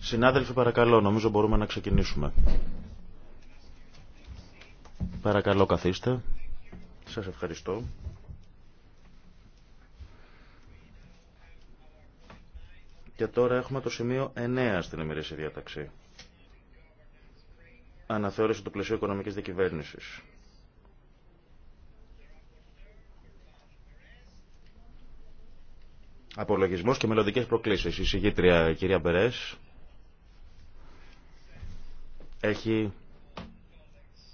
Συνάδελφοι, παρακαλώ, νομίζω μπορούμε να ξεκινήσουμε. Παρακαλώ, καθίστε. Σας ευχαριστώ. Και τώρα έχουμε το σημείο 9 στην ημερήσια διάταξη. Αναθεώρηση του πλαισίου οικονομικής διακυβέρνησης. Απολογισμός και μελλοντικές προκλήσεις. Η συγγήτρια κυρία Μπερές έχει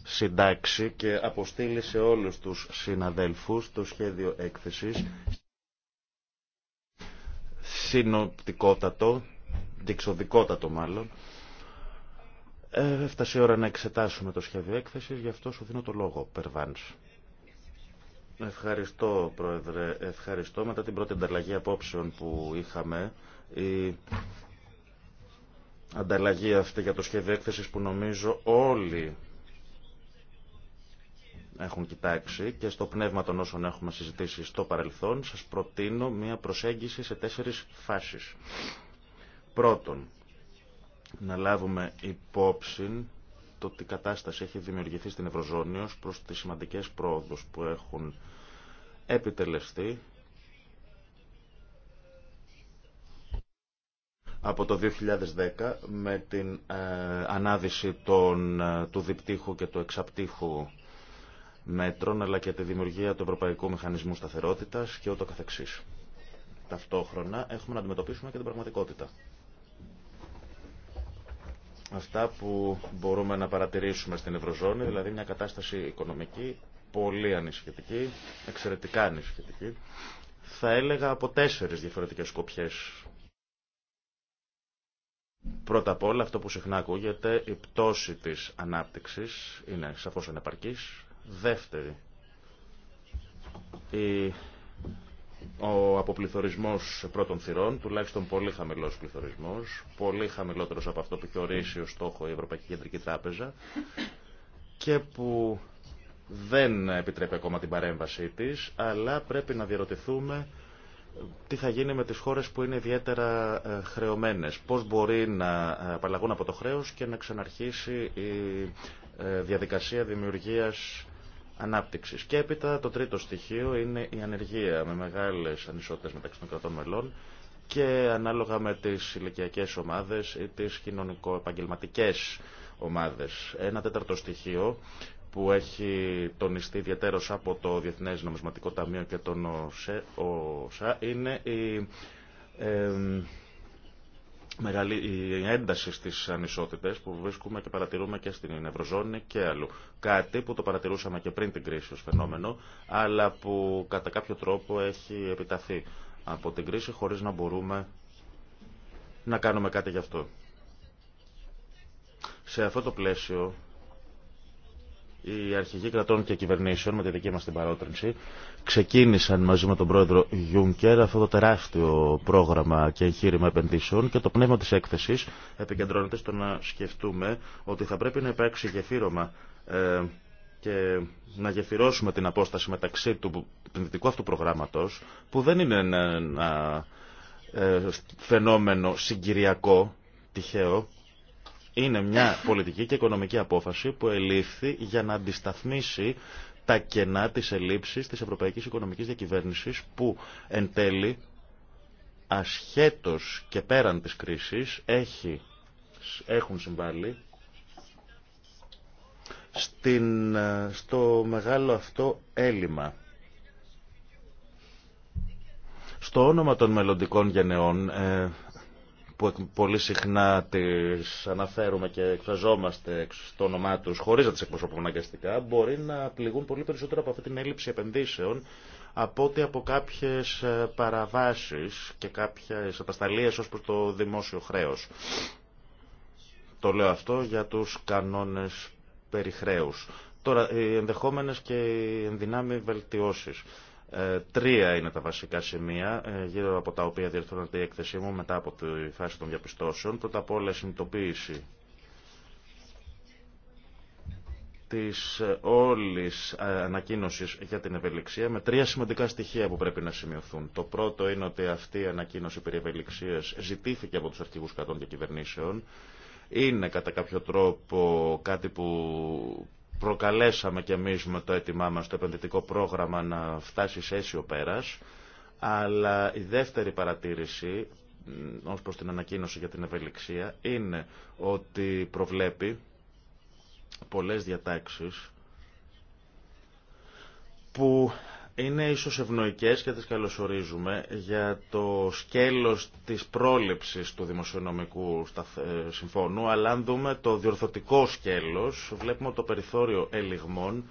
συντάξει και αποστείλει σε όλους τους συναδέλφους το σχέδιο έκθεσης συνοπτικότατο, διξοδικότατο μάλλον. Ε, έφτασε η ώρα να εξετάσουμε το σχέδιο έκθεσης, γι' αυτό σου δίνω το λόγο, Περβάνς. Ευχαριστώ, Πρόεδρε. Ευχαριστώ. Μετά την πρώτη ανταλλαγή απόψεων που είχαμε, η ανταλλαγή αυτή για το σχέδιο έκθεση που νομίζω όλοι έχουν κοιτάξει και στο πνεύμα των όσων έχουμε συζητήσει στο παρελθόν, σας προτείνω μία προσέγγιση σε τέσσερις φάσεις. Πρώτον, να λάβουμε υπόψη το τι κατάσταση έχει δημιουργηθεί στην Ευρωζώνη ως προς τις σημαντικές πρόοδους που έχουν επιτελεστεί από το 2010 με την ε, ανάδυση των, ε, του διπτύχου και του εξαπτύχου μέτρων αλλά και τη δημιουργία του Ευρωπαϊκού Μηχανισμού Σταθερότητας και ούτω καθεξής. Ταυτόχρονα έχουμε να αντιμετωπίσουμε και την πραγματικότητα αυτά που μπορούμε να παρατηρήσουμε στην Ευρωζώνη, δηλαδή μια κατάσταση οικονομική πολύ ανησυχητική, εξαιρετικά ανησυχητική, θα έλεγα από τέσσερις διαφορετικές σκοπιές. Πρώτα απ' όλα αυτό που συχνά ακούγεται, η πτώση της ανάπτυξης είναι σαφώς ανεπαρκής. Δεύτερη, η ο αποπληθωρισμός πρώτων θυρών, τουλάχιστον πολύ χαμηλός πληθωρισμός, πολύ χαμηλότερος από αυτό που έχει ορίσει ως στόχο η Ευρωπαϊκή Κεντρική Τράπεζα και που δεν επιτρέπει ακόμα την παρέμβασή της, αλλά πρέπει να διαρωτηθούμε τι θα γίνει με τις χώρες που είναι ιδιαίτερα ε, χρεωμένες, πώς μπορεί να ε, απαλλαγούν από το χρέος και να ξαναρχίσει η ε, διαδικασία δημιουργίας ανάπτυξης. Και έπειτα το τρίτο στοιχείο είναι η ανεργία με μεγάλες ανισότητες μεταξύ των κρατών μελών και ανάλογα με τις ηλικιακέ ομάδες ή τις κοινωνικο-επαγγελματικές ομάδες. Ένα τέταρτο στοιχείο που έχει τονιστεί ιδιαίτερω από το Διεθνές Νομισματικό Ταμείο και τον ΟΣΑ είναι η η ένταση στις ανισότητες που βρίσκουμε και παρατηρούμε και στην Ευρωζώνη και αλλού. Κάτι που το παρατηρούσαμε και πριν την κρίση ως φαινόμενο, αλλά που κατά κάποιο τρόπο έχει επιταθεί από την κρίση χωρίς να μπορούμε να κάνουμε κάτι γι' αυτό. Σε αυτό το πλαίσιο οι αρχηγοί κρατών και κυβερνήσεων με τη δική μας την παρότρινση ξεκίνησαν μαζί με τον πρόεδρο Γιούνκερ αυτό το τεράστιο πρόγραμμα και εγχείρημα επενδύσεων και το πνεύμα της έκθεσης επικεντρώνεται στο να σκεφτούμε ότι θα πρέπει να υπάρξει γεφύρωμα ε, και να γεφυρώσουμε την απόσταση μεταξύ του πνευματικού αυτού προγράμματος που δεν είναι ένα ε, φαινόμενο συγκυριακό, τυχαίο είναι μια πολιτική και οικονομική απόφαση που ελήφθη για να αντισταθμίσει τα κενά της ελλείψης της ευρωπαϊκής οικονομικής διακυβέρνησης που εν τέλει ασχέτως και πέραν της κρίσης έχει, έχουν συμβάλει στην, στο μεγάλο αυτό έλλειμμα. Στο όνομα των μελλοντικών γενεών ε, που πολύ συχνά τις αναφέρουμε και εκφραζόμαστε στο όνομά του χωρίς να τις εκπροσωπούμε αναγκαστικά, μπορεί να πληγούν πολύ περισσότερο από αυτή την έλλειψη επενδύσεων από ότι από κάποιες ε, παραβάσεις και κάποιες ατασταλίες ως προς το δημόσιο χρέος. Το λέω αυτό για τους κανόνες περιχρέους. Τώρα, οι ενδεχόμενες και οι ενδυνάμει βελτιώσεις. Ε, τρία είναι τα βασικά σημεία ε, γύρω από τα οποία διορθώνεται η έκθεσή μου μετά από τη φάση των διαπιστώσεων. Πρώτα απ' όλα συνειδητοποίηση της ε, όλης ανακοίνωσης για την ευελιξία με τρία σημαντικά στοιχεία που πρέπει να σημειωθούν. Το πρώτο είναι ότι αυτή η ανακοίνωση περί ευελιξίας ζητήθηκε από τους αρχηγούς κρατών και κυβερνήσεων. Είναι κατά κάποιο τρόπο κάτι που προκαλέσαμε κι εμείς με το έτοιμά μας το επενδυτικό πρόγραμμα να φτάσει σε αίσιο πέρας, αλλά η δεύτερη παρατήρηση ως προς την ανακοίνωση για την ευελιξία είναι ότι προβλέπει πολλές διατάξεις που είναι ίσως ευνοϊκές και τις καλωσορίζουμε για το σκέλος της πρόληψης του δημοσιονομικού ε, συμφώνου, αλλά αν δούμε το διορθωτικό σκέλος, βλέπουμε το περιθώριο ελιγμών,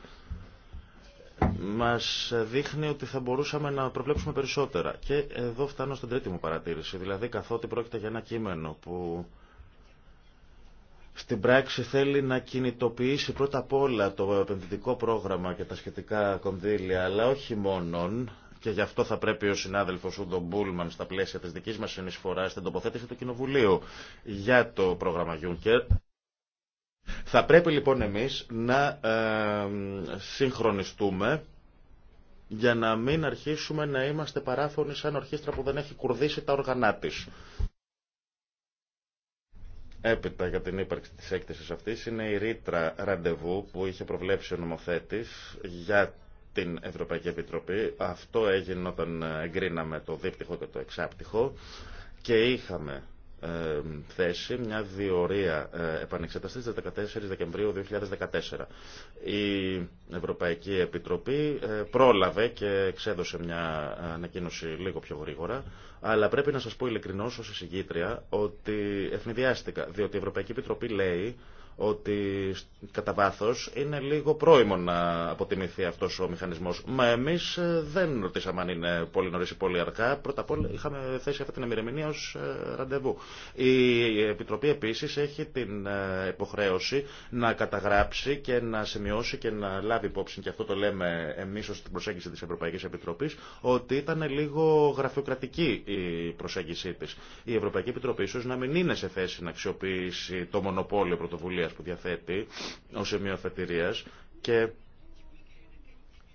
μας δείχνει ότι θα μπορούσαμε να προβλέψουμε περισσότερα. Και εδώ φτάνω στην τρίτη μου παρατήρηση, δηλαδή καθότι πρόκειται για ένα κείμενο που στην πράξη θέλει να κινητοποιήσει πρώτα απ' όλα το επενδυτικό πρόγραμμα και τα σχετικά κονδύλια, αλλά όχι μόνον, και γι' αυτό θα πρέπει ο συνάδελφο Ούντο Μπούλμαν στα πλαίσια τη δική μα συνεισφορά στην τοποθέτηση του Κοινοβουλίου για το πρόγραμμα Juncker. Θα πρέπει λοιπόν εμείς να ε, συγχρονιστούμε για να μην αρχίσουμε να είμαστε παράφωνοι σαν ορχήστρα που δεν έχει κουρδίσει τα οργανά της. Έπειτα για την ύπαρξη της έκθεσης αυτής είναι η ρήτρα ραντεβού που είχε προβλέψει ο νομοθέτης για την Ευρωπαϊκή Επιτροπή. Αυτό έγινε όταν εγκρίναμε το δίπτυχο και το εξάπτυχο και είχαμε ε, θέση μια διορία ε, επανεξέτασης στις 14 Δεκεμβρίου 2014. Η Ευρωπαϊκή Επιτροπή ε, πρόλαβε και εξέδωσε μια ανακοίνωση λίγο πιο γρήγορα, αλλά πρέπει να σας πω ειλικρινώς ως εισηγήτρια ότι ευνηδιάστηκα, διότι η Ευρωπαϊκή Επιτροπή λέει ότι κατά βάθο είναι λίγο πρόημο να αποτιμηθεί αυτό ο μηχανισμό. Μα εμεί ε, δεν ρωτήσαμε αν είναι πολύ νωρί ή πολύ αρκά. Πρώτα απ' όλα είχαμε θέσει αυτή την ημερομηνία ω ε, ραντεβού. Η Επιτροπή επίση έχει την εμειρεμηνια ω ραντεβου η επιτροπη επιση εχει την υποχρεωση να καταγράψει και να σημειώσει και να λάβει υπόψη, και αυτό το λέμε εμεί ω την προσέγγιση τη Ευρωπαϊκή Επιτροπή, ότι ήταν λίγο γραφειοκρατική η προσέγγιση τη. Η Ευρωπαϊκή Επιτροπή ίσω να μην είναι σε θέση να αξιοποιήσει το μονοπόλιο πρωτοβουλία που διαθέτει ως σημείο αφετηρίας και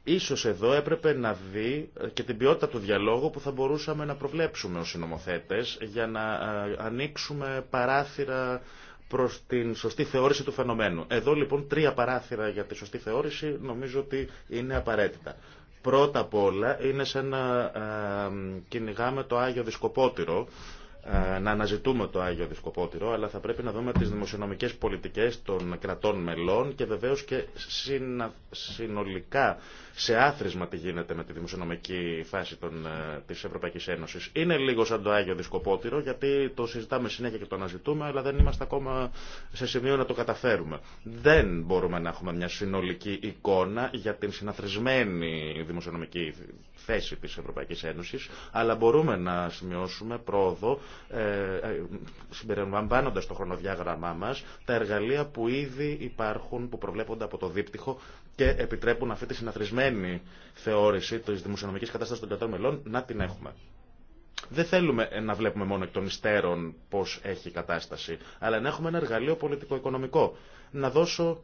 ίσως εδώ έπρεπε να δει και την ποιότητα του διαλόγου που θα μπορούσαμε να προβλέψουμε ως συνομοθέτες για να ε, ανοίξουμε παράθυρα προς την σωστή θεώρηση του φαινομένου. Εδώ λοιπόν τρία παράθυρα για τη σωστή θεώρηση νομίζω ότι είναι απαραίτητα. Πρώτα απ' όλα είναι σαν να ε, ε, κυνηγάμε το Άγιο Δισκοπότηρο ε, να αναζητούμε το Άγιο Δισκοπότηρο, αλλά θα πρέπει να δούμε τις δημοσιονομικές πολιτικές των κρατών μελών και βεβαίως και συνολικά σε άθροισμα τι γίνεται με τη δημοσιονομική φάση των, ε, της Ευρωπαϊκής Ένωσης. Είναι λίγο σαν το Άγιο Δισκοπότηρο, γιατί το συζητάμε συνέχεια και το αναζητούμε, αλλά δεν είμαστε ακόμα σε σημείο να το καταφέρουμε. Δεν μπορούμε να έχουμε μια συνολική εικόνα για την συναθρισμένη δημοσιονομική θέση της Ευρωπαϊκής Ένωσης, αλλά μπορούμε να σημειώσουμε πρόοδο ε, ε, συμπεριλαμβάνοντας το χρονοδιάγραμμά μας τα εργαλεία που ήδη υπάρχουν, που προβλέπονται από το δίπτυχο και επιτρέπουν αυτή τη συναθρισμένη θεώρηση της δημοσιονομικής κατάστασης των κρατών μελών να την έχουμε. Δεν θέλουμε να βλέπουμε μόνο εκ των υστέρων πώς έχει η κατάσταση, αλλά να έχουμε ένα εργαλείο πολιτικο-οικονομικό. Να δώσω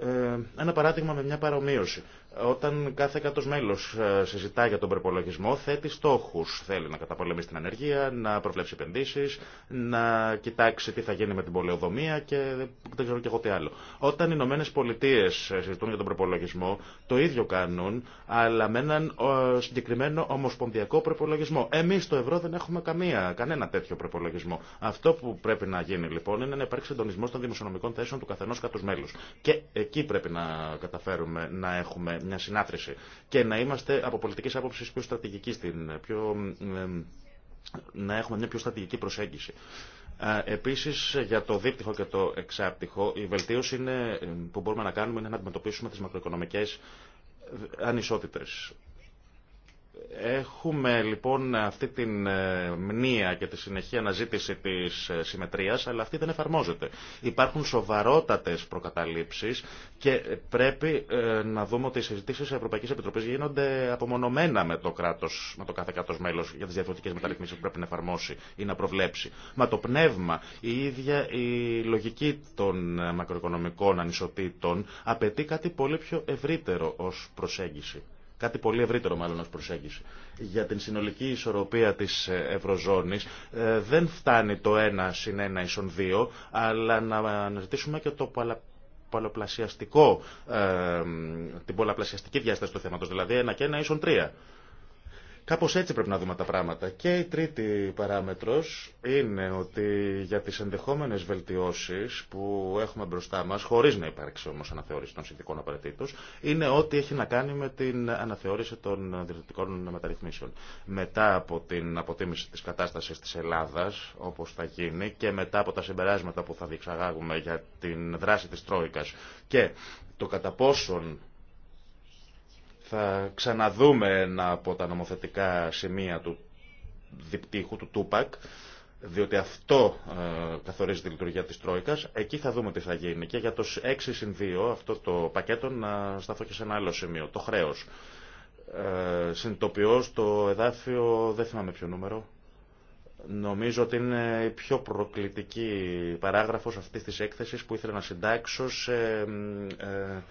ε, ένα παράδειγμα με μια παρομοίωση. Όταν κάθε κάτω μέλο ε, συζητά για τον προπολογισμό, θέτει στόχου. Θέλει να καταπολεμήσει την ανεργία, να προβλέψει επενδύσει, να κοιτάξει τι θα γίνει με την πολεοδομία και δεν ξέρω και εγώ τι άλλο. Όταν οι Ηνωμένε Πολιτείε ε, συζητούν για τον προπολογισμό, το ίδιο κάνουν, αλλά με έναν ε, συγκεκριμένο ομοσπονδιακό προπολογισμό. Εμεί στο ευρώ δεν έχουμε καμία, κανένα τέτοιο προπολογισμό. Αυτό που πρέπει να γίνει λοιπόν είναι να υπάρξει συντονισμό των δημοσιονομικών θέσεων του καθενό κάτω Και εκεί πρέπει να καταφέρουμε να έχουμε μια συνάθρηση και να είμαστε από πολιτικής άποψης πιο στρατηγικοί στην πιο να έχουμε μια πιο στρατηγική προσέγγιση. Ε, επίσης για το δίπτυχο και το εξάπτυχο η βελτίωση είναι, που μπορούμε να κάνουμε είναι να αντιμετωπίσουμε τις μακροοικονομικές ανισότητες. Έχουμε λοιπόν αυτή την ε, μνήα και τη συνεχή αναζήτηση της ε, συμμετρίας, αλλά αυτή δεν εφαρμόζεται. Υπάρχουν σοβαρότατες προκαταλήψεις και πρέπει ε, να δούμε ότι οι συζητήσεις τη Ευρωπαϊκής Επιτροπής γίνονται απομονωμένα με το, κράτος, με το κάθε κράτος μέλος για τις διαφορετικές μεταρρυθμίσεις που πρέπει να εφαρμόσει ή να προβλέψει. Μα το πνεύμα, η ίδια η λογική των μακροοικονομικών ανισοτήτων απαιτεί κάτι πολύ πιο ευρύτερο ως προσέγγιση κάτι πολύ ευρύτερο μάλλον ως προσέγγιση. Για την συνολική ισορροπία της ε, Ευρωζώνης ε, δεν φτάνει το 1 συν 1 ίσον 2, αλλά να αναζητήσουμε και το πολλαπλασιαστικό, ε, την πολλαπλασιαστική διάσταση του θέματος, δηλαδή 1 και 1 ίσον 3. Κάπως έτσι πρέπει να δούμε τα πράγματα. Και η τρίτη παράμετρος είναι ότι για τις ενδεχόμενες βελτιώσεις που έχουμε μπροστά μας, χωρίς να υπάρξει όμως αναθεώρηση των συνθηκών απαραίτητο, είναι ότι έχει να κάνει με την αναθεώρηση των διευθυντικών μεταρρυθμίσεων. Μετά από την αποτίμηση της κατάστασης της Ελλάδα, όπως θα γίνει, και μετά από τα συμπεράσματα που θα διεξαγάγουμε για την δράση της Τρόικας και το κατά πόσον θα ξαναδούμε ένα από τα νομοθετικά σημεία του διπτύχου, του Τούπακ, διότι αυτό ε, καθορίζει τη λειτουργία της Τρόικας. Εκεί θα δούμε τι θα γίνει. Και για το 6 συν 2, αυτό το πακέτο, να σταθώ και σε ένα άλλο σημείο, το χρέος. Ε, συνειδητοποιώ στο εδάφιο, δεν θυμάμαι ποιο νούμερο, Νομίζω ότι είναι η πιο προκλητική παράγραφος αυτής της έκθεσης που ήθελα να συντάξω σε ε,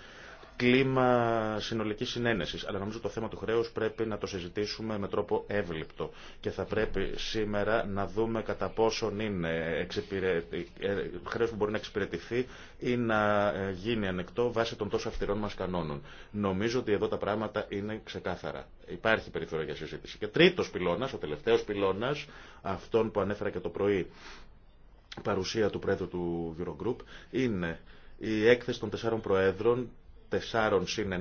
κλίμα συνολική συνένεση. Αλλά νομίζω το θέμα του χρέου πρέπει να το συζητήσουμε με τρόπο εύληπτο. Και θα πρέπει σήμερα να δούμε κατά πόσον είναι ε, χρέο που μπορεί να εξυπηρετηθεί ή να ε, γίνει ανεκτό βάσει των τόσο αυστηρών μα κανόνων. Νομίζω ότι εδώ τα πράγματα είναι ξεκάθαρα. Υπάρχει περιθώριο για συζήτηση. Και τρίτο πυλώνα, ο τελευταίο πυλώνα, αυτόν που ανέφερα και το πρωί, παρουσία του πρόεδρου του Eurogroup, είναι η έκθεση των τεσσάρων προέδρων τεσσάρων συν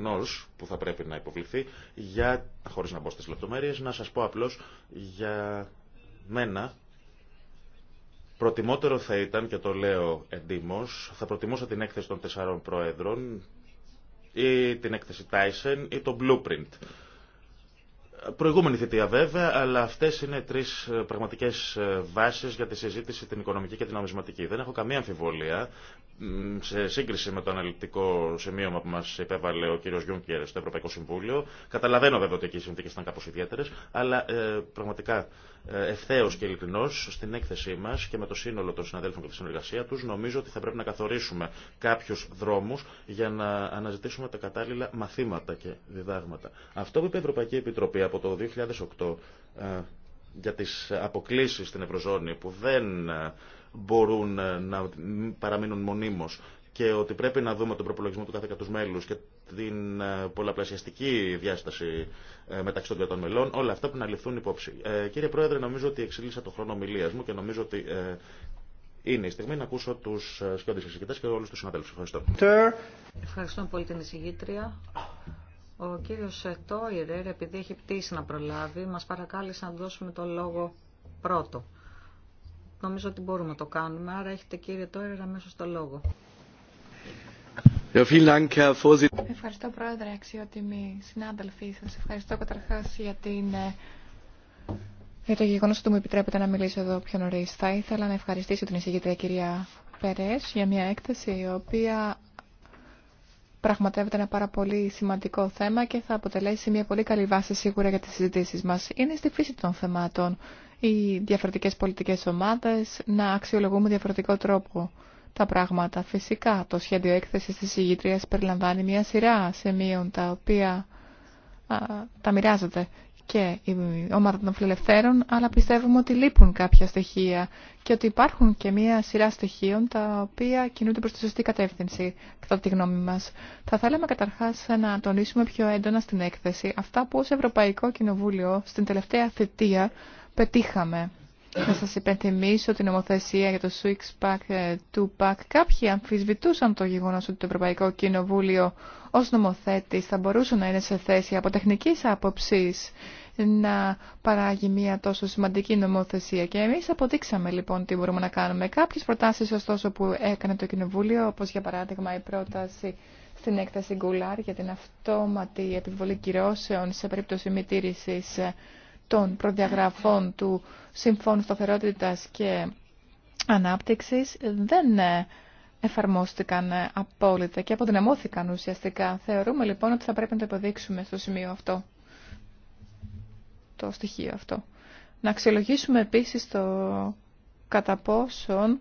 που θα πρέπει να υποβληθεί για, χωρίς να μπω στις λεπτομέρειες, να σας πω απλώς για μένα προτιμότερο θα ήταν, και το λέω εντύμως, θα προτιμούσα την έκθεση των τεσσάρων προέδρων ή την έκθεση Tyson ή το Blueprint Προηγούμενη θητεία βέβαια, αλλά αυτές είναι τρεις ε, πραγματικές ε, βάσεις για τη συζήτηση την οικονομική και την νομισματική. Δεν έχω καμία αμφιβολία σε σύγκριση με το αναλυτικό σημείωμα που μα υπέβαλε ο κύριο Γιούνκερ στο Ευρωπαϊκό Συμβούλιο. Καταλαβαίνω βέβαια ότι εκεί οι συνθήκε ήταν κάπω ιδιαίτερε, αλλά ε, πραγματικά ε, ευθέω και ειλικρινώ στην έκθεσή μα και με το σύνολο των συναδέλφων και τη συνεργασία του, νομίζω ότι θα πρέπει να καθορίσουμε κάποιου δρόμου για να αναζητήσουμε τα κατάλληλα μαθήματα και διδάγματα. Αυτό που είπε η Ευρωπαϊκή Επιτροπή από το 2008 ε, για τις αποκλήσει στην Ευρωζώνη που δεν μπορούν να παραμείνουν μονίμως και ότι πρέπει να δούμε τον προπολογισμό του κάθε κατους μέλους και την ε, πολλαπλασιαστική διάσταση ε, μεταξύ των κρατών μελών, όλα αυτά που να ληφθούν υπόψη. Ε, κύριε Πρόεδρε, νομίζω ότι εξήλυσα το χρόνο ομιλία μου και νομίζω ότι είναι η στιγμή να ακούσω του σκιώδει εισηγητές και όλου του συναδέλφους. Ευχαριστώ. Ευχαριστώ πολύ την εισηγήτρια. Ο κύριο Τόιρερ, επειδή έχει πτήσει να προλάβει, μα παρακάλεσε να δώσουμε το λόγο πρώτο. Νομίζω ότι μπορούμε να το κάνουμε, άρα έχετε κύριε Τόιρερ αμέσω το λόγο. Ευχαριστώ Πρόεδρε, αξιότιμοι συνάδελφοι. Σας ευχαριστώ καταρχάς για, την... Ε, για το γεγονός ότι μου επιτρέπετε να μιλήσω εδώ πιο νωρίς. Θα ήθελα να ευχαριστήσω την εισηγητρία κυρία Περές για μια έκθεση η οποία πραγματεύεται ένα πάρα πολύ σημαντικό θέμα και θα αποτελέσει μια πολύ καλή βάση σίγουρα για τις συζητήσεις μας. Είναι στη φύση των θεμάτων οι διαφορετικές πολιτικές ομάδες να αξιολογούμε διαφορετικό τρόπο τα πράγματα. Φυσικά, το σχέδιο έκθεση της ηγητρίας περιλαμβάνει μια σειρά σημείων τα οποία τα μοιράζεται και η ομάδα των φιλελευθέρων, αλλά πιστεύουμε ότι λείπουν κάποια στοιχεία και ότι υπάρχουν και μια σειρά στοιχείων τα οποία κινούνται προς τη σωστή κατεύθυνση, κατά τη γνώμη μας. Θα θέλαμε καταρχά να τονίσουμε πιο έντονα στην έκθεση αυτά που ως Ευρωπαϊκό Κοινοβούλιο στην τελευταία θητεία πετύχαμε θα σας υπενθυμίσω την νομοθεσία για το Six Pack, του ε, Pack. Κάποιοι αμφισβητούσαν το γεγονός ότι το Ευρωπαϊκό Κοινοβούλιο ως νομοθέτης θα μπορούσε να είναι σε θέση από τεχνικής άποψης να παράγει μια τόσο σημαντική νομοθεσία. Και εμείς αποδείξαμε λοιπόν τι μπορούμε να κάνουμε. Κάποιες προτάσεις ωστόσο που έκανε το Κοινοβούλιο, όπως για παράδειγμα η πρόταση στην έκταση Γκουλάρ για την αυτόματη επιβολή κυρώσεων σε περίπτωση μη των προδιαγραφών του Συμφώνου Σταθερότητας και Ανάπτυξης δεν ε, εφαρμόστηκαν ε, απόλυτα και αποδυναμώθηκαν ουσιαστικά. Θεωρούμε λοιπόν ότι θα πρέπει να το υποδείξουμε στο σημείο αυτό, το στοιχείο αυτό. Να αξιολογήσουμε επίσης το κατά πόσον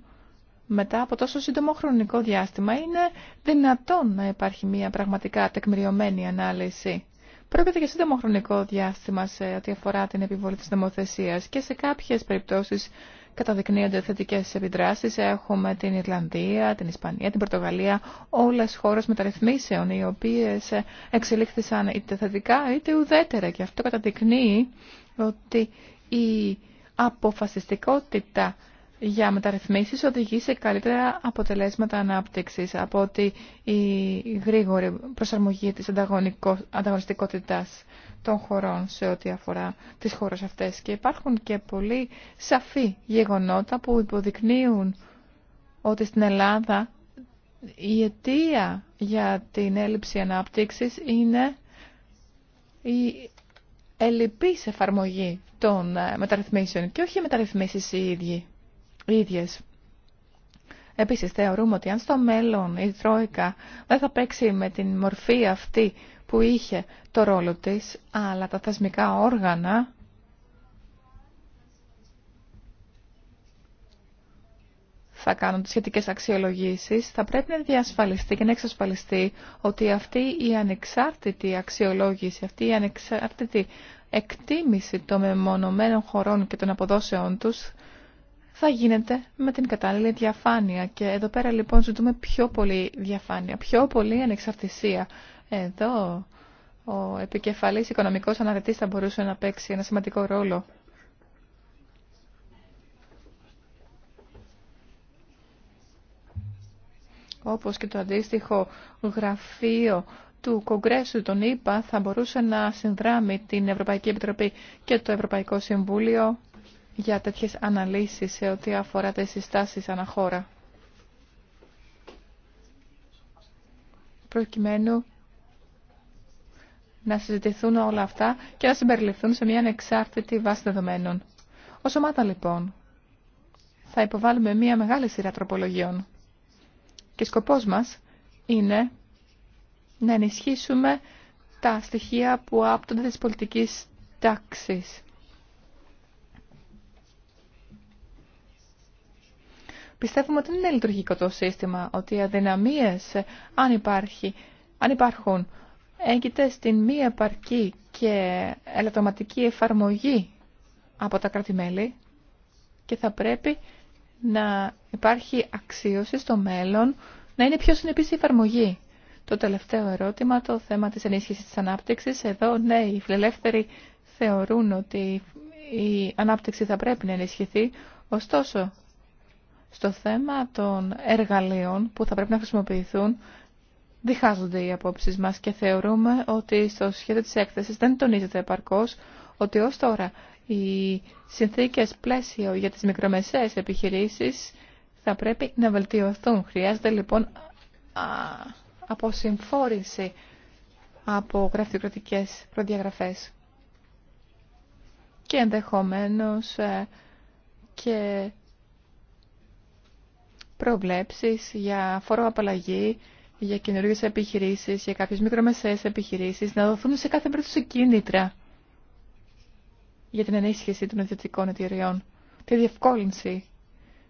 μετά από τόσο σύντομο χρονικό διάστημα είναι δυνατόν να υπάρχει μια πραγματικά τεκμηριωμένη ανάλυση Πρόκειται για σύντομο χρονικό διάστημα σε ό,τι αφορά την επιβολή της νομοθεσίας και σε κάποιες περιπτώσεις καταδεικνύονται θετικές επιδράσεις. Έχουμε την Ιρλανδία, την Ισπανία, την Πορτογαλία, όλες χώρες μεταρρυθμίσεων οι οποίες εξελίχθησαν είτε θετικά είτε ουδέτερα και αυτό καταδεικνύει ότι η αποφασιστικότητα για μεταρρυθμίσεις οδηγεί σε καλύτερα αποτελέσματα ανάπτυξης από ότι η γρήγορη προσαρμογή της ανταγωνιστικότητας των χωρών σε ό,τι αφορά τις χώρες αυτές. Και υπάρχουν και πολύ σαφή γεγονότα που υποδεικνύουν ότι στην Ελλάδα η αιτία για την έλλειψη ανάπτυξης είναι η ελλειπής εφαρμογή των μεταρρυθμίσεων και όχι οι μεταρρυθμίσεις οι ίδιοι. Επίσης θεωρούμε ότι αν στο μέλλον η Τρόικα δεν θα παίξει με την μορφή αυτή που είχε το ρόλο της, αλλά τα θεσμικά όργανα θα κάνουν τις σχετικές αξιολογήσεις, θα πρέπει να διασφαλιστεί και να εξασφαλιστεί ότι αυτή η ανεξάρτητη αξιολόγηση, αυτή η ανεξάρτητη εκτίμηση των μεμονωμένων χωρών και των αποδόσεών τους θα γίνεται με την κατάλληλη διαφάνεια. Και εδώ πέρα λοιπόν ζητούμε πιο πολύ διαφάνεια, πιο πολύ ανεξαρτησία. Εδώ ο επικεφαλής οικονομικός αναρετής θα μπορούσε να παίξει ένα σημαντικό ρόλο. Όπως και το αντίστοιχο γραφείο του Κογκρέσου τον ΗΠΑ θα μπορούσε να συνδράμει την Ευρωπαϊκή Επιτροπή και το Ευρωπαϊκό Συμβούλιο για τέτοιες αναλύσεις σε ό,τι αφορά τις συστάσεις αναχώρα. Προκειμένου να συζητηθούν όλα αυτά και να συμπεριληφθούν σε μια ανεξάρτητη βάση δεδομένων. Ως ομάδα λοιπόν θα υποβάλουμε μια μεγάλη σειρά τροπολογιών και σκοπός μας είναι να ενισχύσουμε τα στοιχεία που άπτονται της πολιτικής τάξης Πιστεύουμε ότι δεν είναι λειτουργικό το σύστημα, ότι οι αδυναμίες, αν, υπάρχει, αν υπάρχουν, έγκυται στην μη επαρκή και ελαττωματική εφαρμογή από τα κράτη-μέλη και θα πρέπει να υπάρχει αξίωση στο μέλλον να είναι πιο συνεπής η εφαρμογή. Το τελευταίο ερώτημα, το θέμα της ενίσχυσης της ανάπτυξης. Εδώ, ναι, οι φιλελεύθεροι θεωρούν ότι η ανάπτυξη θα πρέπει να ενισχυθεί. Ωστόσο, στο θέμα των εργαλείων που θα πρέπει να χρησιμοποιηθούν διχάζονται οι απόψει μας και θεωρούμε ότι στο σχέδιο της έκθεσης δεν τονίζεται επαρκώς ότι ω τώρα οι συνθήκε πλαίσιο για τις μικρομεσαίες επιχειρήσεις θα πρέπει να βελτιωθούν. Χρειάζεται λοιπόν αποσυμφόρηση από γραφειοκρατικέ προδιαγραφέ και ε, και προβλέψεις για φοροαπαλλαγή για καινούργιες επιχειρήσεις, για κάποιες μικρομεσαίες επιχειρήσεις, να δοθούν σε κάθε περίπτωση κίνητρα για την ενίσχυση των ιδιωτικών εταιριών, τη διευκόλυνση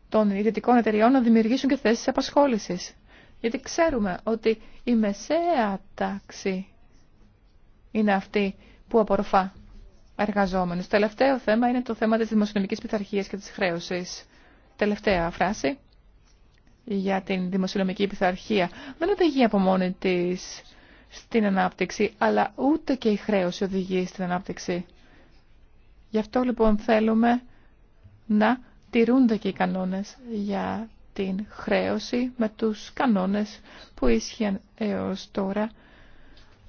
των ιδιωτικών εταιριών να δημιουργήσουν και θέσεις απασχόλησης. Γιατί ξέρουμε ότι η μεσαία τάξη είναι αυτή που απορροφά εργαζόμενους. Τελευταίο θέμα είναι το θέμα της δημοσιονομικής πειθαρχίας και της χρέωσης. Τελευταία φράση για την δημοσιονομική πειθαρχία δεν οδηγεί από μόνη τη στην ανάπτυξη, αλλά ούτε και η χρέωση οδηγεί στην ανάπτυξη. Γι' αυτό λοιπόν θέλουμε να τηρούνται και οι κανόνες για την χρέωση με τους κανόνες που ίσχυαν έως τώρα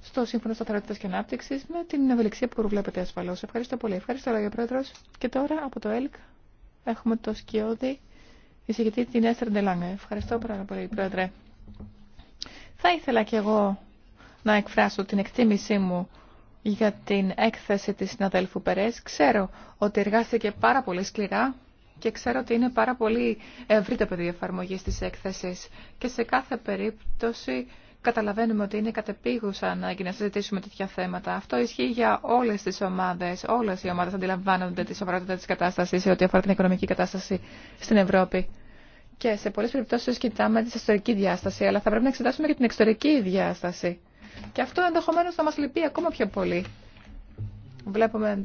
στο Σύμφωνο Σταθερότητα και Ανάπτυξη με την ευελιξία που προβλέπετε ασφαλώ. Ευχαριστώ πολύ. Ευχαριστώ, Λόγια Πρόεδρο. Και τώρα από το ΕΛΚ έχουμε το σκιώδη εισηγητή την Έστερ Ευχαριστώ πάρα πολύ, Πρόεδρε. Θα ήθελα κι εγώ να εκφράσω την εκτίμησή μου για την έκθεση της συναδέλφου Περές. Ξέρω ότι εργάστηκε πάρα πολύ σκληρά και ξέρω ότι είναι πάρα πολύ ευρύ το πεδίο εφαρμογή τη έκθεση. Και σε κάθε περίπτωση καταλαβαίνουμε ότι είναι κατεπίγουσα να συζητήσουμε τέτοια θέματα. Αυτό ισχύει για όλε τι ομάδε. Όλε οι ομάδε αντιλαμβάνονται τη σοβαρότητα τη κατάσταση σε ό,τι αφορά την οικονομική κατάσταση στην Ευρώπη και σε πολλέ περιπτώσεις κοιτάμε την ιστορική διάσταση, αλλά θα πρέπει να εξετάσουμε και την εξωτερική διάσταση. Και αυτό ενδεχομένω θα μα λυπεί ακόμα πιο πολύ. Βλέπουμε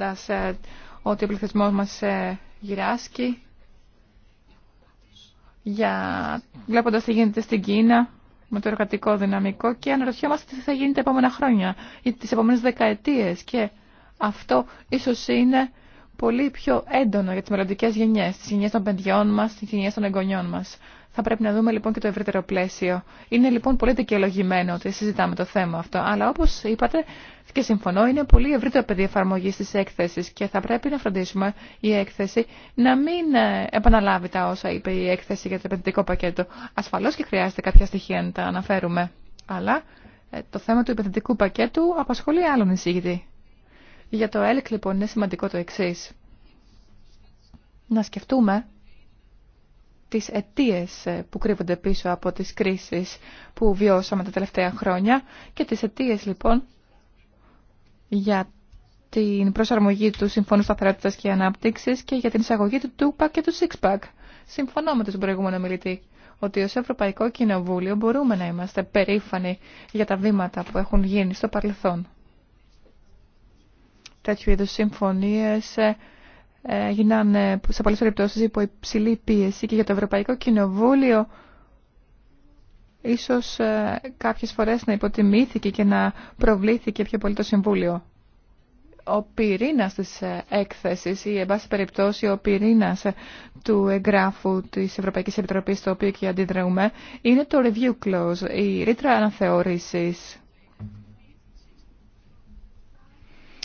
ότι ο πληθυσμός μας ε, γυράσκει, για... βλέποντας τι γίνεται στην Κίνα με το εργατικό δυναμικό και αναρωτιόμαστε τι θα γίνει τα επόμενα χρόνια ή τι επόμενε δεκαετίε. Και αυτό ίσω είναι πολύ πιο έντονο για τις μελλοντικέ γενιές, τις γενιές των παιδιών μας, τις γενιές των εγγονιών μας. Θα πρέπει να δούμε λοιπόν και το ευρύτερο πλαίσιο. Είναι λοιπόν πολύ δικαιολογημένο ότι συζητάμε το θέμα αυτό, αλλά όπω είπατε και συμφωνώ, είναι πολύ ευρύτερο πεδίο εφαρμογή τη έκθεση και θα πρέπει να φροντίσουμε η έκθεση να μην ε, επαναλάβει τα όσα είπε η έκθεση για το επενδυτικό πακέτο. Ασφαλώ και χρειάζεται κάποια στοιχεία να τα αναφέρουμε. Αλλά ε, το θέμα του επενδυτικού πακέτου απασχολεί άλλον εισήγητη. Για το ΕΛΚ λοιπόν είναι σημαντικό το εξή. Να σκεφτούμε τις αιτίες ε, που κρύβονται πίσω από τις κρίσεις που βιώσαμε τα τελευταία χρόνια και τις αιτίες λοιπόν για την προσαρμογή του Συμφώνου Σταθερότητα και Ανάπτυξη και για την εισαγωγή του Τούπακ και του ΣΥΚΣΠΑΚ. Συμφωνώ με τον προηγούμενο μιλητή ότι ως Ευρωπαϊκό Κοινοβούλιο μπορούμε να είμαστε περήφανοι για τα βήματα που έχουν γίνει στο παρελθόν τέτοιου είδους συμφωνίες ε, γίνανε σε πολλές περιπτώσεις υπό υψηλή πίεση και για το Ευρωπαϊκό Κοινοβούλιο ίσως ε, κάποιες φορές να υποτιμήθηκε και να προβλήθηκε πιο πολύ το Συμβούλιο. Ο πυρήνας της ε, έκθεσης ή, εν πάση περιπτώσει, ο πυρήνας του εγγράφου της Ευρωπαϊκής Επιτροπής, στο οποίο και αντιδρούμε, είναι το review clause, η ρήτρα αναθεώρησης.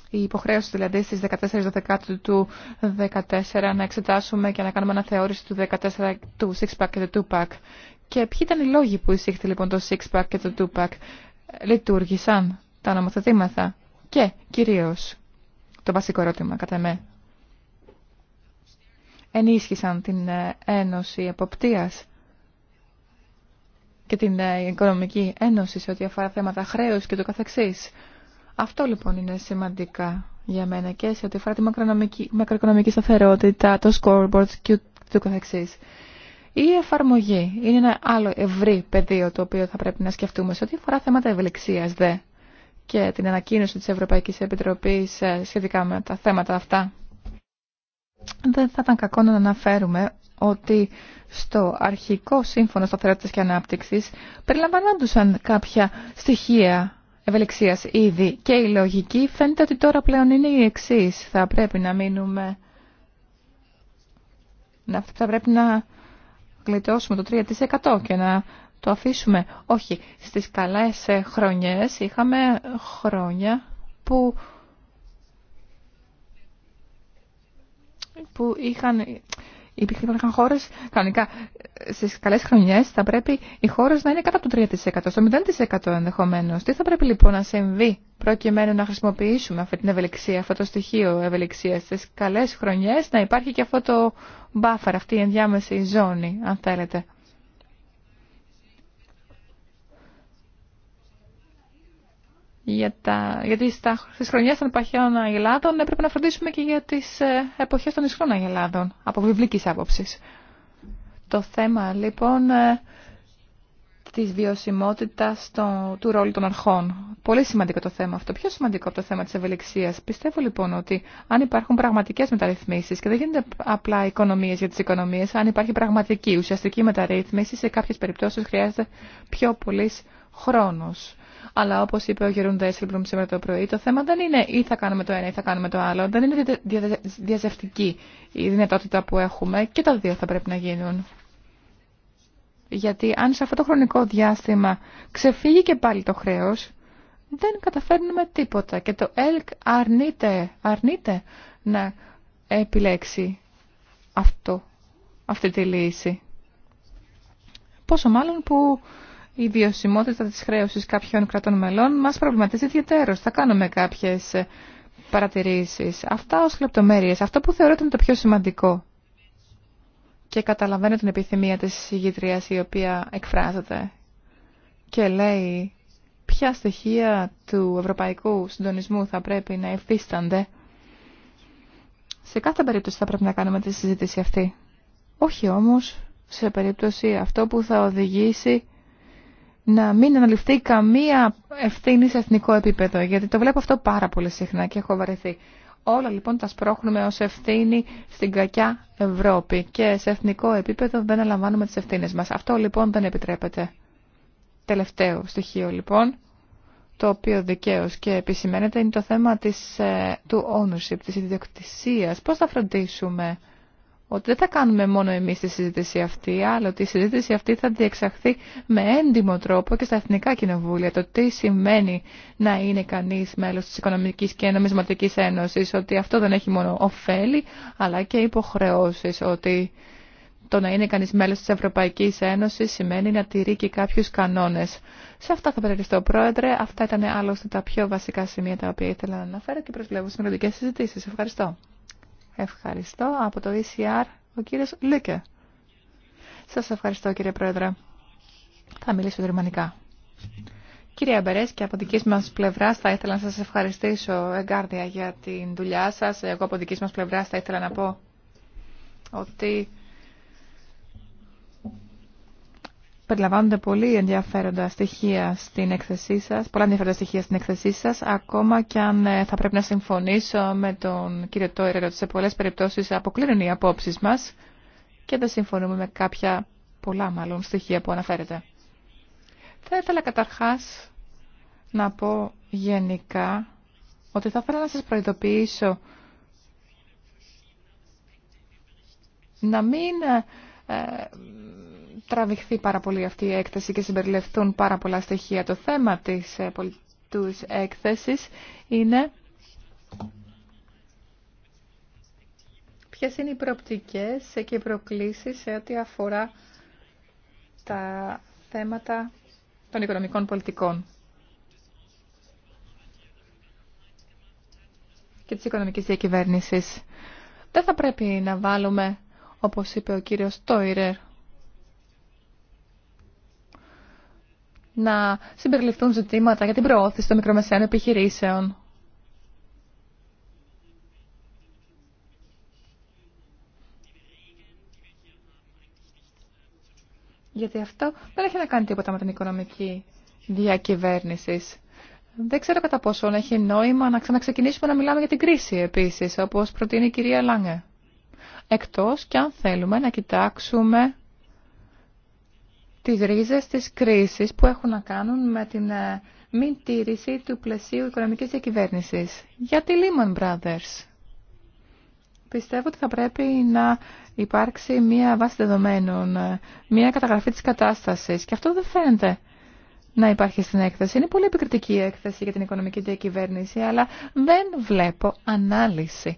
η υποχρέωση δηλαδή στις 14 Δεκάτου του 2014 να εξετάσουμε και να κάνουμε αναθεώρηση του 14 του 6-pack και του 2-pack. Και ποιοι ήταν οι λόγοι που εισήχθη λοιπόν το 6-pack και το 2-pack. Λειτουργήσαν τα νομοθετήματα και κυρίως το βασικό ερώτημα κατά με. Ενίσχυσαν την ε, Ένωση Εποπτείας και την ε, Οικονομική Ένωση σε ό,τι αφορά θέματα χρέους και το καθεξής. Αυτό λοιπόν είναι σημαντικά για μένα και σε ό,τι αφορά τη μακροοικονομική σταθερότητα, το scoreboard και το καθεξής. Η εφαρμογή είναι ένα άλλο ευρύ πεδίο το οποίο θα πρέπει να σκεφτούμε σε ό,τι αφορά θέματα ευελιξίας δε και την ανακοίνωση της Ευρωπαϊκής Επιτροπής ε, σχετικά με τα θέματα αυτά. Δεν θα ήταν κακό να αναφέρουμε ότι στο αρχικό σύμφωνο σταθερότητας και ανάπτυξης περιλαμβανόντουσαν κάποια στοιχεία ευελιξίας ήδη. Και η λογική φαίνεται ότι τώρα πλέον είναι η εξή. Θα πρέπει να μείνουμε... Θα πρέπει να γλιτώσουμε το 3% και να το αφήσουμε. Όχι, στις καλές ε, χρονιές είχαμε χρόνια που, που είχαν Υπήρχαν χώρε, κανονικά στι καλέ χρονιέ θα πρέπει οι χώρε να είναι κάτω το 3%, στο 0% ενδεχομένω. Τι θα πρέπει λοιπόν να συμβεί προκειμένου να χρησιμοποιήσουμε αυτή την ευελιξία, αυτό το στοιχείο ευελιξία στι καλέ χρονιέ, να υπάρχει και αυτό το buffer, αυτή η ενδιάμεση ζώνη, αν θέλετε. για τα, γιατί τα, στις χρονιές των παχαίων αγελάδων έπρεπε να φροντίσουμε και για τις ε, εποχές των ισχυρών αγελάδων, από βιβλικής άποψης. Το θέμα λοιπόν ε, της βιωσιμότητας το, του ρόλου των αρχών. Πολύ σημαντικό το θέμα αυτό. Πιο σημαντικό από το θέμα της ευελιξίας. Πιστεύω λοιπόν ότι αν υπάρχουν πραγματικές μεταρρυθμίσεις και δεν γίνονται απλά οικονομίες για τις οικονομίες, αν υπάρχει πραγματική ουσιαστική μεταρρύθμιση, σε κάποιες περιπτώσεις χρειάζεται πιο πολύ χρόνος. Αλλά όπω είπε ο Γερούν Ντέσσελμπλουμ σήμερα το πρωί, το θέμα δεν είναι ή θα κάνουμε το ένα ή θα κάνουμε το άλλο. Δεν είναι διαζευτική η δυνατότητα που έχουμε και τα δύο θα πρέπει να γίνουν. Γιατί αν σε αυτό το χρονικό διάστημα ξεφύγει και πάλι το χρέο, δεν καταφέρνουμε τίποτα. Και το ΕΛΚ αρνείται, αρνείται να επιλέξει αυτή τη λύση. Πόσο μάλλον που η βιωσιμότητα της χρέωσης κάποιων κρατών μελών μας προβληματίζει ιδιαίτερως. Θα κάνουμε κάποιες ε, παρατηρήσεις. Αυτά ως λεπτομέρειες. Αυτό που θεωρώ ότι είναι το πιο σημαντικό. Και καταλαβαίνω την επιθυμία της ηγητρίας η οποία εκφράζεται και λέει ποια στοιχεία του ευρωπαϊκού συντονισμού θα πρέπει να υφίστανται. Σε κάθε περίπτωση θα πρέπει να κάνουμε τη συζήτηση αυτή. Όχι όμως σε περίπτωση αυτό που θα οδηγήσει να μην αναλυφθεί καμία ευθύνη σε εθνικό επίπεδο, γιατί το βλέπω αυτό πάρα πολύ συχνά και έχω βαρεθεί. Όλα λοιπόν τα σπρώχνουμε ως ευθύνη στην κακιά Ευρώπη και σε εθνικό επίπεδο δεν αναλαμβάνουμε τις ευθύνες μας. Αυτό λοιπόν δεν επιτρέπεται. Τελευταίο στοιχείο λοιπόν, το οποίο δικαίω και επισημαίνεται, είναι το θέμα της, ε, του ownership, της ιδιοκτησίας. Πώς θα φροντίσουμε ότι δεν θα κάνουμε μόνο εμεί τη συζήτηση αυτή, αλλά ότι η συζήτηση αυτή θα διεξαχθεί με έντιμο τρόπο και στα εθνικά κοινοβούλια. Το τι σημαίνει να είναι κανεί μέλο τη Οικονομικής και Νομισματικής Ένωση, ότι αυτό δεν έχει μόνο ωφέλη, αλλά και υποχρεώσει ότι το να είναι κανεί μέλο τη Ευρωπαϊκή Ένωση σημαίνει να τηρεί και κάποιους κανόνες. Σε αυτά θα περιοριστώ, Πρόεδρε. Αυτά ήταν άλλωστε τα πιο βασικά σημεία τα οποία ήθελα να αναφέρω και προσβλέπω στι μελλοντικέ συζητήσει. Ευχαριστώ. Ευχαριστώ. Από το ECR ο κύριος Λίκε. Σας ευχαριστώ κύριε Πρόεδρε. Θα μιλήσω γερμανικά. Κύριε Μπερές και από δική μας πλευράς θα ήθελα να σας ευχαριστήσω εγκάρδια για την δουλειά σας. Εγώ από δική μας πλευράς θα ήθελα να πω ότι περιλαμβάνονται πολύ ενδιαφέροντα στοιχεία στην έκθεσή πολλά ενδιαφέροντα στοιχεία στην έκθεσή σα, ακόμα και αν ε, θα πρέπει να συμφωνήσω με τον κύριο Τόιρερ ότι σε πολλέ περιπτώσει αποκλίνουν οι απόψει μα και δεν συμφωνούμε με κάποια πολλά μάλλον στοιχεία που αναφέρετε. Θα ήθελα καταρχάς να πω γενικά ότι θα ήθελα να σας προειδοποιήσω να μην ε, ε, τραβηχθεί πάρα πολύ αυτή η έκθεση και συμπεριληφθούν πάρα πολλά στοιχεία. Το θέμα της, ε, πολιτούς έκθεσης είναι ποιες είναι οι προοπτικές και οι προκλήσεις σε ό,τι αφορά τα θέματα των οικονομικών πολιτικών και της οικονομικής διακυβέρνησης. Δεν θα πρέπει να βάλουμε όπως είπε ο κύριος Τόιρερ. Να συμπεριληφθούν ζητήματα για την προώθηση των μικρομεσαίων επιχειρήσεων. Γιατί αυτό δεν έχει να κάνει τίποτα με την οικονομική διακυβέρνηση. Δεν ξέρω κατά πόσο έχει νόημα να ξαναξεκινήσουμε να μιλάμε για την κρίση επίση, όπω προτείνει η κυρία Λάγκε εκτός και αν θέλουμε να κοιτάξουμε τις ρίζες της κρίσης που έχουν να κάνουν με την ε, μην τήρηση του πλαισίου οικονομικής διακυβέρνησης. Για τη Lehman Brothers. Πιστεύω ότι θα πρέπει να υπάρξει μία βάση δεδομένων, ε, μία καταγραφή της κατάστασης. Και αυτό δεν φαίνεται να υπάρχει στην έκθεση. Είναι πολύ επικριτική η έκθεση για την οικονομική διακυβέρνηση, αλλά δεν βλέπω ανάλυση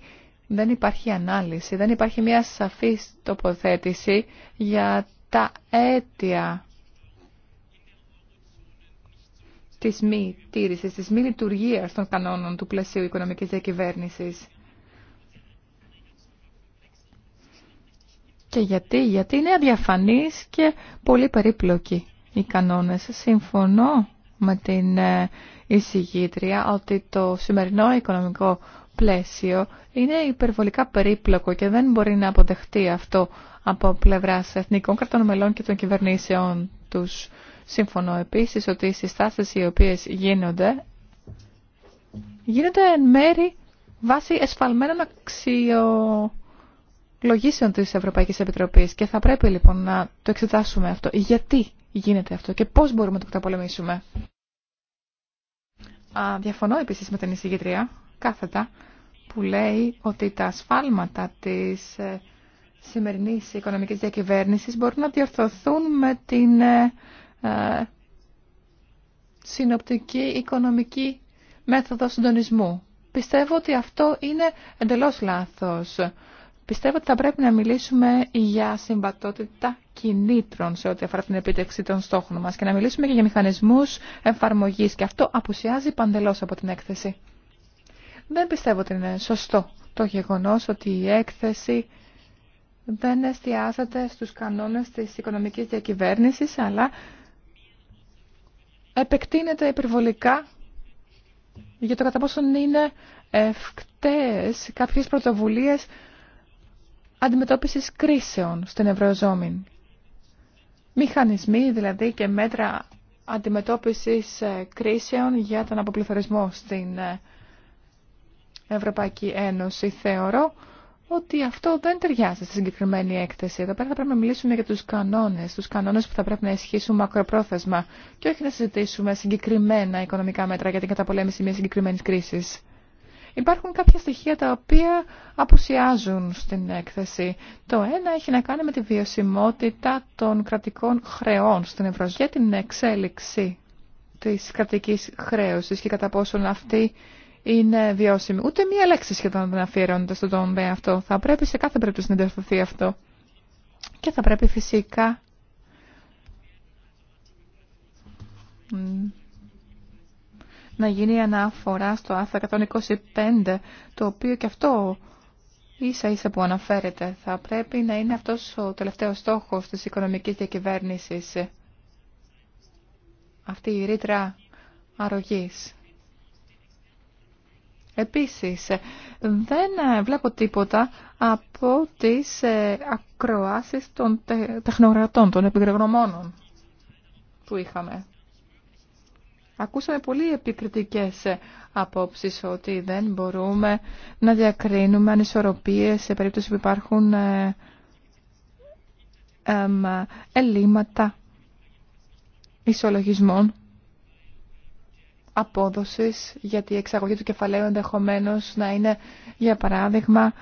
δεν υπάρχει ανάλυση, δεν υπάρχει μια σαφή τοποθέτηση για τα αίτια της μη τήρησης, της μη λειτουργίας των κανόνων του πλαισίου οικονομικής διακυβέρνησης. Και γιατί, γιατί είναι αδιαφανείς και πολύ περίπλοκοι οι κανόνες. Συμφωνώ με την ε, εισηγήτρια ότι το σημερινό οικονομικό πλαίσιο είναι υπερβολικά περίπλοκο και δεν μπορεί να αποδεχτεί αυτό από πλευρά εθνικών κρατών μελών και των κυβερνήσεών τους. Σύμφωνο επίσης ότι οι συστάσεις οι οποίες γίνονται γίνονται εν μέρη βάσει εσφαλμένων αξιολογήσεων της Ευρωπαϊκής Επιτροπής και θα πρέπει λοιπόν να το εξετάσουμε αυτό. Γιατί γίνεται αυτό και πώς μπορούμε να το καταπολεμήσουμε. διαφωνώ επίσης με την εισηγητρία κάθετα που λέει ότι τα ασφάλματα της ε, σημερινής οικονομικής διακυβέρνησης μπορούν να διορθωθούν με την ε, ε, συνοπτική οικονομική μέθοδο συντονισμού. Πιστεύω ότι αυτό είναι εντελώς λάθος. Πιστεύω ότι θα πρέπει να μιλήσουμε για συμβατότητα κινήτρων σε ό,τι αφορά την επίτευξη των στόχων μας και να μιλήσουμε και για μηχανισμούς εφαρμογής και αυτό απουσιάζει παντελώς από την έκθεση. Δεν πιστεύω ότι είναι σωστό το γεγονός ότι η έκθεση δεν εστιάζεται στους κανόνες της οικονομικής διακυβέρνησης, αλλά επεκτείνεται υπερβολικά για το κατά πόσον είναι ευκταίες κάποιες πρωτοβουλίες αντιμετώπισης κρίσεων στην Ευρωζώμη. Μηχανισμοί δηλαδή και μέτρα αντιμετώπισης ε, κρίσεων για τον αποπληθωρισμό στην Ευρωζώμη Ευρωπαϊκή Ένωση. Θεωρώ ότι αυτό δεν ταιριάζει στη συγκεκριμένη έκθεση. Εδώ πέρα θα πρέπει να μιλήσουμε για τους κανόνες, τους κανόνες που θα πρέπει να ισχύσουν μακροπρόθεσμα και όχι να συζητήσουμε συγκεκριμένα οικονομικά μέτρα για την καταπολέμηση μιας συγκεκριμένης κρίσης. Υπάρχουν κάποια στοιχεία τα οποία απουσιάζουν στην έκθεση. Το ένα έχει να κάνει με τη βιωσιμότητα των κρατικών χρεών στην Ευρώπη για την εξέλιξη της κρατικής χρέωσης και κατά πόσον αυτή είναι βιώσιμη. Ούτε μία λέξη σχεδόν δεν αφιερώνεται στον τομέα αυτό. Θα πρέπει σε κάθε περίπτωση να εντελθωθεί αυτό. Και θα πρέπει φυσικά να γίνει αναφορά στο άρθρο 125, το οποίο και αυτό ίσα ίσα που αναφέρεται θα πρέπει να είναι αυτός ο τελευταίος στόχος της οικονομικής διακυβέρνησης. Αυτή η ρήτρα αρρωγής Επίσης, δεν ε, βλέπω τίποτα από τις ε, ακροάσεις των τεχνογρατών, των επιγραγνωμόνων που είχαμε. Ακούσαμε πολύ επικριτικές ε, απόψεις ότι δεν μπορούμε να διακρίνουμε ανισορροπίες σε περίπτωση που υπάρχουν ελλείμματα ισολογισμών απόδοσης γιατί η εξαγωγή του κεφαλαίου ενδεχομένω να είναι για παράδειγμα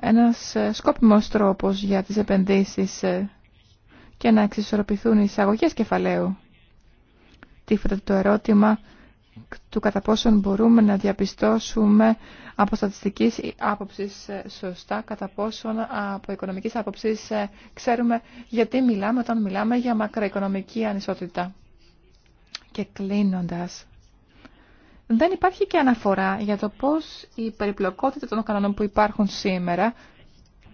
ένας ε, σκόπιμος τρόπος για τις επενδύσεις ε, και να εξισορροπηθούν οι εισαγωγές κεφαλαίου. Τίθεται το ερώτημα του κατά πόσον μπορούμε να διαπιστώσουμε από στατιστικής άποψη ε, σωστά, κατά πόσον από οικονομικής άποψης ξέρουμε γιατί μιλάμε όταν μιλάμε για μακροοικονομική ανισότητα. Και κλείνοντας, δεν υπάρχει και αναφορά για το πώς η περιπλοκότητα των κανόνων που υπάρχουν σήμερα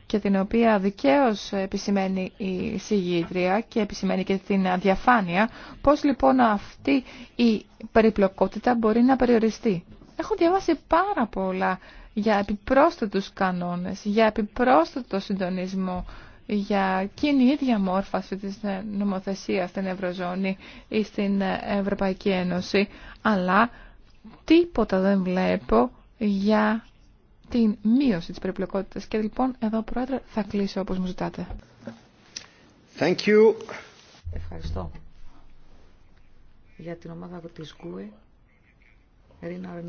και την οποία δικαίως επισημαίνει η συγγύτρια και επισημαίνει και την αδιαφάνεια, πώς λοιπόν αυτή η περιπλοκότητα μπορεί να περιοριστεί. Έχω διαβάσει πάρα πολλά για επιπρόσθετους κανόνες, για επιπρόσθετο συντονισμό, για κοινή ίδια μόρφαση της νομοθεσίας στην Ευρωζώνη ή στην Ευρωπαϊκή Ένωση, αλλά τίποτα δεν βλέπω για την μείωση της περιπλοκότητας. Και λοιπόν, εδώ Πρόεδρε, θα κλείσω όπως μου ζητάτε. Thank Ευχαριστώ. Για την ομάδα του τη Ρίνα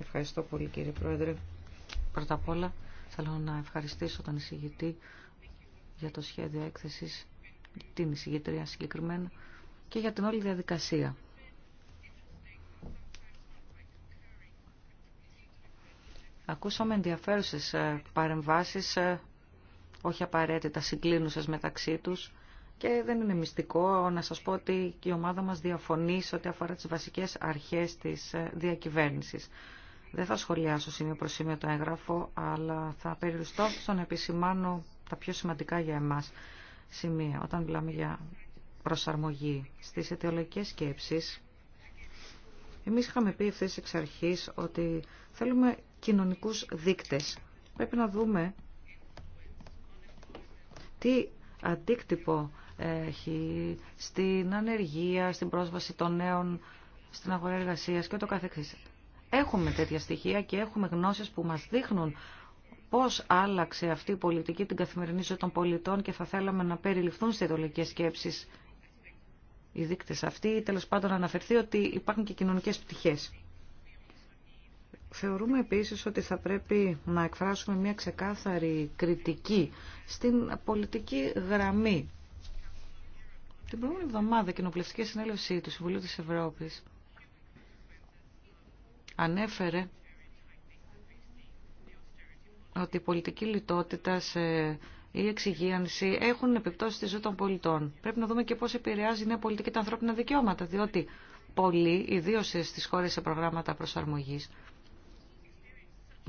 Ευχαριστώ πολύ κύριε Πρόεδρε. Πρώτα απ' όλα θέλω να ευχαριστήσω τον εισηγητή για το σχέδιο έκθεσης, την εισηγητρία συγκεκριμένα και για την όλη διαδικασία. Ακούσαμε ενδιαφέρουσες ε, παρεμβάσεις, ε, όχι απαραίτητα συγκλίνουσες μεταξύ τους και δεν είναι μυστικό να σας πω ότι η ομάδα μας διαφωνεί σε ό,τι αφορά τις βασικές αρχές της ε, διακυβέρνησης. Δεν θα σχολιάσω σημείο προς σημείο το έγγραφο, αλλά θα περιοριστώ στο να επισημάνω τα πιο σημαντικά για εμάς σημεία. Όταν μιλάμε για προσαρμογή στις αιτιολογικές σκέψεις. Εμείς είχαμε πει ευθύς εξ αρχής ότι θέλουμε κοινωνικούς δείκτες. Πρέπει να δούμε τι αντίκτυπο έχει στην ανεργία, στην πρόσβαση των νέων στην αγορά εργασίας και το καθεξής. Έχουμε τέτοια στοιχεία και έχουμε γνώσεις που μας δείχνουν πώς άλλαξε αυτή η πολιτική την καθημερινή ζωή των πολιτών και θα θέλαμε να περιληφθούν στις ειδωλικές σκέψεις οι δείκτε εκφράσουμε μια ξεκάθαρη κριτική στην πολιτική γραμμή. Την προηγούμενη εβδομάδα, κοινοβουλευτική συνέλευση του Συμβουλίου της Ευρώπης ανέφερε ότι η τελος παντων αναφερθει οτι υπαρχουν και κοινωνικέ πτυχέ. θεωρουμε επισης οτι θα πρεπει να εκφρασουμε μια ξεκαθαρη κριτικη λιτότητα σε η εξυγίανση έχουν επιπτώσει στη ζωή των πολιτών. Πρέπει να δούμε και πώ επηρεάζει η νέα πολιτική τα ανθρώπινα δικαιώματα, διότι πολλοί, ιδίω στι χώρε σε προγράμματα προσαρμογή,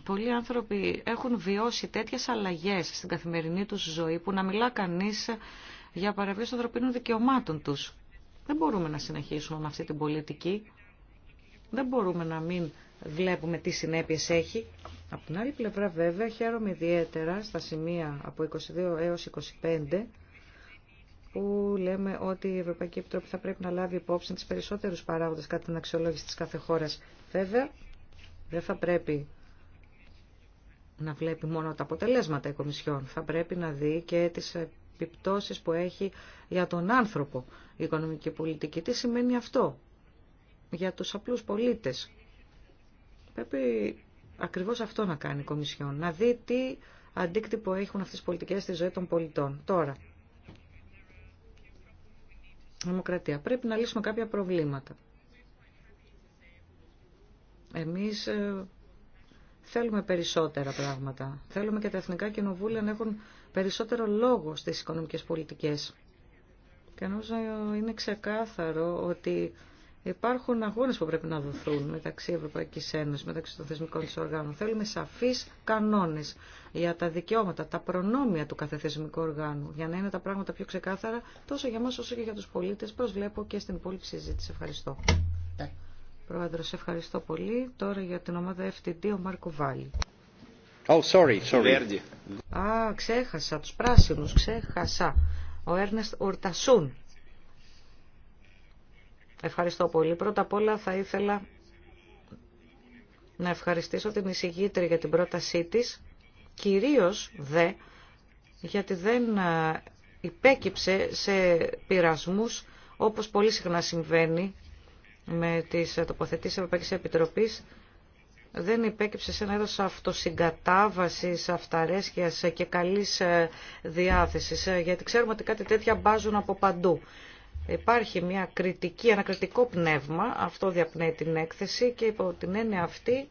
πολλοί άνθρωποι έχουν βιώσει τέτοιε αλλαγέ στην καθημερινή του ζωή που να μιλά κανεί για παραβίαση των ανθρωπίνων δικαιωμάτων του. Δεν μπορούμε να συνεχίσουμε με αυτή την πολιτική. Δεν μπορούμε να μην Βλέπουμε τι συνέπειες έχει. Από την άλλη πλευρά βέβαια χαίρομαι ιδιαίτερα στα σημεία από 22 έως 25 που λέμε ότι η Ευρωπαϊκή Επιτροπή θα πρέπει να λάβει υπόψη τις περισσότερους παράγοντες κατά την αξιολόγηση της κάθε χώρας. Βέβαια, δεν θα πρέπει να βλέπει μόνο τα αποτελέσματα η Κομισιόν. Θα πρέπει να δει και τις επιπτώσεις που έχει για τον άνθρωπο η οικονομική πολιτική. Τι σημαίνει αυτό για τους απλούς πολίτες Πρέπει ακριβώς αυτό να κάνει η Κομισιόν, να δει τι αντίκτυπο έχουν αυτές οι πολιτικές στη ζωή των πολιτών. Τώρα, δημοκρατία. Πρέπει να λύσουμε κάποια προβλήματα. Εμείς ε, θέλουμε περισσότερα πράγματα. Θέλουμε και τα εθνικά κοινοβούλια να έχουν περισσότερο λόγο στις οικονομικές πολιτικές. Και νομίζω είναι ξεκάθαρο ότι Υπάρχουν αγώνες που πρέπει να δοθούν μεταξύ Ευρωπαϊκής Ένωσης, μεταξύ των θεσμικών της οργάνων. Θέλουμε σαφείς κανόνες για τα δικαιώματα, τα προνόμια του κάθε θεσμικού οργάνου, για να είναι τα πράγματα πιο ξεκάθαρα τόσο για μας όσο και για τους πολίτες. Προσβλέπω και στην υπόλοιπη συζήτηση. Ευχαριστώ. Yeah. Πρόεδρος, ευχαριστώ πολύ. Τώρα για την ομάδα FTD, ο Μάρκο Βάλλη. Oh, sorry, sorry. Α, ξέχασα τους πράσινους, ξέχασα. Ο Έρνεστ Ορτασούν Ευχαριστώ πολύ. Πρώτα απ' όλα θα ήθελα να ευχαριστήσω την εισηγήτρια για την πρότασή της, κυρίως δε, γιατί δεν ε, υπέκυψε σε πειρασμούς, όπως πολύ συχνά συμβαίνει με τις ε, τοποθετήσεις Ευρωπαϊκής Επιτροπής, δεν υπέκυψε σε ένα έδος αυτοσυγκατάβασης, αυταρέσκειας και καλής ε, διάθεσης, γιατί ξέρουμε ότι κάτι τέτοια μπάζουν από παντού. Υπάρχει μια κριτική, ένα κριτικό πνεύμα, αυτό διαπνέει την έκθεση και υπό την έννοια αυτή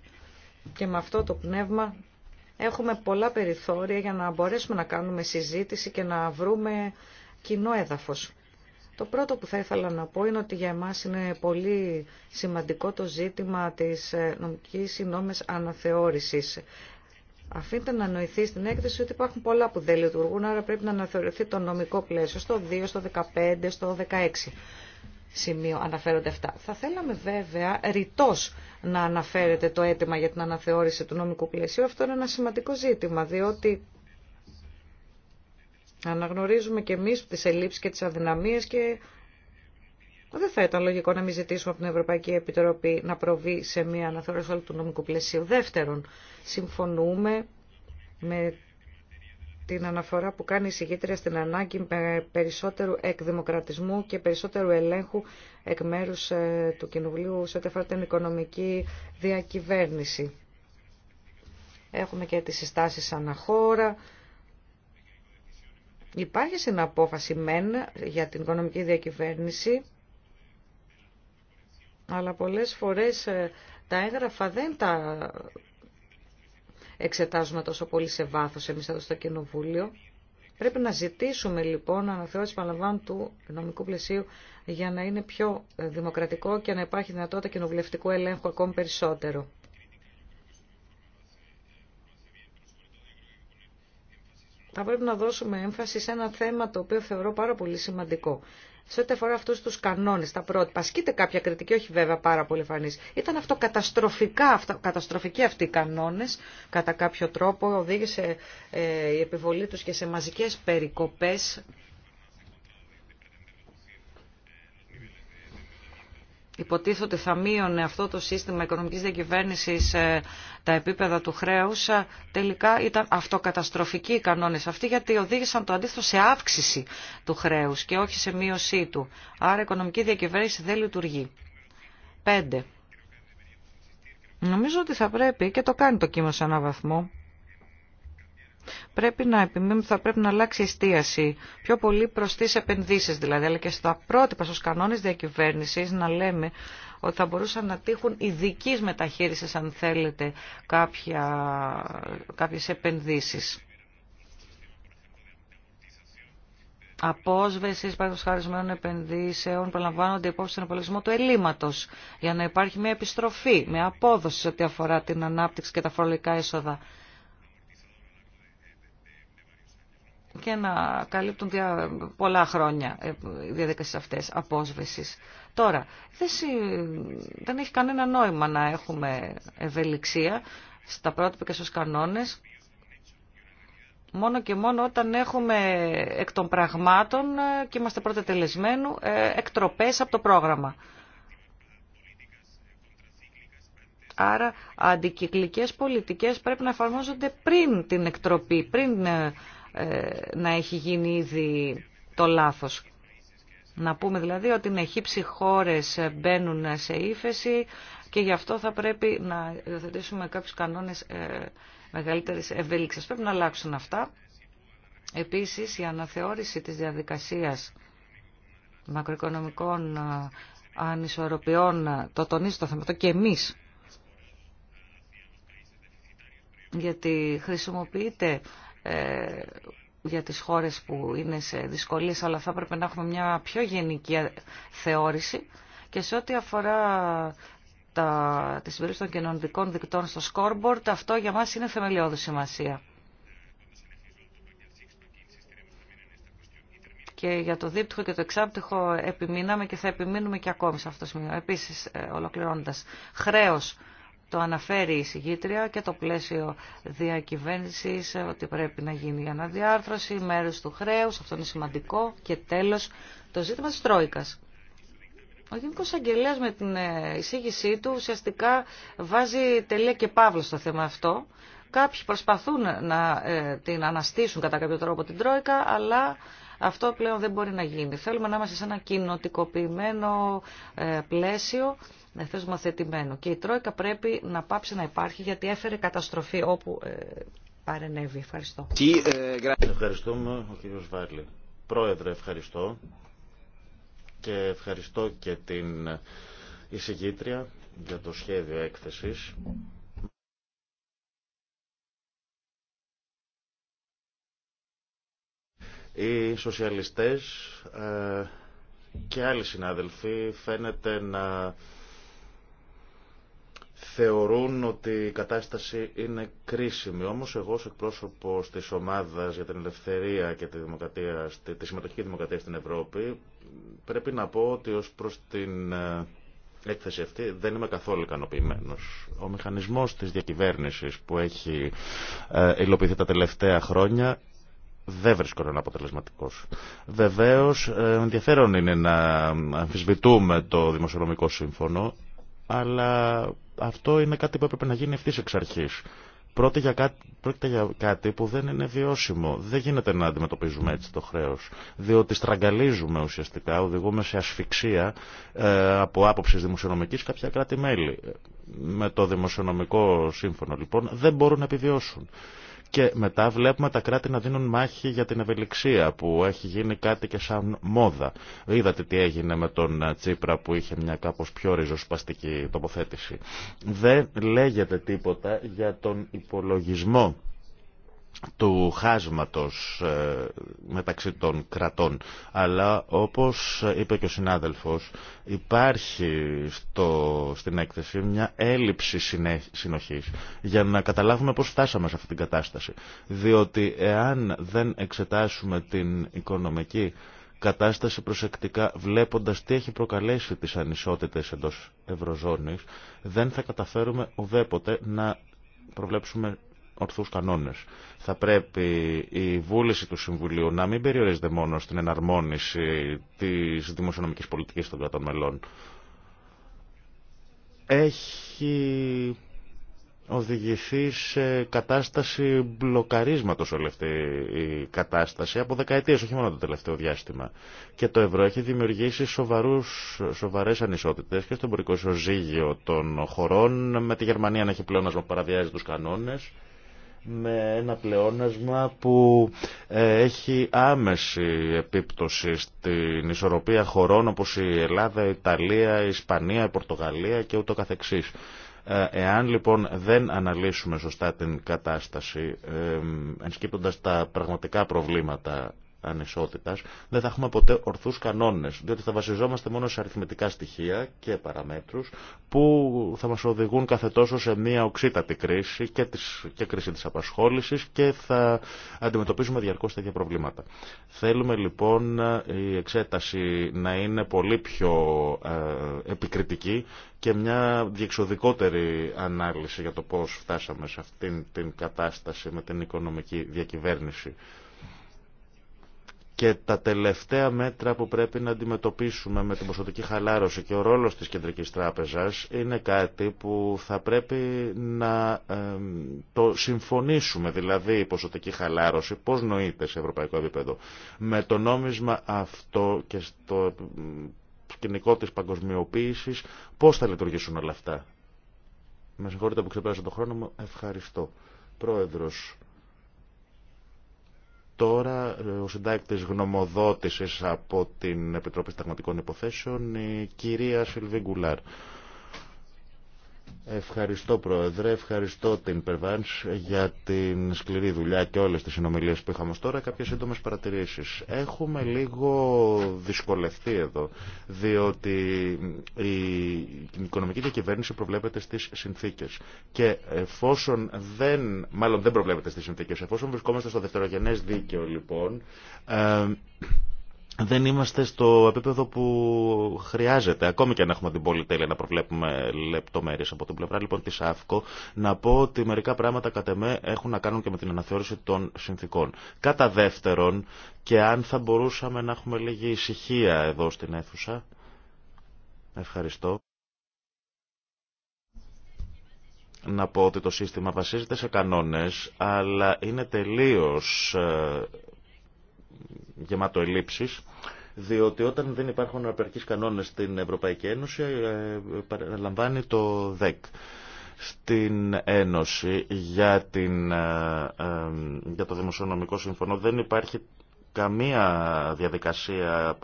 και με αυτό το πνεύμα έχουμε πολλά περιθώρια για να μπορέσουμε να κάνουμε συζήτηση και να βρούμε κοινό έδαφος. Το πρώτο που θα ήθελα να πω είναι ότι για εμάς είναι πολύ σημαντικό το ζήτημα της νομικής συνόμες αναθεώρησης. Αφήνεται να νοηθεί στην έκθεση ότι υπάρχουν πολλά που δεν λειτουργούν, άρα πρέπει να αναθεωρηθεί το νομικό πλαίσιο στο 2, στο 15, στο 16 σημείο αναφέρονται αυτά. Θα θέλαμε βέβαια ρητό να αναφέρεται το αίτημα για την αναθεώρηση του νομικού πλαισίου. Αυτό είναι ένα σημαντικό ζήτημα, διότι αναγνωρίζουμε και εμείς τις ελλείψεις και τις αδυναμίες και δεν θα ήταν λογικό να μην ζητήσουμε από την Ευρωπαϊκή Επιτροπή να προβεί σε μια αναθεώρηση του νομικού πλαισίου. Δεύτερον, συμφωνούμε με την αναφορά που κάνει η συγκήτρια στην ανάγκη περισσότερου εκδημοκρατισμού και περισσότερου ελέγχου εκ μέρου ε, του Κοινοβουλίου σε ό,τι αφορά την οικονομική διακυβέρνηση. Έχουμε και τις συστάσεις αναχώρα. Υπάρχει συναπόφαση μεν για την οικονομική διακυβέρνηση αλλά πολλές φορές ε, τα έγγραφα δεν τα εξετάζουμε τόσο πολύ σε βάθος εμείς εδώ στο Κοινοβούλιο. Πρέπει να ζητήσουμε λοιπόν αναθεώρηση παραλαμβάνω του νομικού πλαισίου για να είναι πιο ε, δημοκρατικό και να υπάρχει δυνατότητα κοινοβουλευτικού ελέγχου ακόμη περισσότερο. θα πρέπει να δώσουμε έμφαση σε ένα θέμα το οποίο θεωρώ πάρα πολύ σημαντικό. Σε ό,τι αφορά αυτού του κανόνε, τα πρότυπα, ασκείται κάποια κριτική, όχι βέβαια πάρα πολύ φανή. Ήταν αυτοκαταστροφικά, αυτο, καταστροφικοί αυτοί οι κανόνε, κατά κάποιο τρόπο, οδήγησε ε, η επιβολή του και σε μαζικέ περικοπέ υποτίθεται ότι θα μείωνε αυτό το σύστημα οικονομικής διακυβέρνησης ε, τα επίπεδα του χρέους, ε, τελικά ήταν αυτοκαταστροφικοί οι κανόνες αυτοί γιατί οδήγησαν το αντίθετο σε αύξηση του χρέους και όχι σε μείωσή του. Άρα η οικονομική διακυβέρνηση δεν λειτουργεί. 5. Νομίζω ότι θα πρέπει και το κάνει το κύμα σε έναν βαθμό πρέπει να επιμείνουμε θα πρέπει να αλλάξει η εστίαση πιο πολύ προ τι επενδύσει, δηλαδή, αλλά και στα πρότυπα στου κανόνες διακυβέρνηση να λέμε ότι θα μπορούσαν να τύχουν ειδική μεταχείριση, αν θέλετε κάποιε επενδύσει. Απόσβεση παραδείγματο χαρισμένων επενδύσεων που λαμβάνονται υπόψη στον απολογισμό του ελλείμματο για να υπάρχει μια επιστροφή, μια απόδοση σε ό,τι αφορά την ανάπτυξη και τα φορολογικά έσοδα. και να καλύπτουν πολλά χρόνια ε, οι διαδικασίες αυτές απόσβεσης. Τώρα, δεν έχει κανένα νόημα να έχουμε ευελιξία στα πρότυπα και στους κανόνες, μόνο και μόνο όταν έχουμε εκ των πραγμάτων ε, και είμαστε πρώτα τελεσμένου ε, εκτροπές από το πρόγραμμα. Άρα αντικυκλικές πολιτικές πρέπει να εφαρμόζονται πριν την εκτροπή, πριν ε, να έχει γίνει ήδη το λάθος. Να πούμε δηλαδή ότι με χύψη χώρες ε, μπαίνουν σε ύφεση και γι' αυτό θα πρέπει να υιοθετήσουμε κάποιους κανόνες ε, μεγαλύτερης ευέλιξης. Πρέπει να αλλάξουν αυτά. Επίσης, η αναθεώρηση της διαδικασίας μακροοικονομικών ανισορροπιών το τονίζει το θέμα, το και εμείς. Γιατί χρησιμοποιείται ε, για τις χώρες που είναι σε δυσκολίες, αλλά θα έπρεπε να έχουμε μια πιο γενική θεώρηση και σε ό,τι αφορά τα, τη συμπερίληψη των κοινωνικών δικτών στο scoreboard, αυτό για μας είναι θεμελιώδη σημασία. Και για το δίπτυχο και το εξάπτυχο επιμείναμε και θα επιμείνουμε και ακόμη σε αυτό το σημείο. Επίσης, ε, ολοκληρώνοντας, χρέος το αναφέρει η συγγήτρια και το πλαίσιο διακυβέρνησης ότι πρέπει να γίνει η αναδιάρθρωση, μέρος του χρέους, αυτό είναι σημαντικό. Και τέλος, το ζήτημα της Τρόικας. Ο Γενικό Αγγελέα με την ε, εισήγησή του ουσιαστικά βάζει τελεία και πάυλο στο θέμα αυτό. Κάποιοι προσπαθούν να ε, την αναστήσουν κατά κάποιο τρόπο την Τρόικα, αλλά αυτό πλέον δεν μπορεί να γίνει. Θέλουμε να είμαστε σε ένα κοινοτικοποιημένο ε, πλαίσιο να ε, θεσμοθετημένο. Και η Τρόικα πρέπει να πάψει να υπάρχει γιατί έφερε καταστροφή όπου ε, παρενέβη. Ευχαριστώ. Ευχαριστούμε ο κύριος Βάρλη. Πρόεδρε, ευχαριστώ. Και ευχαριστώ και την εισηγήτρια για το σχέδιο έκθεσης. Οι σοσιαλιστές ε, και άλλοι συνάδελφοι φαίνεται να θεωρούν ότι η κατάσταση είναι κρίσιμη. Όμως εγώ ως εκπρόσωπος της ομάδας για την ελευθερία και τη, δημοκρατία, τη συμμετοχική δημοκρατία στην Ευρώπη πρέπει να πω ότι ως προς την ε, έκθεση αυτή δεν είμαι καθόλου ικανοποιημένο. Ο μηχανισμός της διακυβέρνησης που έχει ε, υλοποιηθεί τα τελευταία χρόνια δεν βρίσκονται αποτελεσματικό. Βεβαίω, ε, ενδιαφέρον είναι να αμφισβητούμε το δημοσιονομικό σύμφωνο, αλλά αυτό είναι κάτι που έπρεπε να γίνει ευθύ εξ αρχή. Πρόκειται για, κάτι, για κάτι που δεν είναι βιώσιμο. Δεν γίνεται να αντιμετωπίζουμε έτσι το χρέο. Διότι στραγγαλίζουμε ουσιαστικά, οδηγούμε σε ασφυξία ε, από άποψη δημοσιονομική κάποια κράτη-μέλη. Με το δημοσιονομικό σύμφωνο λοιπόν δεν μπορούν να επιβιώσουν. Και μετά βλέπουμε τα κράτη να δίνουν μάχη για την ευελιξία που έχει γίνει κάτι και σαν μόδα. Είδατε τι έγινε με τον ε, Τσίπρα που είχε μια κάπως πιο ριζοσπαστική τοποθέτηση. Δεν λέγεται τίποτα για τον υπολογισμό του χάσματος ε, μεταξύ των κρατών. Αλλά όπως είπε και ο συνάδελφος υπάρχει στο, στην έκθεση μια έλλειψη συνοχής για να καταλάβουμε πώς φτάσαμε σε αυτή την κατάσταση. Διότι εάν δεν εξετάσουμε την οικονομική κατάσταση προσεκτικά βλέποντας τι έχει προκαλέσει τις ανισότητες εντός Ευρωζώνης δεν θα καταφέρουμε ουδέποτε να προβλέψουμε ορθούς κανόνες. Θα πρέπει η βούληση του Συμβουλίου να μην περιορίζεται μόνο στην εναρμόνιση της δημοσιονομικής πολιτικής των κρατών μελών. Έχει οδηγηθεί σε κατάσταση μπλοκαρίσματος όλη αυτή η κατάσταση από δεκαετίες, όχι μόνο το τελευταίο διάστημα. Και το ευρώ έχει δημιουργήσει σοβαρούς, σοβαρές ανισότητες και στο εμπορικό ισοζύγιο των χωρών, με τη Γερμανία να έχει πλέον να παραβιάζει τους κανόνες με ένα πλεόνασμα που ε, έχει άμεση επίπτωση στην ισορροπία χωρών όπως η Ελλάδα, η Ιταλία, η Ισπανία, η Πορτογαλία και ούτω καθεξής. Ε, εάν λοιπόν δεν αναλύσουμε σωστά την κατάσταση, ε, ενσκύπτοντας τα πραγματικά προβλήματα ανισότητα, δεν θα έχουμε ποτέ ορθούς κανόνες, διότι θα βασιζόμαστε μόνο σε αριθμητικά στοιχεία και παραμέτρους που θα μας οδηγούν κάθε τόσο σε μια οξύτατη κρίση και, της, και κρίση της απασχόλησης και θα αντιμετωπίσουμε διαρκώ τέτοια προβλήματα. Θέλουμε λοιπόν η εξέταση να είναι πολύ πιο ε, επικριτική και μια διεξοδικότερη ανάλυση για το πώς φτάσαμε σε αυτήν την κατάσταση με την οικονομική διακυβέρνηση και τα τελευταία μέτρα που πρέπει να αντιμετωπίσουμε με την ποσοτική χαλάρωση και ο ρόλος της Κεντρικής Τράπεζας είναι κάτι που θα πρέπει να το συμφωνήσουμε, δηλαδή η ποσοτική χαλάρωση, πώς νοείται σε ευρωπαϊκό επίπεδο. Με το νόμισμα αυτό και στο σκηνικό της παγκοσμιοποίησης, πώς θα λειτουργήσουν όλα αυτά. Με συγχωρείτε που ξεπέρασα τον χρόνο μου, ευχαριστώ. Πρόεδρος. Τώρα ε, ο συντάκτης γνωμοδότησης από την Επιτροπή Σταγματικών Υποθέσεων, η κυρία Σιλβί Γκουλάρ. Ευχαριστώ Πρόεδρε, ευχαριστώ την Περβάνς για την σκληρή δουλειά και όλες τις συνομιλίες που είχαμε τώρα. Κάποιες σύντομε παρατηρήσεις. Έχουμε λίγο δυσκολευτεί εδώ, διότι η οικονομική διακυβέρνηση προβλέπεται στις συνθήκες. Και εφόσον δεν, μάλλον δεν προβλέπεται στις συνθήκες, εφόσον βρισκόμαστε στο δευτερογενές δίκαιο λοιπόν, ε, δεν είμαστε στο επίπεδο που χρειάζεται. Ακόμη και αν έχουμε την πολυτέλεια να προβλέπουμε λεπτομέρειε από την πλευρά λοιπόν τη ΑΦΚΟ, να πω ότι μερικά πράγματα κατά με έχουν να κάνουν και με την αναθεώρηση των συνθήκων. Κατά δεύτερον, και αν θα μπορούσαμε να έχουμε λίγη ησυχία εδώ στην αίθουσα. Ευχαριστώ. Να πω ότι το σύστημα βασίζεται σε κανόνες, αλλά είναι τελείως ε, γεμάτο ελλείψεις, διότι όταν δεν υπάρχουν απερκείς κανόνες στην Ευρωπαϊκή Ένωση, ε, παραλαμβάνει το ΔΕΚ στην Ένωση για, την, ε, ε, για το Δημοσιονομικό Συμφωνό δεν υπάρχει καμία διαδικασία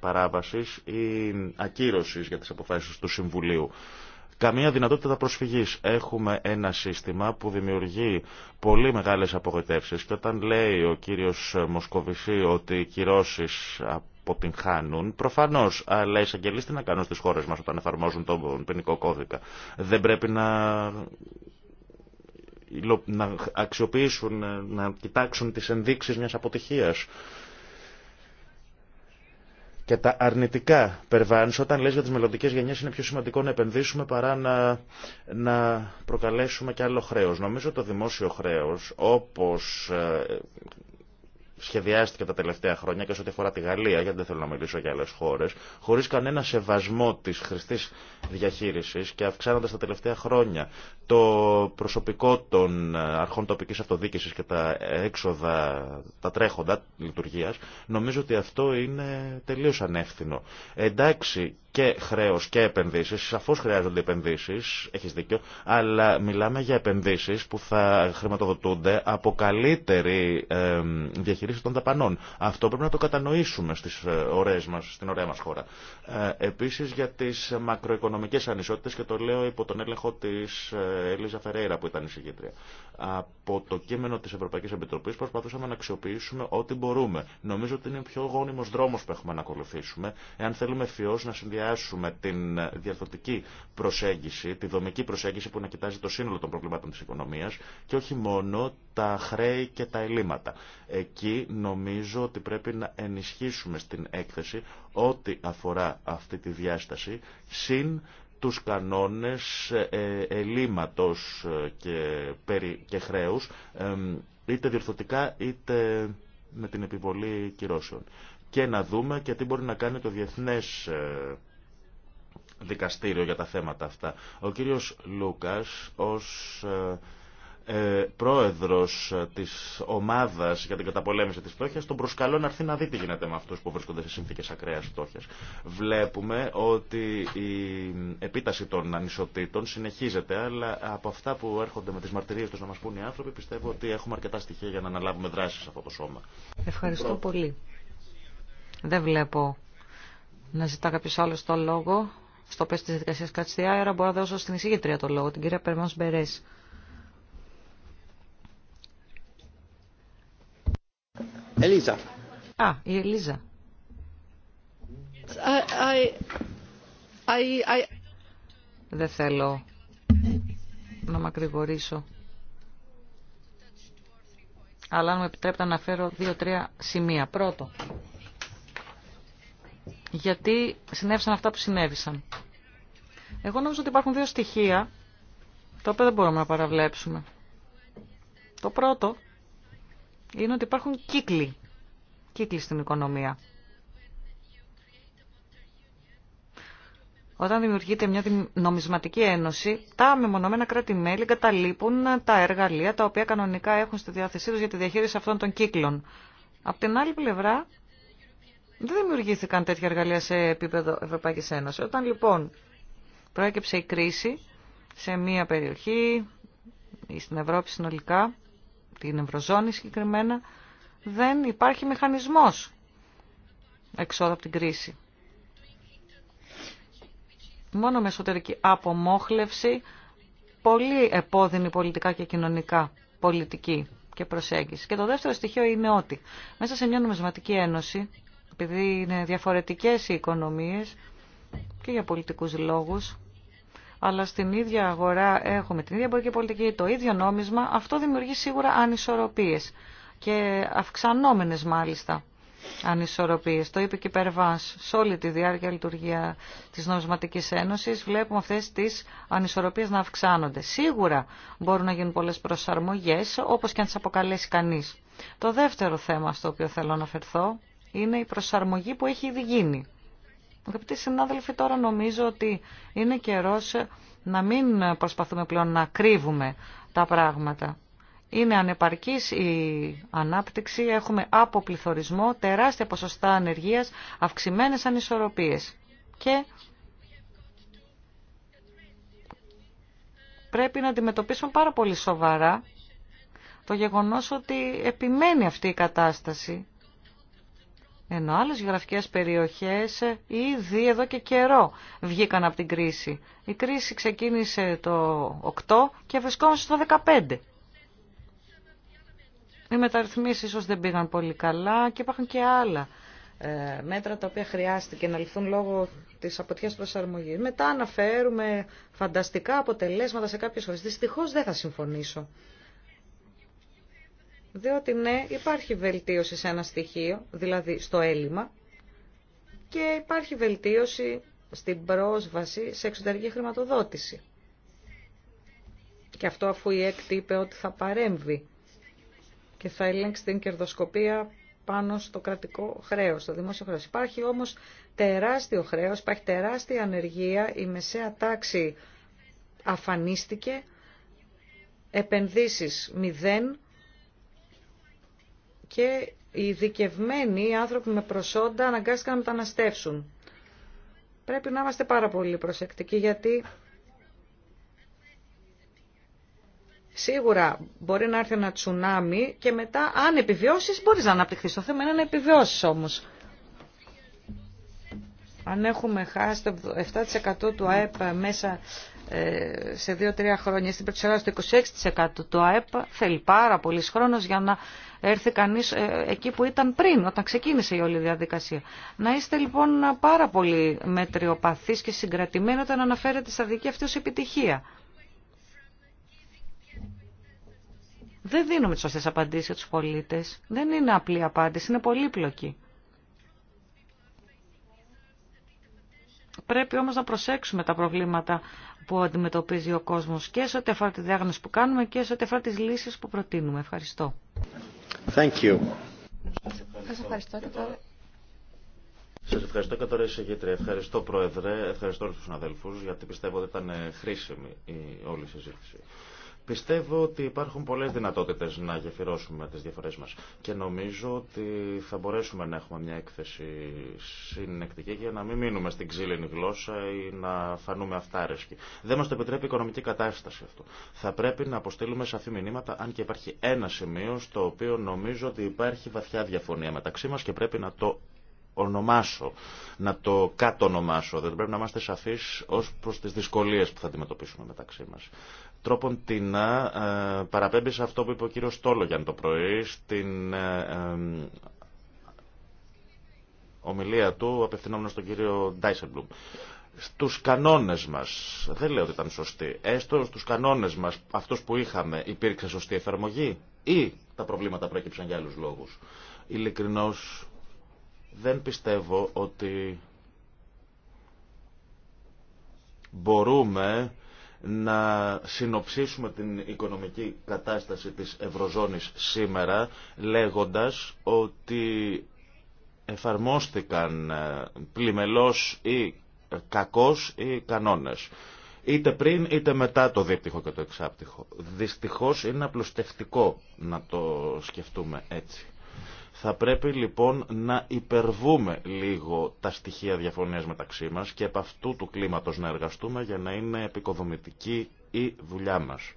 παράβασης ή ακύρωσης για τις αποφάσεις του Συμβουλίου καμία δυνατότητα προσφυγής. Έχουμε ένα σύστημα που δημιουργεί πολύ μεγάλες απογοητεύσεις και όταν λέει ο κύριος Μοσκοβισή ότι οι κυρώσεις αποτυγχάνουν, προφανώς, αλλά οι τι να κάνουν στις χώρες μας όταν εφαρμόζουν τον ποινικό κώδικα. Δεν πρέπει να να αξιοποιήσουν, να κοιτάξουν τις ενδείξεις μιας αποτυχίας και τα αρνητικά περβάνεις, όταν λες για τις μελλοντικέ γενιές είναι πιο σημαντικό να επενδύσουμε παρά να, να προκαλέσουμε και άλλο χρέος. Νομίζω το δημόσιο χρέος, όπως ε, σχεδιάστηκε τα τελευταία χρόνια και σε ό,τι αφορά τη Γαλλία, γιατί δεν θέλω να μιλήσω για άλλε χώρε, χωρί κανένα σεβασμό τη χρηστή διαχείριση και αυξάνοντα τα τελευταία χρόνια το προσωπικό των αρχών τοπική αυτοδιοίκηση και τα έξοδα, τα τρέχοντα λειτουργία, νομίζω ότι αυτό είναι τελείω ανεύθυνο. Εντάξει, και χρέο και επενδύσει. Σαφώ χρειάζονται επενδύσει, έχει δίκιο, αλλά μιλάμε για επενδύσει που θα χρηματοδοτούνται από καλύτερη διαχείριση των δαπανών. Αυτό πρέπει να το κατανοήσουμε στις ε, ωραίες μας, στην ωραία μας χώρα. Ε, επίσης για τις μακροοικονομικές ανισότητες και το λέω υπό τον έλεγχο της ε, Ελίζα Φερέιρα που ήταν η συγκήτρια. Από το κείμενο της Ευρωπαϊκής Επιτροπής προσπαθούσαμε να αξιοποιήσουμε ό,τι μπορούμε. Νομίζω ότι είναι ο πιο γόνιμος δρόμος που έχουμε να ακολουθήσουμε. Εάν θέλουμε φιώς να συνδυάσουμε την διαρθωτική προσέγγιση, τη δομική προσέγγιση που να κοιτάζει το σύνολο των προβλημάτων της οικονομίας και όχι μόνο τα χρέη και τα ελλείμματα. Εκεί νομίζω ότι πρέπει να ενισχύσουμε στην έκθεση ό,τι αφορά αυτή τη διάσταση, συν τους κανόνες ε, ελίματος ε, και, περί, και χρέους, είτε διορθωτικά είτε με την επιβολή κυρώσεων. Και να δούμε και τι μπορεί να κάνει το Διεθνές ε, Δικαστήριο για τα θέματα αυτά. Ο κύριος Λούκας ως ε, πρόεδρος της ομάδας για την καταπολέμηση της φτώχειας τον προσκαλώ να έρθει να δει τι γίνεται με αυτούς που βρίσκονται σε συνθήκες ακραίας φτώχειας. Βλέπουμε ότι η επίταση των ανισοτήτων συνεχίζεται, αλλά από αυτά που έρχονται με τις μαρτυρίες τους να μας πούν οι άνθρωποι πιστεύω ότι έχουμε αρκετά στοιχεία για να αναλάβουμε σε αυτό το σώμα. Ευχαριστώ πολύ. Δεν βλέπω να ζητά κάποιο άλλο το λόγο. Στο πες τη δικασία Κατσιά, άρα μπορώ να δώσω στην εισηγήτρια το λόγο, την κυρία Περμάνος Ελίζα. Α, η Ελίζα. Δεν θέλω να μακρηγορήσω. Αλλά αν μου επιτρέπετε να φερω δυο δύο-τρία σημεία. Πρώτο, γιατί συνέβησαν αυτά που συνέβησαν. Εγώ νομίζω ότι υπάρχουν δύο στοιχεία τα οποία δεν μπορούμε να παραβλέψουμε. Το πρώτο είναι ότι υπάρχουν κύκλοι, κύκλοι στην οικονομία. Όταν δημιουργείται μια νομισματική ένωση, τα μεμονωμένα κράτη-μέλη καταλείπουν τα εργαλεία τα οποία κανονικά έχουν στη διάθεσή τους για τη διαχείριση αυτών των κύκλων. Από την άλλη πλευρά, δεν δημιουργήθηκαν τέτοια εργαλεία σε επίπεδο Ευρωπαϊκής Ένωσης. Όταν λοιπόν προέκυψε η κρίση σε μια περιοχή ή στην Ευρώπη συνολικά, την Ευρωζώνη συγκεκριμένα, δεν υπάρχει μηχανισμός εξόδου από την κρίση. Μόνο με εσωτερική απομόχλευση, πολύ επώδυνη πολιτικά και κοινωνικά πολιτική και προσέγγιση. Και το δεύτερο στοιχείο είναι ότι μέσα σε μια νομισματική ένωση, επειδή είναι διαφορετικές οι οικονομίες και για πολιτικούς λόγους, αλλά στην ίδια αγορά έχουμε την ίδια εμπορική πολιτική, το ίδιο νόμισμα, αυτό δημιουργεί σίγουρα ανισορροπίες και αυξανόμενες μάλιστα ανισορροπίες. Το είπε και η Περβάς σε όλη τη διάρκεια λειτουργία της Νομισματικής Ένωσης. Βλέπουμε αυτές τις ανισορροπίες να αυξάνονται. Σίγουρα μπορούν να γίνουν πολλές προσαρμογές, όπως και αν τις αποκαλέσει κανείς. Το δεύτερο θέμα στο οποίο θέλω να αφερθώ είναι η προσαρμογή που έχει ήδη γίνει. Αγαπητοί συνάδελφοι, τώρα νομίζω ότι είναι καιρός να μην προσπαθούμε πλέον να κρύβουμε τα πράγματα. Είναι ανεπαρκής η ανάπτυξη, έχουμε αποπληθωρισμό, τεράστια ποσοστά ανεργίας, αυξημένες ανισορροπίες. Και πρέπει να αντιμετωπίσουμε πάρα πολύ σοβαρά το γεγονός ότι επιμένει αυτή η κατάσταση ενώ άλλες γραφικές περιοχές ήδη εδώ και καιρό βγήκαν από την κρίση. Η κρίση ξεκίνησε το 8 και βρισκόμαστε στο 15. Οι μεταρρυθμίσεις ίσως δεν πήγαν πολύ καλά και υπάρχουν και άλλα ε, μέτρα τα οποία χρειάστηκε να ληφθούν λόγω της αποτυχίας προσαρμογής. Μετά αναφέρουμε φανταστικά αποτελέσματα σε κάποιες χώρες. Δυστυχώς δεν θα συμφωνήσω διότι ναι υπάρχει βελτίωση σε ένα στοιχείο, δηλαδή στο έλλειμμα και υπάρχει βελτίωση στην πρόσβαση σε εξωτερική χρηματοδότηση. Και αυτό αφού η έκτη είπε ότι θα παρέμβει και θα ελέγξει την κερδοσκοπία πάνω στο κρατικό χρέος, στο δημόσιο χρέο. Υπάρχει όμως τεράστιο χρέος, υπάρχει τεράστια ανεργία, η μεσαία τάξη αφανίστηκε, επενδύσεις μηδέν, και οι ειδικευμένοι οι άνθρωποι με προσόντα αναγκάστηκαν να μεταναστεύσουν. Πρέπει να είμαστε πάρα πολύ προσεκτικοί γιατί σίγουρα μπορεί να έρθει ένα τσουνάμι και μετά αν επιβιώσεις μπορείς να αναπτυχθείς. Το θέμα είναι να επιβιώσεις όμως. Αν έχουμε χάσει το 7% του ΑΕΠ μέσα σε δύο-τρία χρόνια στην Πετσερά στο 26% του ΑΕΠ θέλει πάρα πολύ χρόνο για να έρθει κανείς ε, εκεί που ήταν πριν, όταν ξεκίνησε η όλη διαδικασία. Να είστε λοιπόν πάρα πολύ μετριοπαθείς και συγκρατημένοι όταν αναφέρετε στα δική αυτή ως επιτυχία. Δεν δίνουμε τις σωστές απαντήσεις για τους πολίτες. Δεν είναι απλή απάντηση, είναι πολύπλοκη. Πρέπει όμως να προσέξουμε τα προβλήματα που αντιμετωπίζει ο κόσμος και σε ό,τι αφορά τη διάγνωση που κάνουμε και σε ό,τι αφορά λύσεις που προτείνουμε. Ευχαριστώ. Thank you. Σας ευχαριστώ και τώρα. Σα ευχαριστώ και τώρα Ευχαριστώ Πρόεδρε, ευχαριστώ όλου του συναδέλφου γιατί πιστεύω ότι ήταν χρήσιμη η όλη συζήτηση. Πιστεύω ότι υπάρχουν πολλέ δυνατότητε να γεφυρώσουμε τι διαφορέ μα και νομίζω ότι θα μπορέσουμε να έχουμε μια έκθεση συνεκτική για να μην μείνουμε στην ξύλινη γλώσσα ή να φανούμε αυτάρεσκοι. Δεν μα το επιτρέπει η οικονομική κατάσταση αυτό. Θα πρέπει να αποστείλουμε σαφή μηνύματα, αν και υπάρχει ένα σημείο στο οποίο νομίζω ότι υπάρχει βαθιά διαφωνία μεταξύ μα και πρέπει να το ονομάσω, να το κατονομάσω. Δεν πρέπει να είμαστε σαφείς ως προς τις δυσκολίες που θα αντιμετωπίσουμε μεταξύ μας τρόπον την ε, παραπέμπει σε αυτό που είπε ο κύριος Τόλογιαν το πρωί στην ε, ε, ομιλία του απευθυνόμενο στον κύριο Ντάισελμπλουμ. Στους κανόνες μας, δεν λέω ότι ήταν σωστή, έστω στους κανόνες μας, αυτούς που είχαμε, υπήρξε σωστή εφαρμογή ή τα προβλήματα προέκυψαν για άλλους λόγους. Ειλικρινώς δεν πιστεύω ότι μπορούμε να συνοψίσουμε την οικονομική κατάσταση της Ευρωζώνης σήμερα λέγοντας ότι εφαρμόστηκαν ε, πλημελώς ή κακώς οι κανόνες. Είτε πριν είτε μετά το δίπτυχο και το εξάπτυχο. Δυστυχώς είναι απλουστευτικό να το σκεφτούμε έτσι. Θα πρέπει λοιπόν να υπερβούμε λίγο τα στοιχεία διαφωνίας μεταξύ μας και από αυτού του κλίματος να εργαστούμε για να είναι επικοδομητική η δουλειά μας.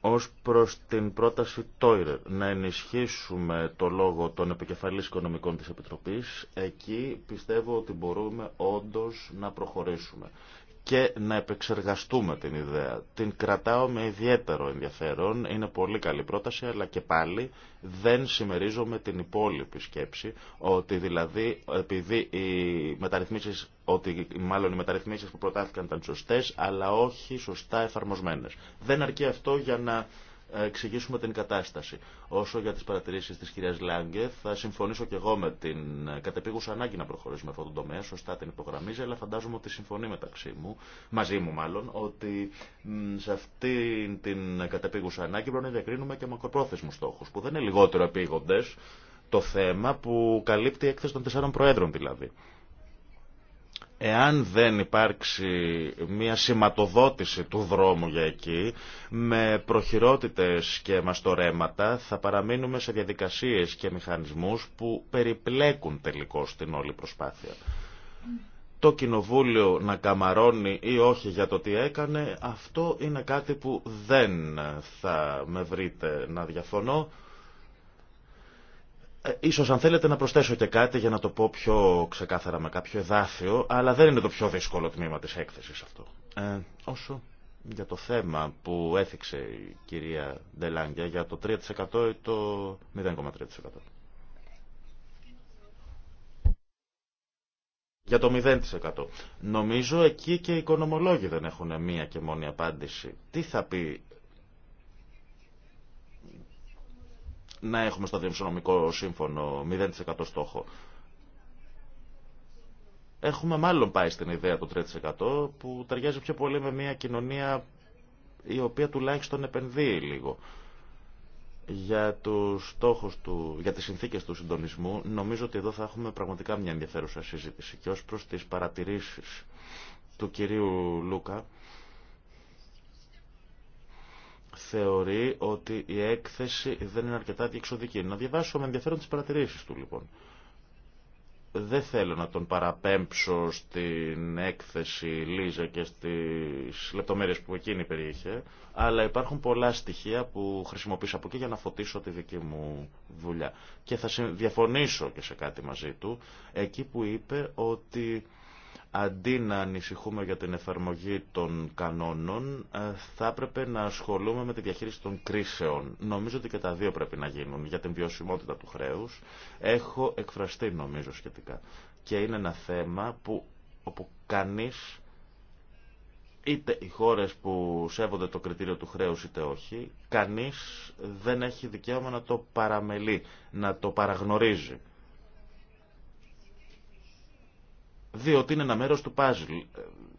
Ως προς την πρόταση Τόιρερ να ενισχύσουμε το λόγο των επικεφαλής οικονομικών της Επιτροπής, εκεί πιστεύω ότι μπορούμε όντως να προχωρήσουμε και να επεξεργαστούμε την ιδέα. Την κρατάω με ιδιαίτερο ενδιαφέρον, είναι πολύ καλή πρόταση, αλλά και πάλι δεν συμμερίζομαι την υπόλοιπη σκέψη, ότι δηλαδή επειδή οι μεταρρυθμίσεις, ότι μάλλον οι μεταρρυθμίσεις που προτάθηκαν ήταν σωστές, αλλά όχι σωστά εφαρμοσμένες. Δεν αρκεί αυτό για να εξηγήσουμε την κατάσταση. Όσο για τις παρατηρήσεις της κυρία Λάγκε, θα συμφωνήσω και εγώ με την κατεπίγουσα ανάγκη να προχωρήσουμε αυτόν τον τομέα, σωστά την υπογραμμίζει, αλλά φαντάζομαι ότι συμφωνεί μεταξύ μου, μαζί μου μάλλον, ότι σε αυτή την κατεπίγουσα ανάγκη πρέπει να διακρίνουμε και μακροπρόθεσμου στόχου, που δεν είναι λιγότερο επίγοντε το θέμα που καλύπτει η έκθεση των τεσσάρων προέδρων δηλαδή εάν δεν υπάρξει μια σηματοδότηση του δρόμου για εκεί, με προχειρότητες και μαστορέματα θα παραμείνουμε σε διαδικασίες και μηχανισμούς που περιπλέκουν τελικώς την όλη προσπάθεια. Το κοινοβούλιο να καμαρώνει ή όχι για το τι έκανε, αυτό είναι κάτι που δεν θα με βρείτε να διαφωνώ. Ίσως αν θέλετε να προσθέσω και κάτι για να το πω πιο ξεκάθαρα με κάποιο εδάφιο, αλλά δεν είναι το πιο δύσκολο τμήμα της έκθεσης αυτό. Ε, όσο για το θέμα που έθιξε η κυρία Ντελάνγκια για το 3% ή το 0,3%. Για το 0%. Νομίζω εκεί και οι οικονομολόγοι δεν έχουν μία και μόνη απάντηση. Τι θα πει να έχουμε στο Δημοσιονομικό Σύμφωνο 0% στόχο. Έχουμε μάλλον πάει στην ιδέα του 3% που ταιριάζει πιο πολύ με μια κοινωνία η οποία τουλάχιστον επενδύει λίγο. Για τους στόχους του, για τις συνθήκες του συντονισμού νομίζω ότι εδώ θα έχουμε πραγματικά μια ενδιαφέρουσα συζήτηση και ως προς τις παρατηρήσεις του κυρίου Λούκα θεωρεί ότι η έκθεση δεν είναι αρκετά διεξοδική. Να διαβάσω με ενδιαφέρον τις παρατηρήσεις του λοιπόν. Δεν θέλω να τον παραπέμψω στην έκθεση Λίζα και στις λεπτομέρειες που εκείνη περιείχε, αλλά υπάρχουν πολλά στοιχεία που χρησιμοποίησα από εκεί για να φωτίσω τη δική μου δουλειά. Και θα διαφωνήσω και σε κάτι μαζί του, εκεί που είπε ότι Αντί να ανησυχούμε για την εφαρμογή των κανόνων, ε, θα έπρεπε να ασχολούμε με τη διαχείριση των κρίσεων. Νομίζω ότι και τα δύο πρέπει να γίνουν. Για την βιωσιμότητα του χρέους έχω εκφραστεί νομίζω σχετικά. Και είναι ένα θέμα που, όπου κανείς, είτε οι χώρες που σέβονται το κριτήριο του χρέους είτε όχι, κανείς δεν έχει δικαίωμα να το παραμελεί, να το παραγνωρίζει. διότι είναι ένα μέρος του παζλ.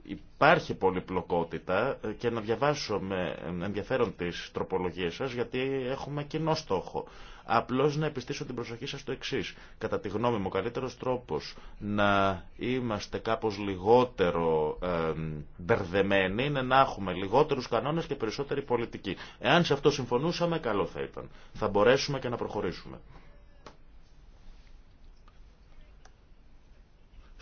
Υπάρχει πολυπλοκότητα ε, και να διαβάσω με ενδιαφέρον τις τροπολογίες σας γιατί έχουμε κοινό στόχο. Απλώς να επιστήσω την προσοχή σας στο εξή. Κατά τη γνώμη μου, ο καλύτερος τρόπος να είμαστε κάπως λιγότερο ε, μπερδεμένοι είναι να έχουμε λιγότερους κανόνες και περισσότερη πολιτική. Εάν σε αυτό συμφωνούσαμε, καλό θα ήταν. Θα μπορέσουμε και να προχωρήσουμε.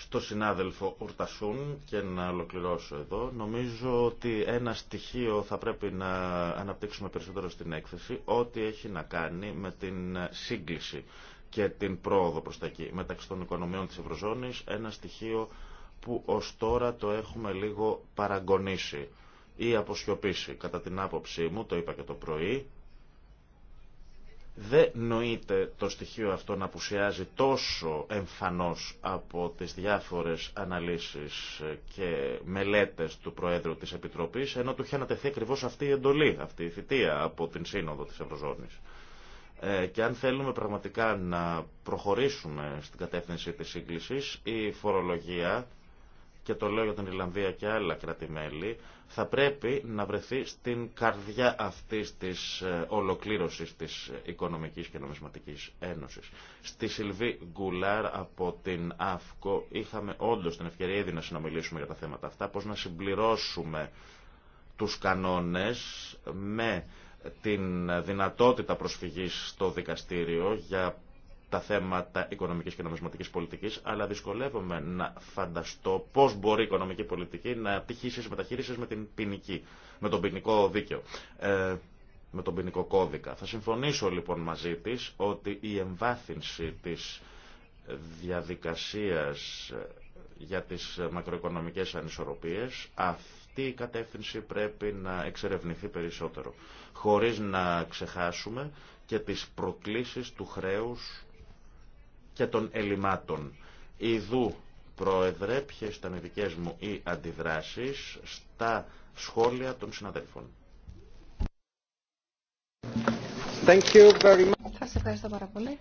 στο συνάδελφο Ουρτασούν και να ολοκληρώσω εδώ. Νομίζω ότι ένα στοιχείο θα πρέπει να αναπτύξουμε περισσότερο στην έκθεση, ό,τι έχει να κάνει με την σύγκληση και την πρόοδο προς τα εκεί. Μεταξύ των οικονομιών της Ευρωζώνης, ένα στοιχείο που ως τώρα το έχουμε λίγο παραγκονίσει ή αποσιωπήσει. Κατά την άποψή μου, το είπα και το πρωί, δεν νοείται το στοιχείο αυτό να απουσιάζει τόσο εμφανώς από τις διάφορες αναλύσεις και μελέτες του Προέδρου της Επιτροπής, ενώ του είχε ανατεθεί ακριβώ αυτή η εντολή, αυτή η θητεία από την Σύνοδο της Ευρωζώνης. Ε, και αν θέλουμε πραγματικά να προχωρήσουμε στην κατεύθυνση της σύγκλησης, η φορολογία και το λέω για την Ιρλανδία και άλλα κράτη-μέλη, θα πρέπει να βρεθεί στην καρδιά αυτής της ε, ολοκλήρωσης της Οικονομικής και Νομισματικής Ένωσης. Στη Σιλβή Γκουλάρ από την ΑΦΚΟ είχαμε όντως την ευκαιρία ήδη να συνομιλήσουμε για τα θέματα αυτά, πώς να συμπληρώσουμε τους κανόνες με την δυνατότητα προσφυγής στο δικαστήριο για τα θέματα οικονομικής και νομισματικής πολιτικής, αλλά δυσκολεύομαι να φανταστώ πώς μπορεί η οικονομική πολιτική να τυχήσει σε μεταχείρισεις με, την ποινική, με τον ποινικό δίκαιο, ε, με τον ποινικό κώδικα. Θα συμφωνήσω λοιπόν μαζί της ότι η εμβάθυνση της διαδικασίας για τις μακροοικονομικές ανισορροπίες, αυτή η κατεύθυνση πρέπει να εξερευνηθεί περισσότερο, χωρίς να ξεχάσουμε και τις προκλήσεις του χρέους και των ελλημάτων. Ιδού, Πρόεδρε, ποιες ήταν οι μου οι αντιδράσεις στα σχόλια των συναδέλφων. Thank you very much. Σας ευχαριστώ πάρα πολύ.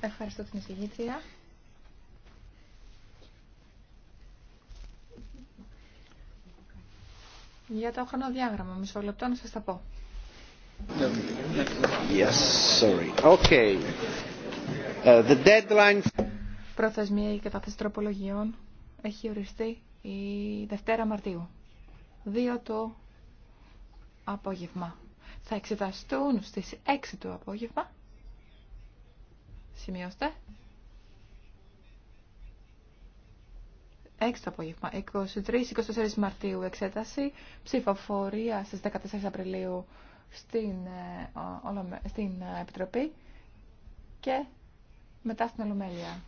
Ευχαριστώ την εισηγήτρια. Για το χρονοδιάγραμμα, μισό λεπτό να σας τα πω. Yes, sorry. Okay. Ε, the deadline... Προθεσμία για κατάθεση τροπολογιών έχει οριστεί η Δευτέρα Μαρτίου. 2 το απόγευμα. Θα εξεταστούν στις 6 το απόγευμα. Σημειώστε. 6 το απόγευμα. 23-24 Μαρτίου εξέταση. Ψηφοφορία στις 14 Απριλίου στην, ε, στην ε, Επιτροπή. Και μετά στην Ολομέλεια.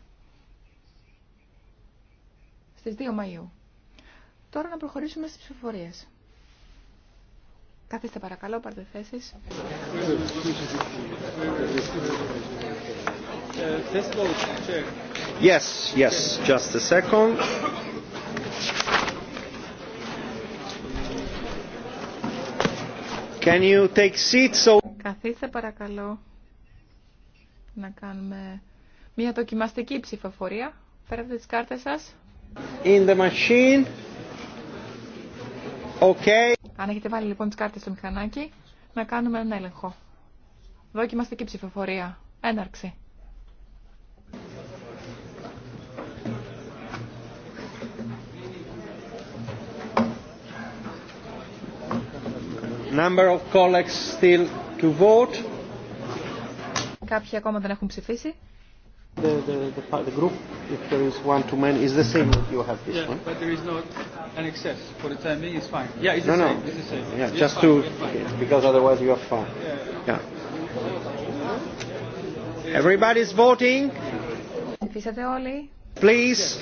Στις 2 Μαΐου. Τώρα να προχωρήσουμε στις ψηφοφορίες. Καθίστε παρακαλώ, πάρτε θέσεις. Yes, yes, just a second. Can you take seats so... Καθίστε παρακαλώ να κάνουμε μια δοκιμαστική ψηφοφορία. Φέρετε τις κάρτες σας. In the machine. Okay. Αν έχετε βάλει λοιπόν τις κάρτες στο μηχανάκι, να κάνουμε ένα έλεγχο. Δοκιμαστική ψηφοφορία. Έναρξη. Number of colleagues still to vote. Κάποιοι ακόμα δεν έχουν ψηφίσει. The, the, the, the group, if there is one too many, is the same that you have this yeah, one. but there is not an excess. For the time being, it's fine. Yeah, it's no, the no. same. It's the same. Yeah, it's just fine, to, fine. because otherwise you are fine. Yeah. yeah. Everybody's voting. Ψηφίσατε όλοι. Please.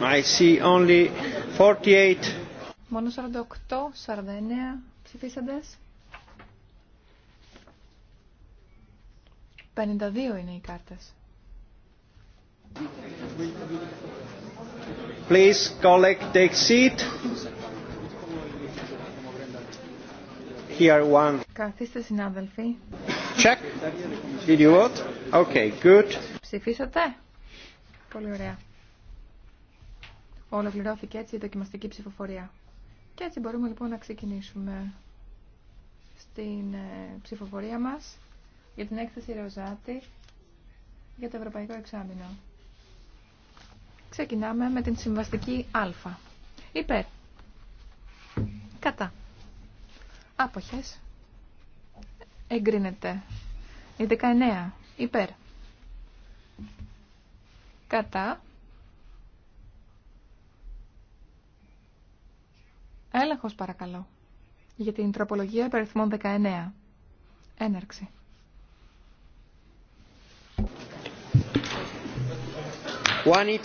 I see only 48. Μόνο 48, 49 ψηφίσαντες. 52 είναι οι κάρτες. Please, collect, take seat. Here one. Καθίστε συνάδελφοι. Check. Did you vote? Okay, good. Ψηφίσατε. Πολύ ωραία. Ολοκληρώθηκε έτσι η δοκιμαστική ψηφοφορία. Και έτσι μπορούμε λοιπόν να ξεκινήσουμε στην ε, ψηφοφορία μας για την έκθεση Ροζάτη για το Ευρωπαϊκό Εξάμεινο. Ξεκινάμε με την συμβαστική Α. Υπέρ. Κατά. Άποχες. Εγκρίνεται. Η 19. Υπέρ. Κατά. Έλεγχος παρακαλώ. Για την τροπολογία υπεριθμών 19. Έναρξη. One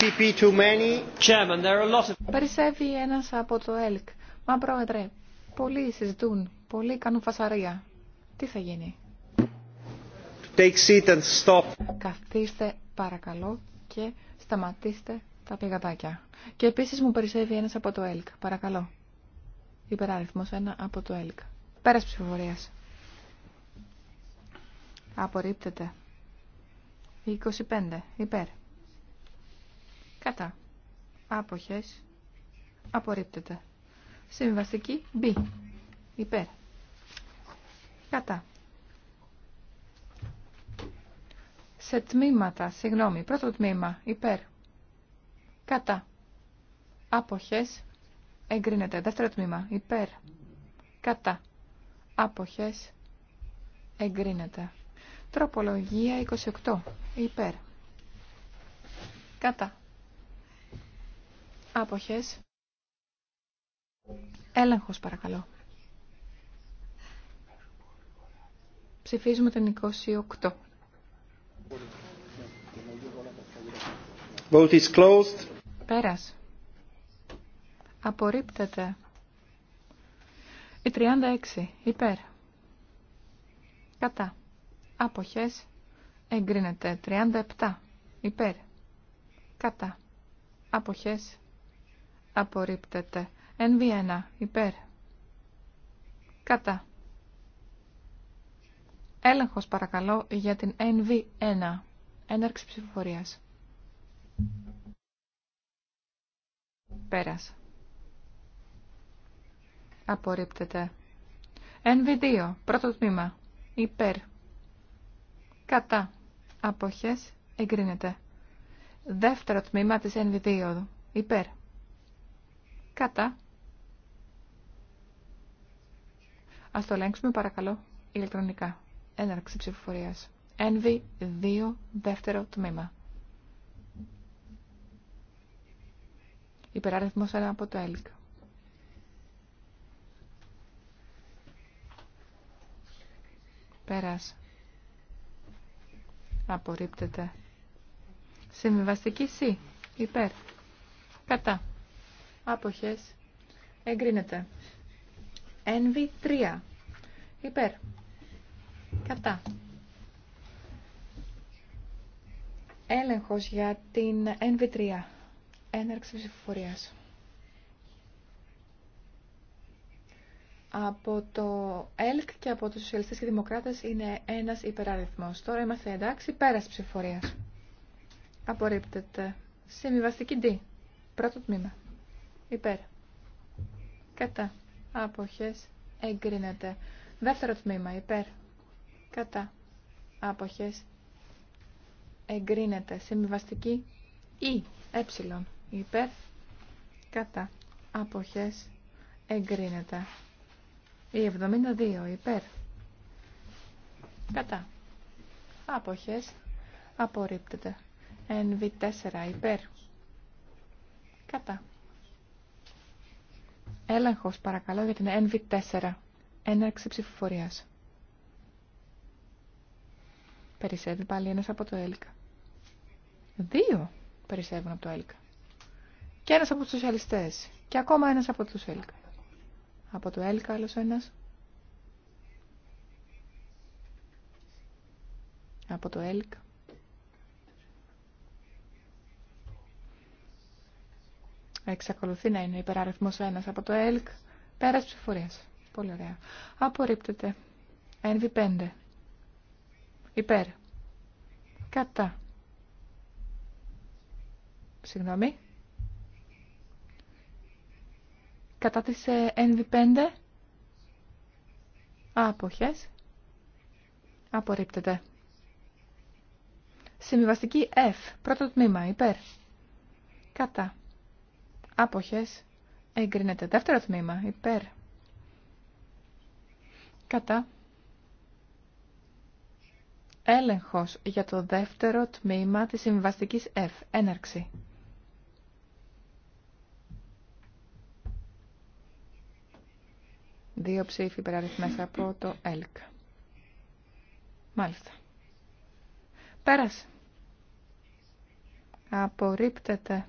Περισσεύει ένας από το ΕΛΚ. Μα πρόεδρε, πολλοί συζητούν, πολλοί κάνουν φασαρία. Τι θα γίνει. Take seat and stop. Καθίστε παρακαλώ και σταματήστε τα πηγατάκια. Και επίσης μου περισσεύει ένας από το ΕΛΚ. Παρακαλώ. Υπεράριθμος ένα από το ΕΛΚ. Πέρας ψηφοφορίας. Απορρίπτεται. 25. Υπέρ. Κατά. Άποχες. Απορρίπτεται. Συμβαστική B. Υπέρ. Κατά. Σε τμήματα, συγγνώμη, πρώτο τμήμα, υπέρ. Κατά. Άποχες. Εγκρίνεται. Δεύτερο τμήμα, υπέρ. Κατά. Άποχες. Εγκρίνεται. Τροπολογία 28. Υπέρ. Κατά. Άποχες. Έλεγχος παρακαλώ. Ψηφίζουμε τον 28. Vote is closed. Πέρας. Απορρίπτεται. Η 36. Υπέρ. Κατά. Άποχες. Εγκρίνεται. 37. Υπέρ. Κατά. Αποχές απορρίπτεται. NV1 υπέρ. Κατά. Έλεγχος παρακαλώ για την NV1. Έναρξη ψηφοφορίας. Πέρας. Απορρίπτεται. NV2. Πρώτο τμήμα. Υπέρ. Κατά. Αποχές. Εγκρίνεται. Δεύτερο τμήμα της NV2. Υπέρ. Κατά. Ας το ελέγξουμε παρακαλώ ηλεκτρονικά. Έναρξη ψηφοφορίας. NV2 δεύτερο τμήμα. Υπεράριθμος 1 από το ΕΛΚ. Πέρας. Απορρίπτεται. Συμβιβαστική C. Υπέρ. Κατά. Άποχες. Εγκρίνεται. NV3. Υπέρ. Κατά. Έλεγχος για την NV3. Έναρξη ψηφοφορίας. Από το ΕΛΚ και από τους Σοσιαλιστές και Δημοκράτες είναι ένας υπεραριθμός. Τώρα είμαστε εντάξει, πέρας ψηφοφορίας. Απορρίπτεται. Συμβιβαστική D. Πρώτο τμήμα. Υπέρ. Κατά. Αποχές. Εγκρίνεται. Δεύτερο τμήμα. Υπέρ. Κατά. Αποχές. Εγκρίνεται. Συμβιβαστική. Ή. Ε. Υπέρ. Κατά. Αποχές. Εγκρίνεται. Ή 72. Υπέρ. Κατά. Αποχές. Απορρίπτεται. NV4. Υπέρ. Κατά. Έλεγχος παρακαλώ για την NV4. Έναρξη ψηφοφορίας. Περισσεύει πάλι ένας από το ΕΛΚΑ. Δύο περισσεύουν από το ΕΛΚΑ. Και ένας από τους σοσιαλιστές. Και ακόμα ένας από τους ΕΛΚΑ. Από το ΕΛΚΑ άλλος ένας. Από το ΕΛΚΑ. Εξακολουθεί να είναι υπεράριθμο ένα από το ΕΛΚ. περας ψηφορία. ψηφορίας. Πολύ ωραία. Απορρίπτεται. NV5. Υπέρ. Κατά. Συγγνώμη. Κατά τη NV5. Άποχες. Απορρίπτεται. Συμβιβαστική F. Πρώτο τμήμα. Υπέρ. Κατά. Άποχες. Εγκρίνεται. Δεύτερο τμήμα. Υπέρ. Κατά. Έλεγχος για το δεύτερο τμήμα της συμβαστικής F. Έναρξη. Δύο ψήφοι υπεραριθμές από το ΕΛΚ. Μάλιστα. Πέρασε. Απορρίπτεται.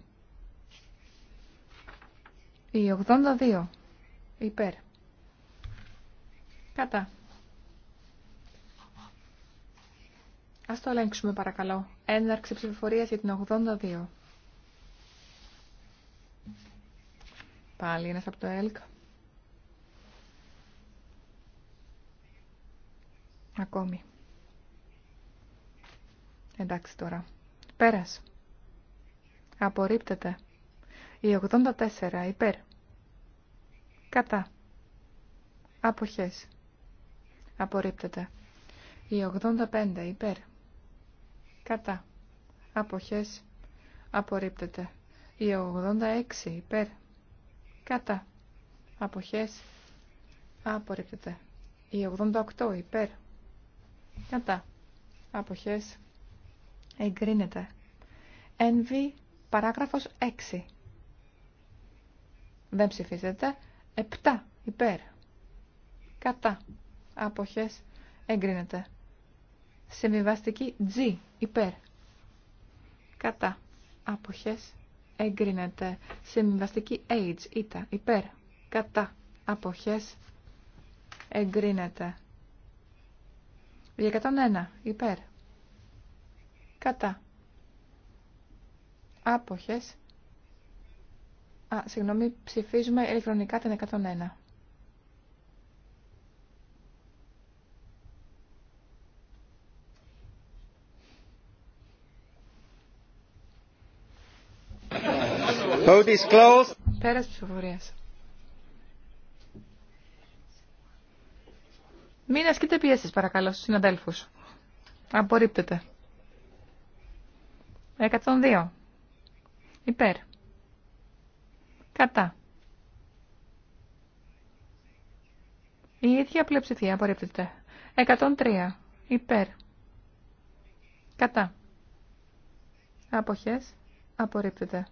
Η 82. Υπέρ. Κατά. Ας το ελέγξουμε παρακαλώ. Έναρξη ψηφοφορίας για την 82. Πάλι ένας από το ΕΛΚ. Ακόμη. Εντάξει τώρα. Πέρας. Απορρίπτεται. Η 84 υπέρ. Κατά. Αποχές. Απορρίπτεται. Η 85 υπέρ. Κατά. Αποχές. Απορρίπτεται. Η 86 υπέρ. Κατά. Αποχές. Απορρίπτεται. Η 88 υπέρ. Κατά. Αποχές. Εγκρίνεται. ΕΝΒΗ. παράγραφος 6. Δεν ψηφίζεται. 7 υπέρ. Κατά. Αποχές εγκρίνεται. Σεμιβάστικη G υπέρ. Κατά. Αποχές εγκρίνεται. Σεμιβάστικη H ήτα υπέρ. Κατά. Αποχές εγκρίνεται. 201 υπέρ. Κατά. Άποχες Α, συγγνώμη, ψηφίζουμε ηλεκτρονικά την 101. Πέρας ψηφοφορίας. Μην ασκείτε πιέσεις παρακαλώ στους συναδέλφους. Απορρίπτεται. 102. Υπέρ. Κατά. Η ίδια πλειοψηφία απορρίπτεται. 103. Υπέρ. Κατά. Αποχές. Απορρίπτεται.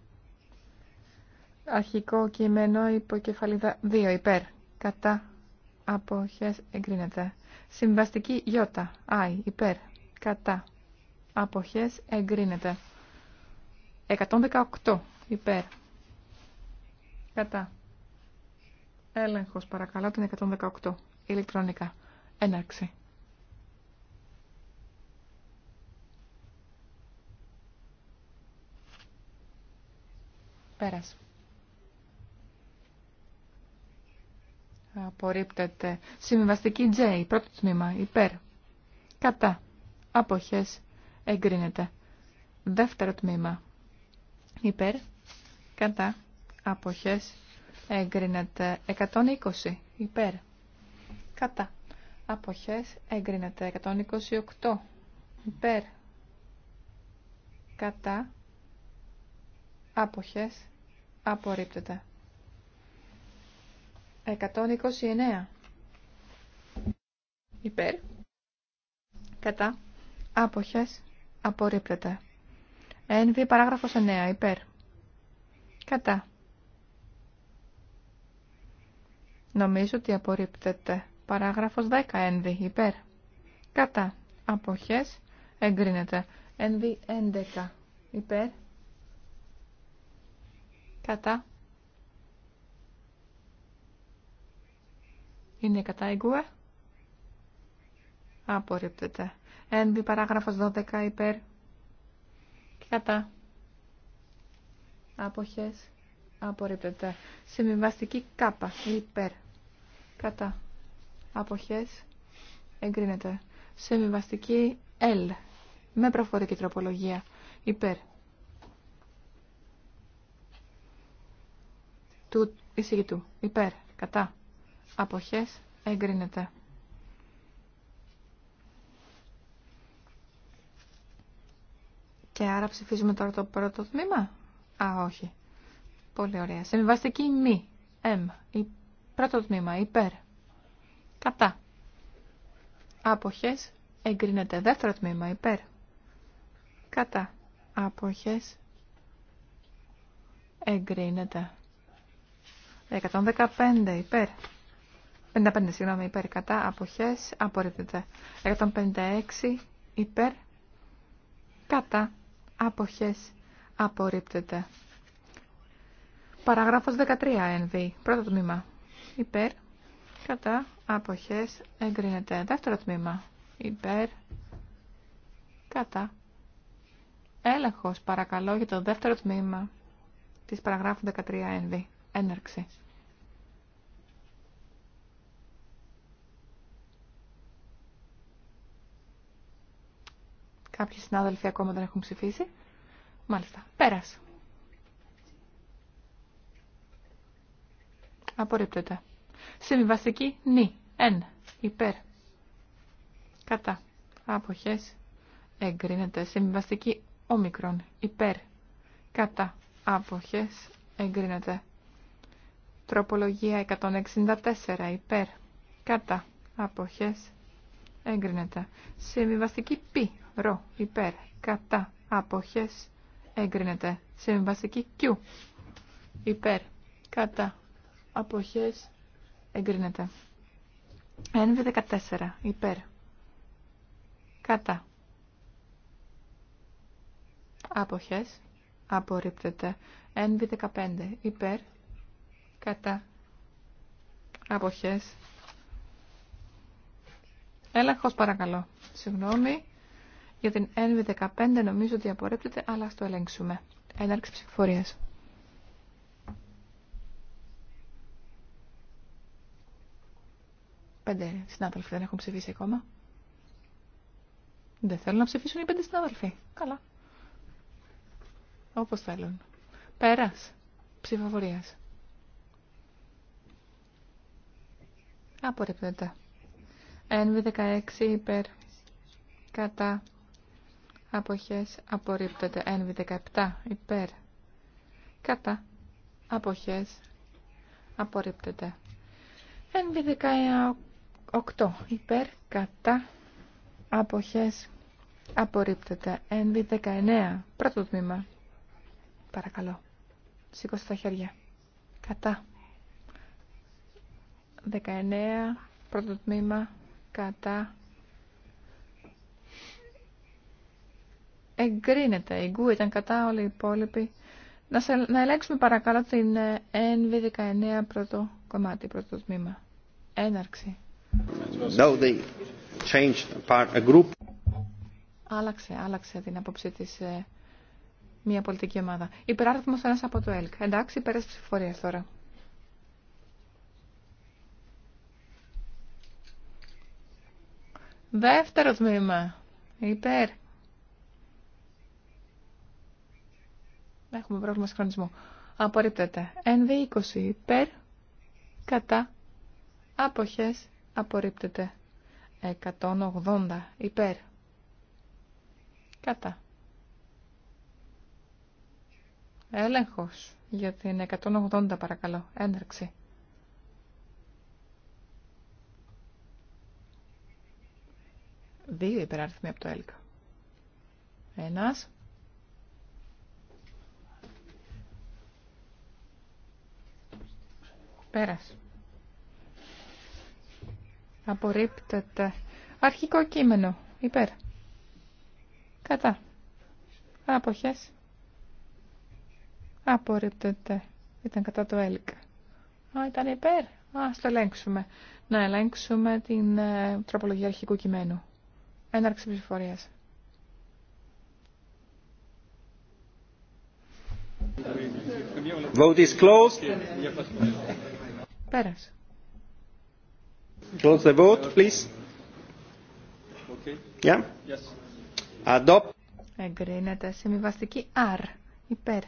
Αρχικό κείμενο υποκεφαλίδα 2. Υπέρ. Κατά. Αποχές. Εγκρίνεται. Συμβαστική Ι. Άι. Υπέρ. Κατά. Αποχές. Εγκρίνεται. 118. Υπέρ. Κατά. Έλεγχος παρακαλώ την 118. Ηλεκτρονικά. Έναρξη. Πέρας. Απορρίπτεται. Συμβιβαστική J. Πρώτο τμήμα. Υπέρ. Κατά. Αποχές. Εγκρίνεται. Δεύτερο τμήμα. Υπέρ. Κατά αποχές εγκρίνεται 120 υπέρ κατά αποχές εγκρίνεται 128 υπέρ κατά αποχές απορρίπτεται 129 υπέρ κατά άποχες απορρίπτεται ένβη παράγραφος 9 υπέρ κατά Νομίζω ότι απορρίπτεται. Παράγραφος 10. Ένδυ. Υπέρ. Κατά. Αποχές. Εγκρίνεται. Ένδυ 11. Υπέρ. Κατά. Είναι κατά εγκουέ. Απορρίπτεται. Ένδυ παράγραφος 12. Υπέρ. Κατά. Αποχές. Απορρίπτεται. Συμβιβαστική κάπα. Υπέρ κατά αποχές εγκρίνεται. Σεμιβαστική L με προφορική τροπολογία υπέρ του εισηγητού υπέρ κατά αποχές εγκρίνεται. Και άρα ψηφίζουμε τώρα το πρώτο τμήμα. Α, όχι. Πολύ ωραία. Συμβαστική μη. M. Πρώτο τμήμα υπέρ. Κατά. Άποχες εγκρίνεται. Δεύτερο τμήμα υπέρ. Κατά. Άποχες εγκρίνεται. 115 υπέρ. 55 συγγνώμη υπέρ. Κατά. Άποχες απορρίπτεται. 156 υπέρ. Κατά. Άποχες απορρίπτεται. Παραγράφος 13 ΕΝΒΗ. Πρώτο τμήμα υπέρ, κατά, αποχές, εγκρίνεται. Δεύτερο τμήμα, υπέρ, κατά. Έλεγχος, παρακαλώ, για το δεύτερο τμήμα της παραγράφου 13 ένδυ, Έναρξη. Κάποιοι συνάδελφοι ακόμα δεν έχουν ψηφίσει. Μάλιστα. Πέρασε. Απορρίπτεται σεμιβαστική νη. Εν. Υπέρ. Κατά. Αποχές. Εγκρίνεται. σεμιβαστική όμικρον. Υπέρ. Κατά. Αποχές. Εγκρίνεται. Τροπολογία 164. Υπέρ. Κατά. Αποχές. Εγκρίνεται. σεμιβαστική πι. Ρο. Υπέρ. Κατά. Αποχές. Εγκρίνεται. σεμιβαστική Q. Υπέρ. Κατά. Αποχές εγκρίνεται. NV14 υπέρ. Κατά. Άποχες. Απορρίπτεται. NV15 υπέρ. Κατά. Άποχες. Έλεγχος παρακαλώ. Συγγνώμη. Για την NV15 νομίζω ότι απορρίπτεται, αλλά ας το ελέγξουμε. Έναρξη ψηφοφορίας. Πέντε συνάδελφοι δεν έχουν ψηφίσει ακόμα. Δεν θέλουν να ψηφίσουν οι πέντε συνάδελφοι. Καλά. Όπως θέλουν. Πέρας ψηφοφορίας. Απορρίπτεται. NV16 υπέρ κατά αποχές απορρίπτεται. NV17 υπέρ κατά αποχές απορρίπτεται. 8 υπέρ κατά αποχές απορρίπτεται. Ένδυ 19 πρώτο τμήμα. Παρακαλώ. Σήκωσε τα χέρια. Κατά. 19 πρώτο τμήμα κατά εγκρίνεται. Η γκου ήταν κατά όλοι οι υπόλοιποι. Να, σε, να ελέγξουμε παρακαλώ την ε, NV19 πρώτο κομμάτι, πρώτο τμήμα. Έναρξη. No, they changed part, a group. Άλλαξε, άλλαξε την άποψή ε, μια πολιτική ομάδα. Υπεράριθμο ένα από το ΕΛΚ. ενταξει τη ψηφοφορία ψηφοφορίας τώρα. Δεύτερο τμήμα. Υπέρ. Έχουμε πρόβλημα συγχρονισμού. Απορρίπτεται. NV20 υπέρ. Κατά. Αποχές απορρίπτεται 180 υπέρ κατά έλεγχος για την 180 παρακαλώ έναρξη δύο υπεράριθμοι από το έλκα ένας πέρας Απορρίπτεται. Αρχικό κείμενο. Υπέρ. Κατά. Αποχές. Απορρίπτεται. Ήταν κατά το έλικα. Α, ήταν υπέρ. Α, ας το ελέγξουμε. Να ελέγξουμε την ε, τροπολογία αρχικού κειμένου. Έναρξη ψηφορίας. Vote is closed. Πέρασε. Close the vote, please. Okay. Yeah. Yes. Adopt. Εγκρίνεται συμβιβαστική R. Υπέρ.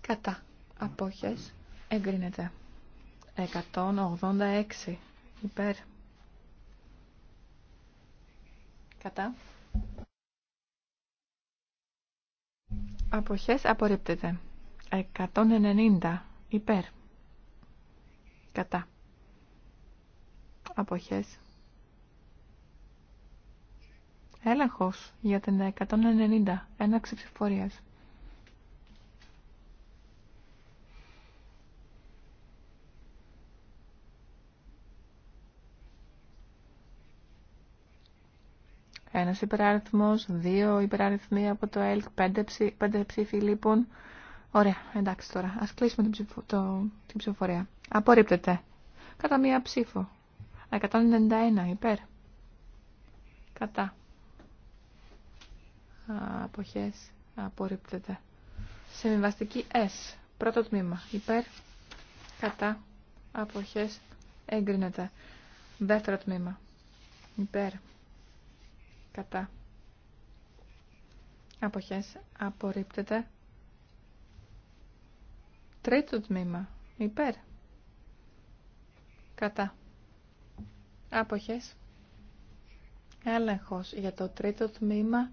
Κατά. Απόχες. Εγκρίνεται. 186. Υπέρ. Κατά. Αποχές απορρίπτεται. 190. Υπέρ. Κατά αποχές. Έλεγχος για την 190, έναξη ψηφορίας. Ένας υπεράριθμος, δύο υπεράριθμοί από το ΕΛΚ, πέντε, ψή, ψήφοι λοιπόν. Ωραία, εντάξει τώρα. Ας κλείσουμε την, το, την ψηφοφορία. Απορρίπτεται. Κατά μία ψήφο. 191 υπέρ. Κατά. Αποχές. Απορρίπτεται. Συμβιβαστική S. Πρώτο τμήμα. Υπέρ. Κατά. Αποχές. Έγκρινεται. Δεύτερο τμήμα. Υπέρ. Κατά. Αποχές. Απορρίπτεται. Τρίτο τμήμα. Υπέρ. Κατά. Άποχες. Έλεγχος για το τρίτο τμήμα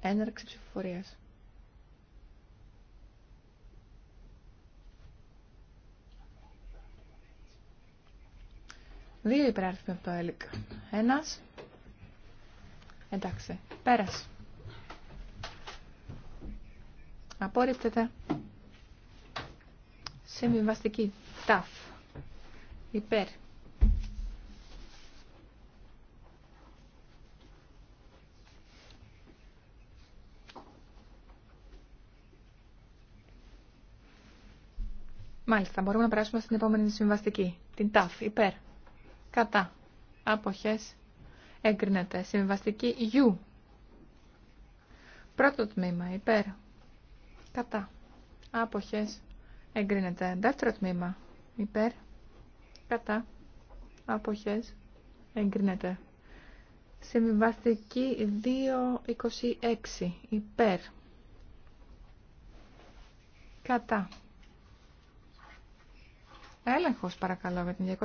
έναρξη ψηφοφορία. Δύο υπεράρθμοι από το ΕΛΚ. Ένας. Εντάξει. Πέρασε. Απόρριπτεται. Συμβιβαστική. Ταφ. Υπέρ. Μάλιστα, μπορούμε να περάσουμε στην επόμενη συμβαστική. Την ΤΑΦ, υπέρ. Κατά. Αποχέ. Έγκρινεται. Συμβαστική U. Πρώτο τμήμα, υπέρ. Κατά. Αποχέ. Εγκρίνεται. Δεύτερο τμήμα, υπέρ. Κατά. Αποχέ. Εγκρίνεται. Συμβαστική 2.26. Υπέρ. Κατά. Έλεγχος παρακαλώ για την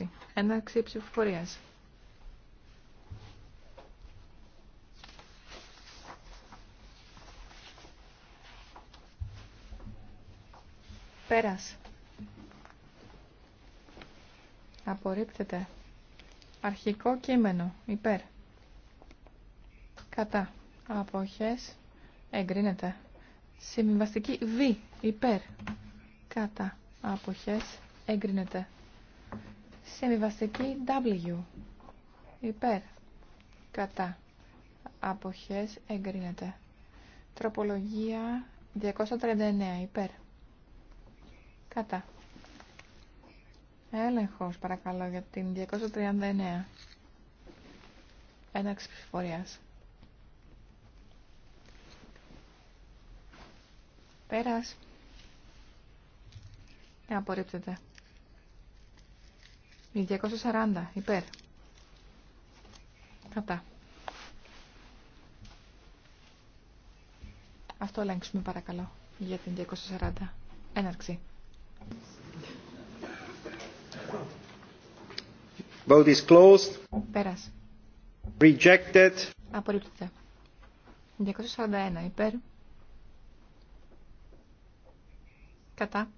226. Έναρξη ψηφοφορίας. Πέρας. Απορρίπτεται. Αρχικό κείμενο. Υπέρ. Κατά. Αποχές. Εγκρίνεται. Συμβιβαστική Β. Υπέρ. Κατά αποχές εγκρίνεται. Σεμιβαστική W υπέρ κατά αποχές εγκρίνεται. Τροπολογία 239 υπέρ κατά. Έλεγχος παρακαλώ για την 239. Ένα ψηφορίας. Πέρας. Απορρίπτεται. Η 240 υπέρ. Κατά. Αυτό ελέγξουμε παρακαλώ για την 240. Έναρξη. Vote is closed. Πέρας. Rejected. 241 υπέρ. Κατά.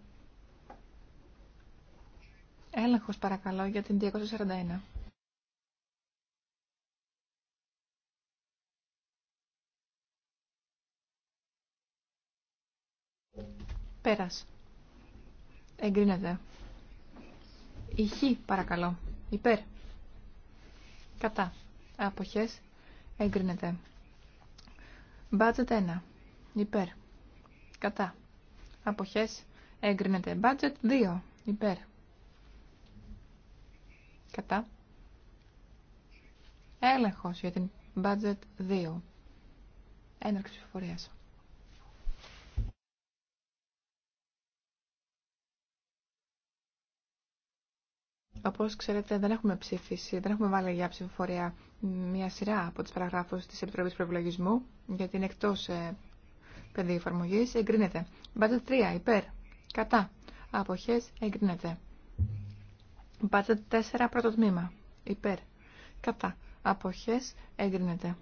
Έλεγχος παρακαλώ για την 241. Πέρας. Εγκρίνεται. Ηχή, παρακαλώ. Υπέρ. Κατά. Αποχές. Εγκρίνεται. Budget 1. Υπέρ. Κατά. Αποχές. Εγκρίνεται. Budget 2. Υπέρ. Κατά. Έλεγχος για την budget 2. Έναρξη ψηφοφορίας. Όπω ξέρετε δεν έχουμε ψήφιση, δεν έχουμε βάλει για ψηφοφορία μια σειρά από τι παραγράφου της Επιτροπή Προεπιλογισμού, γιατί είναι εκτός ε, πεδίου εγκρίνεται. Budget 3, υπέρ, κατά, αποχές, εγκρίνεται. Πάτε τέσσερα πρώτο τμήμα. Υπέρ. Κατά. Αποχές εγκρίνεται.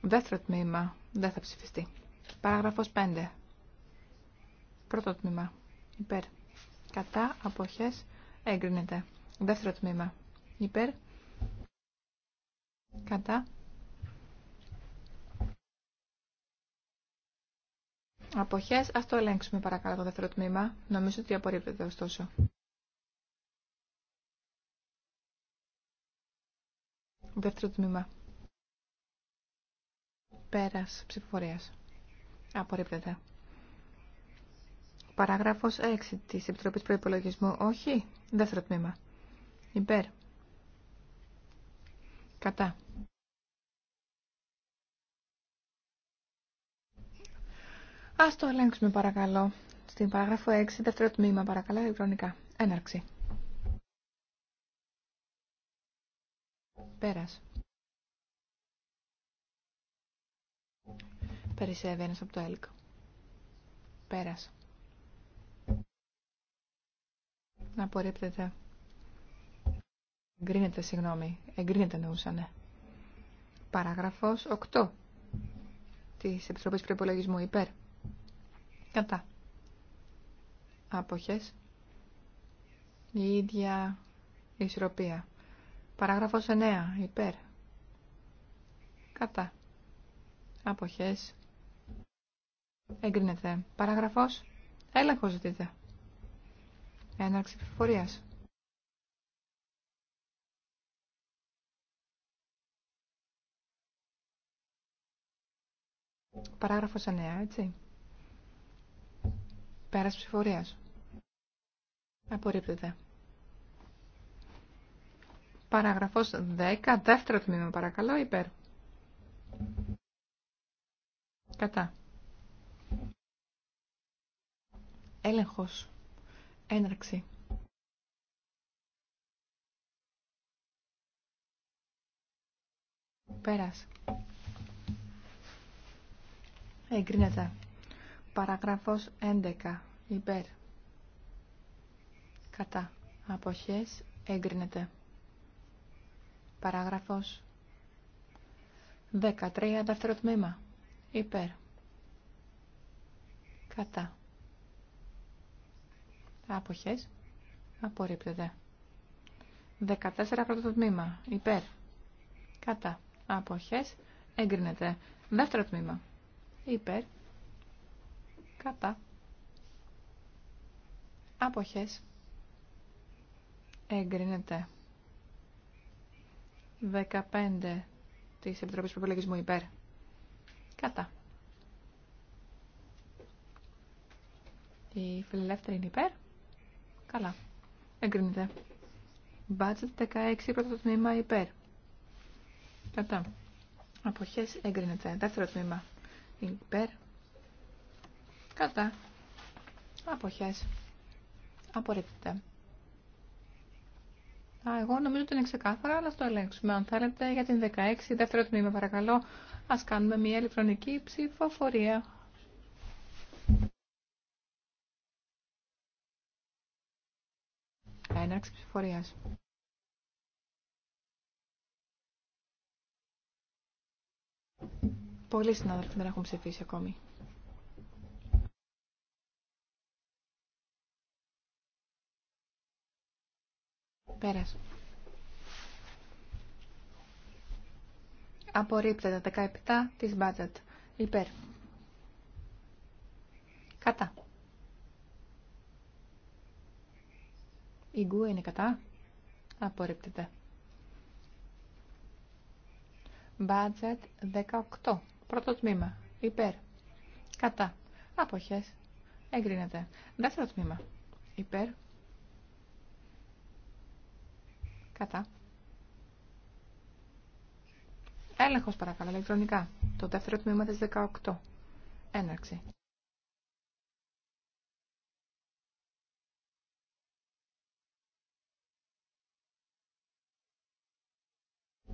Δεύτερο τμήμα. Δεν θα ψηφιστεί. Παράγραφος 5. Πρώτο τμήμα. Υπέρ. Κατά. Αποχές εγκρίνεται. Δεύτερο τμήμα. Υπέρ. Κατά. Αποχές. Ας το ελέγξουμε παρακαλώ το δεύτερο τμήμα. Νομίζω ότι απορρίπτεται ωστόσο. Δεύτερο τμήμα. Πέρας ψηφοφορία. Απορρίπτεται. Παράγραφος 6 της Επιτροπής προπολογισμού. Όχι. Δεύτερο τμήμα. Υπέρ. Κατά. Ας το ελέγξουμε παρακαλώ. Στην παράγραφο 6, δεύτερο τμήμα παρακαλώ ηλεκτρονικά. Έναρξη. Πέρας. Περισσεύει ένα από το ΕΛΚ. Πέρας. Να απορρίπτεται. Εγκρίνεται, συγγνώμη. Εγκρίνεται νοούσανε. Ναι. Παράγραφό 8 τη Επιτροπή προπολογισμού υπέρ. Κατά. Άποχες. Η ίδια ισορροπία. Παράγραφος 9. Υπέρ. Κατά. Αποχές. Εγκρίνεται. Παράγραφος. Έλεγχο ζητείτε. Έναρξη ψηφοφορίας. Παράγραφος 9, έτσι. Πέρας ψηφορίας. Απορρίπτεται. Παραγραφός 10, δεύτερο τμήμα παρακαλώ, υπέρ. Κατά. Έλεγχος. Έναρξη. Πέρας. Εγκρίνεται. Παραγράφος 11. Υπέρ. Κατά. Αποχές. Εγκρίνεται. Παράγραφος 13, δεύτερο τμήμα. Υπέρ. Κατά. Άποχες. Απορρίπτεται. 14, πρώτο τμήμα. Υπέρ. Κατά. Άποχες. Εγκρίνεται. Δεύτερο τμήμα. Υπέρ. Κατά. Άποχες. Εγκρίνεται. 15 της Επιτροπής Προπολογισμού υπέρ. Κατά. Η φιλελεύθερη είναι υπέρ. Καλά. Εγκρίνεται. Budget 16 πρώτο τμήμα υπέρ. Κατά. Αποχές εγκρίνεται. Δεύτερο τμήμα υπέρ. Κατά. Αποχές. Απορρίπτεται. Α, εγώ νομίζω ότι είναι ξεκάθαρα, αλλά στο ελέγξουμε. Αν θέλετε, για την 16, δεύτερο τμήμα, παρακαλώ, ας κάνουμε μια ηλεκτρονική ψηφοφορία. Έναρξη ψηφοφορίας. Πολλοί συνάδελφοι δεν έχουν ψηφίσει ακόμη. Πέρας. τα 17 της budget. Υπέρ. Κατά. Η γκου είναι κατά. Απορρίπτεται. Budget 18. Πρώτο τμήμα. Υπέρ. Κατά. Αποχές. Εγκρίνεται. Δεύτερο τμήμα. Υπέρ. Κατά. Έλεγχος παρακαλώ, ηλεκτρονικά. Το δεύτερο τμήμα της 18. Έναρξη.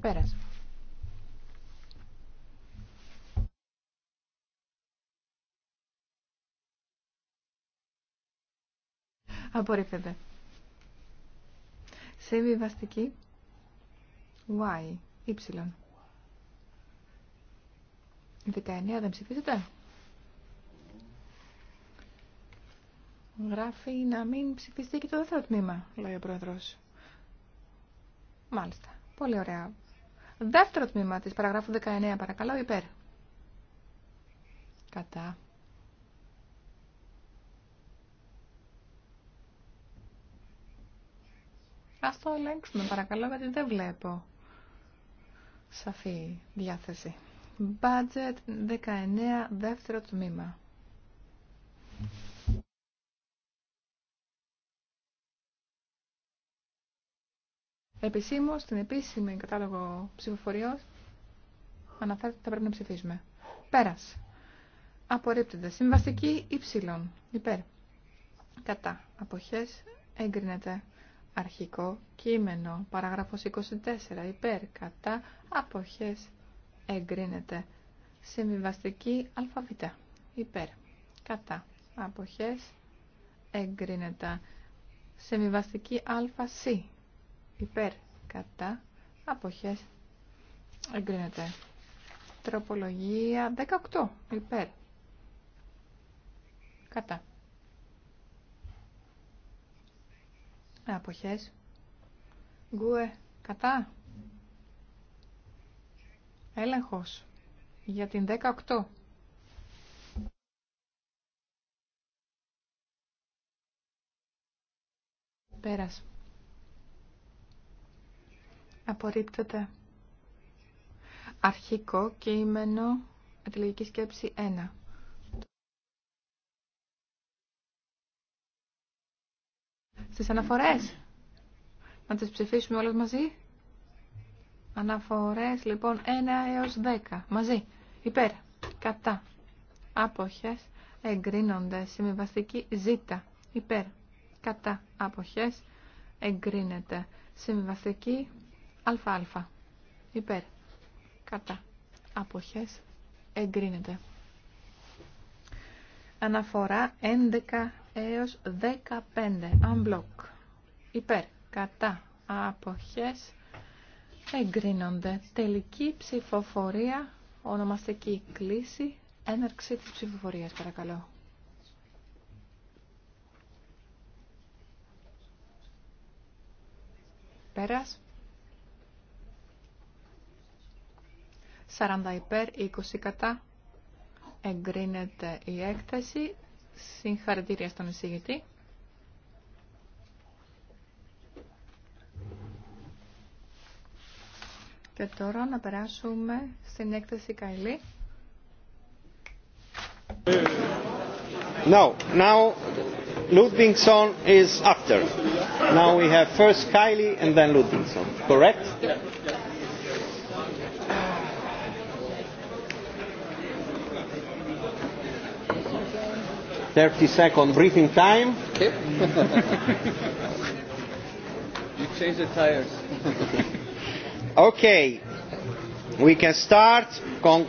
Πέρασε. Απορρίφεται. Συμβιβαστική Y, Y. 19 δεν ψηφίζετε. Γράφει να μην ψηφιστεί και το δεύτερο τμήμα, λέει ο πρόεδρος. Μάλιστα. Πολύ ωραία. Δεύτερο τμήμα της παραγράφου 19, παρακαλώ, υπέρ. Κατά. Ας το ελέγξουμε παρακαλώ γιατί δεν βλέπω σαφή διάθεση. Budget 19 δεύτερο τμήμα. Επισήμως, στην επίσημη κατάλογο ψηφοφοριός, αναφέρεται ότι θα πρέπει να ψηφίσουμε. Πέρας. Απορρίπτεται. Συμβαστική υψηλών. Υπέρ. Κατά. Αποχές. Εγκρίνεται. Αρχικό κείμενο, παράγραφος 24, υπέρ, κατά, αποχές, εγκρίνεται. σεμιβαστική αλφαβήτα, υπέρ, κατά, αποχές, εγκρίνεται. σεμιβαστική αλφα υπέρ, κατά, αποχές, εγκρίνεται. Τροπολογία 18, υπέρ, κατά. Αποχές. Γκουε. Κατά. Έλεγχος. Για την 18. Πέρας. Απορρίπτεται. Αρχικό κείμενο. λογική σκέψη 1. Στις αναφορές. Να τις ψηφίσουμε όλες μαζί. Αναφορές λοιπόν 1 έως 10. Μαζί. Υπέρ. Κατά. Άποχες. Εγκρίνονται. Συμβιβαστική Ζ. Υπέρ. Κατά. Άποχες. Εγκρίνεται. Συμβιβαστική ΑΑ. Υπέρ. Κατά. Άποχες. Εγκρίνεται. Αναφορά 11 έως 15. Unblock. Υπέρ. Κατά. Αποχές. Εγκρίνονται. Τελική ψηφοφορία. Ονομαστική κλίση. Έναρξη της ψηφοφορίας παρακαλώ. Πέρας. 40 υπέρ, 20 κατά. Εγκρίνεται η έκθεση. Συγχαρητήρια στον εισηγητή. Και τώρα να περάσουμε στην έκθεση Καϊλή. No, now Ludvigson is after. Now we have first Kylie and then Ludvigson. correct? 30 second breathing time. Okay. you change the tires. okay. We can start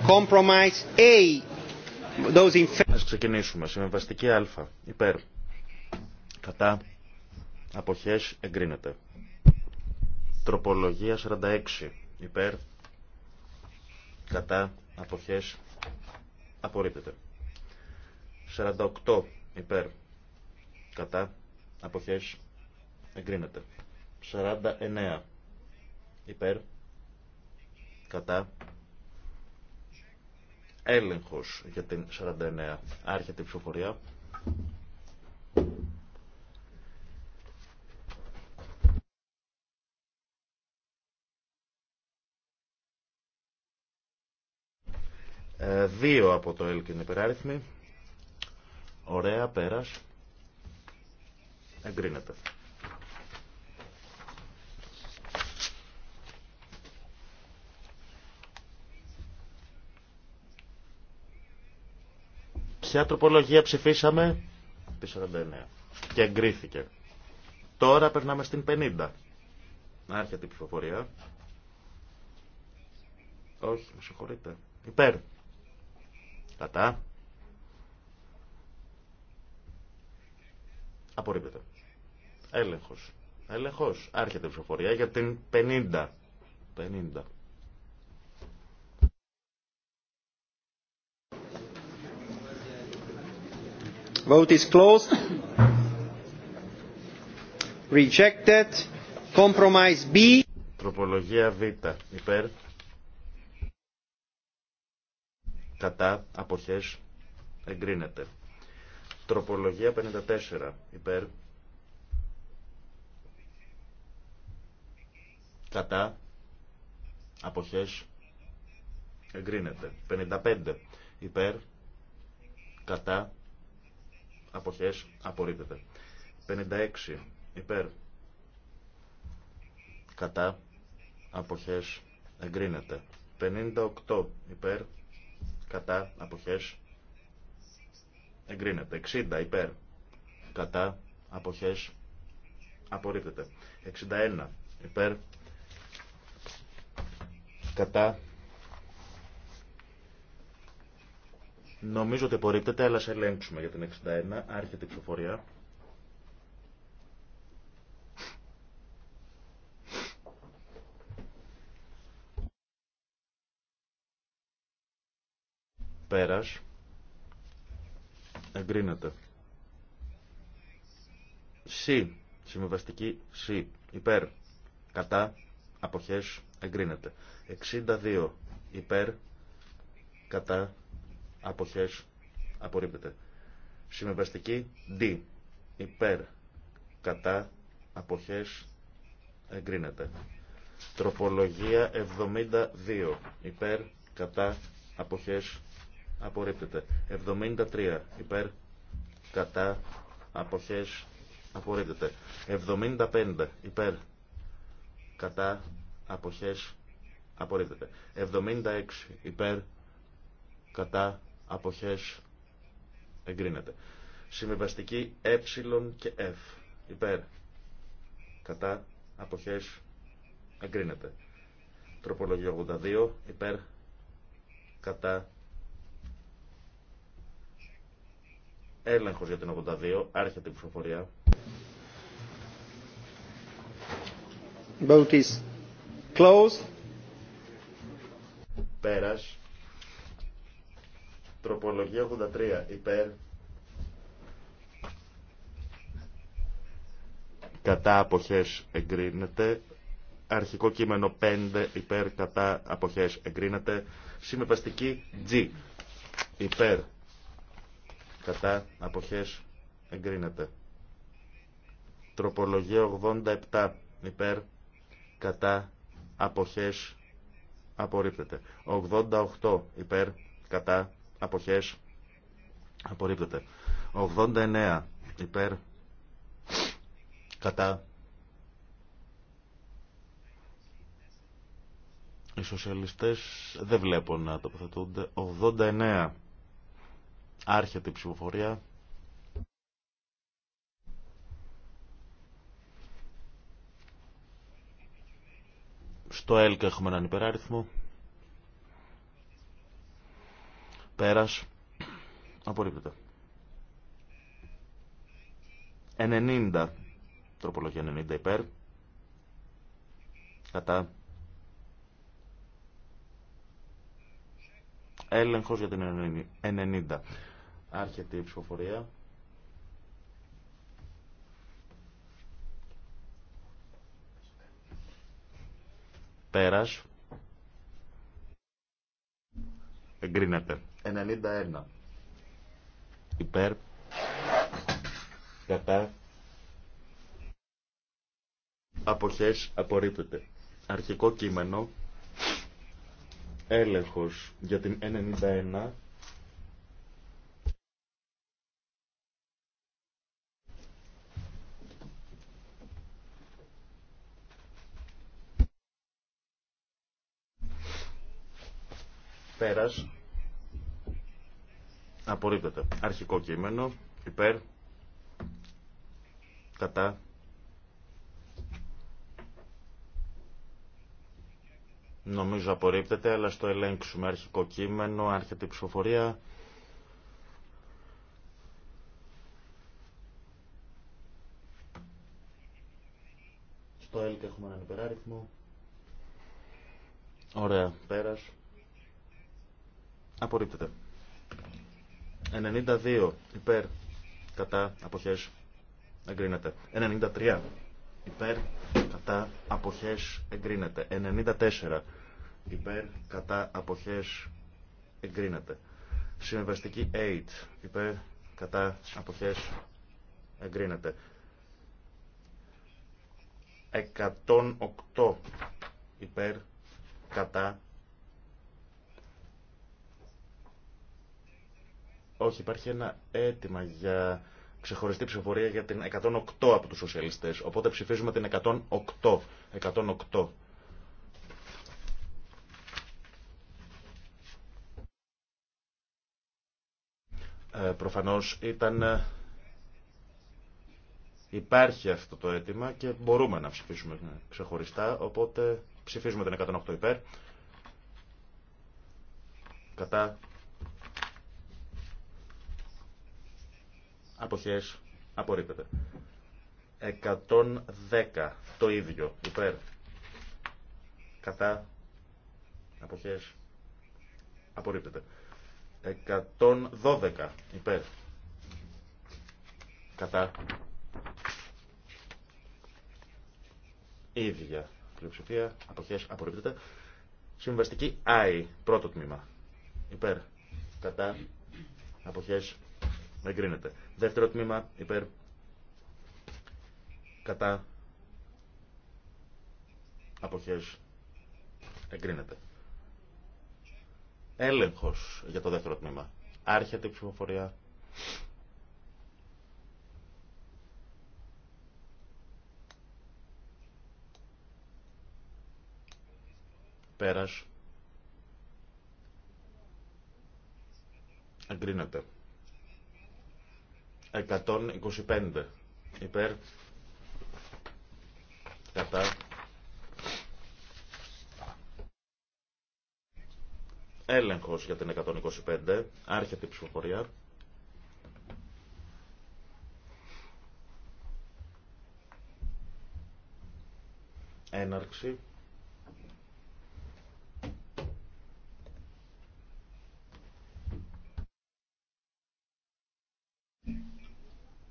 compromise A. Those in Ας ξεκινήσουμε. Συμβαστική Α. Υπέρ. Κατά. Αποχές εγκρίνεται. Τροπολογία 46. Υπέρ. Κατά. Αποχές απορρίπτεται. 48 υπέρ κατά αποχές εγκρίνεται 49 υπέρ κατά έλεγχος για την 49 άρχεται η ψηφοφορία ε, δύο από το ΕΛΚ είναι υπεράριθμοι Ωραία, πέρας. Εγκρίνεται. Ποια τροπολογία ψηφίσαμε? Τη 49. Και εγκρίθηκε. Τώρα περνάμε στην 50. Να έρχεται η ψηφοφορία. Όχι, με συγχωρείτε. Υπέρ. Κατά. Απορρίπτεται. Έλεγχος. Έλεγχος. Άρχεται η ψηφοφορία για την 50. 50. Vote is closed. Rejected. Compromise B. Τροπολογία Β. Υπέρ. Κατά. Αποχές. Εγκρίνεται. Τροπολογία 54 υπέρ. Κατά. Αποχές. Εγκρίνεται. 55 υπέρ. Κατά. Αποχές. Απορρίπτεται. 56 υπέρ. Κατά. Αποχές. Εγκρίνεται. 58 υπέρ. Κατά. Αποχές εγκρίνεται. 60 υπέρ κατά αποχές απορρίπτεται. 61 υπέρ κατά Νομίζω ότι απορρίπτεται, αλλά σε ελέγξουμε για την 61. Άρχεται η ψηφοφορία. Πέρας εγκρίνεται. Σι, συμβιβαστική Σι, υπέρ, κατά, αποχές, εγκρίνεται. 62, υπέρ, κατά, αποχές, απορρίπτεται. Συμβιβαστική D, υπέρ, κατά, αποχές, εγκρίνεται. Τροπολογία 72, υπέρ, κατά, αποχές, απορρίπτεται. 73 υπέρ κατά αποχές απορρίπτεται. 75 υπέρ κατά αποχές απορρίπτεται. 76 υπέρ κατά αποχές εγκρίνεται. Συμβιβαστική ε και f υπέρ κατά αποχές εγκρίνεται. Τροπολογία 82 υπέρ κατά Έλεγχος για την 82. Άρχεται η ψηφοφορία. Vote Τροπολογία 83. Υπέρ. Κατά αποχές εγκρίνεται. Αρχικό κείμενο 5. Υπέρ. Κατά αποχές εγκρίνεται. Συμμεπαστική G. Υπέρ κατά αποχές εγκρίνεται. Τροπολογία 87 υπέρ κατά αποχές απορρίπτεται. 88 υπέρ κατά αποχές απορρίπτεται. 89 υπέρ κατά Οι σοσιαλιστές δεν βλέπουν να τοποθετούνται. 89 Άρχεται η ψηφοφορία. Στο ΕΛΚ έχουμε έναν υπεράριθμο. Πέρας. Απορρίπτεται. 90. Τροπολογία 90 υπέρ. Κατά. Έλεγχος για την 90. Άρχεται η ψηφοφορία. Πέρας. Εγκρίνεται. 91. Υπέρ. Κατά. Αποχές απορρίπτεται. Αρχικό κείμενο. Έλεγχος για την 91. Πέρας. Απορρίπτεται. Αρχικό κείμενο. Υπέρ. Κατά. Νομίζω απορρίπτεται, αλλά στο ελέγξουμε αρχικό κείμενο, άρχεται η ψηφοφορία. Στο ΕΛΚ έχουμε έναν υπεράριθμο. Ωραία, πέρας. Απορρίπτεται. 92 υπέρ κατά αποχές εγκρίνεται. 93 υπέρ κατά αποχές εγκρίνεται. 94 υπέρ κατά αποχές εγκρίνεται. Συμβαστική 8 υπέρ κατά αποχές εγκρίνεται. 108 υπέρ κατά Όχι, υπάρχει ένα αίτημα για ξεχωριστή ψηφοφορία για την 108 από τους σοσιαλιστές. Οπότε ψηφίζουμε την 108. 108. Ε, προφανώς ήταν... Ε, υπάρχει αυτό το αίτημα και μπορούμε να ψηφίσουμε ξεχωριστά, οπότε ψηφίζουμε την 108 υπέρ. Κατά Αποχές. Απορρίπτεται. 110. Το ίδιο. Υπέρ. Κατά. Αποχές. Απορρίπτεται. 112. Υπέρ. Κατά. Ίδια πλειοψηφία. Αποχές. Απορρίπτεται. Συμβαστική I. Πρώτο τμήμα. Υπέρ. Κατά. Αποχές. Εγκρίνεται. Δεύτερο τμήμα υπέρ. Κατά. Αποχές. Εγκρίνεται. Έλεγχος για το δεύτερο τμήμα. Άρχεται η ψηφοφορία. Πέρας. Εγκρίνεται. 125 υπέρ κατά έλεγχος για την 125 άρχεται η ψηφοφορία έναρξη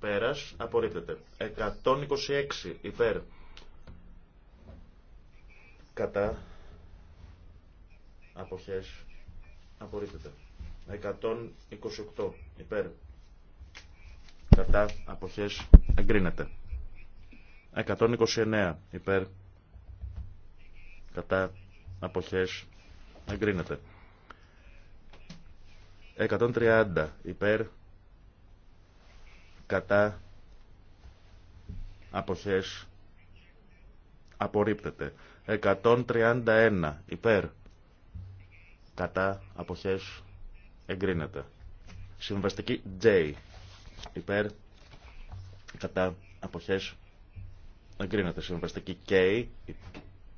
Πέρας. Απορρίπτεται. 126 υπέρ. Κατά. Αποχές. Απορρίπτεται. 128 υπέρ. Κατά. Αποχές. Εγκρίνεται. 129 υπέρ. Κατά. Αποχές. Εγκρίνεται. 130 υπέρ κατά αποχές απορρίπτεται 131 υπέρ κατά αποχές εγκρίνεται συμβαστική J υπέρ κατά αποχές εγκρίνεται συμβαστική K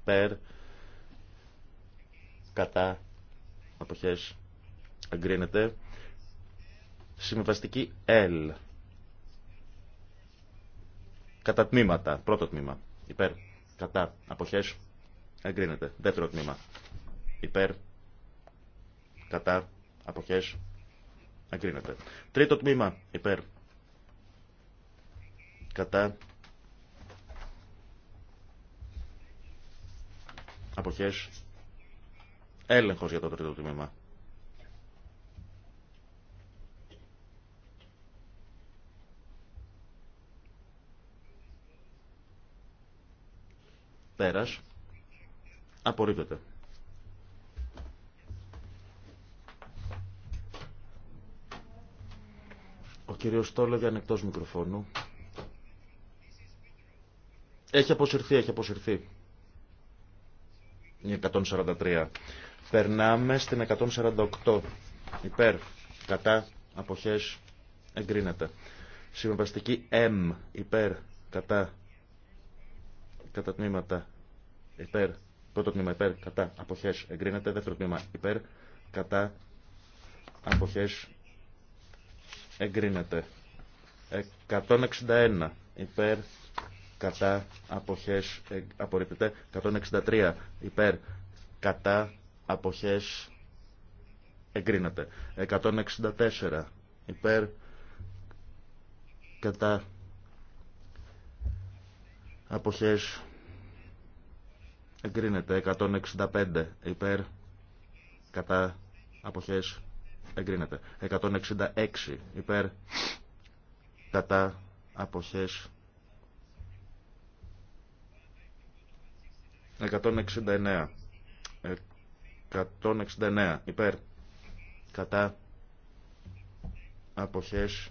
υπέρ κατά αποχές εγκρίνεται συμβαστική L Κατά τμήματα. Πρώτο τμήμα. Υπέρ. Κατά. Αποχές. Εγκρίνεται. Δεύτερο τμήμα. Υπέρ. Κατά. Αποχές. Εγκρίνεται. Τρίτο τμήμα. Υπέρ. Κατά. Αποχές. Έλεγχος για το τρίτο τμήμα. Πέρας. Απορρίπτεται. Ο κύριος Στόλογιαν ανεκτός μικροφώνου. Έχει αποσυρθεί, έχει αποσυρθεί. Η 143. Περνάμε στην 148. Υπέρ, κατά, αποχές, εγκρίνεται. Συμβαστική M, υπέρ, κατά, κατά τμήματα υπέρ, πρώτο τμήμα υπέρ, κατά, αποχές, εγκρίνεται, δεύτερο τμήμα υπέρ, κατά, αποχές, εγκρίνεται. 161 υπέρ, κατά, αποχές, ε, απορρίπτεται. 163 υπέρ, κατά, αποχές, εγκρίνεται. 164 υπέρ, κατά, αποχές, εγκρίνεται 165 υπέρ κατά αποχές εγκρίνεται 166 υπέρ κατά αποχές 169 169 υπέρ κατά αποχές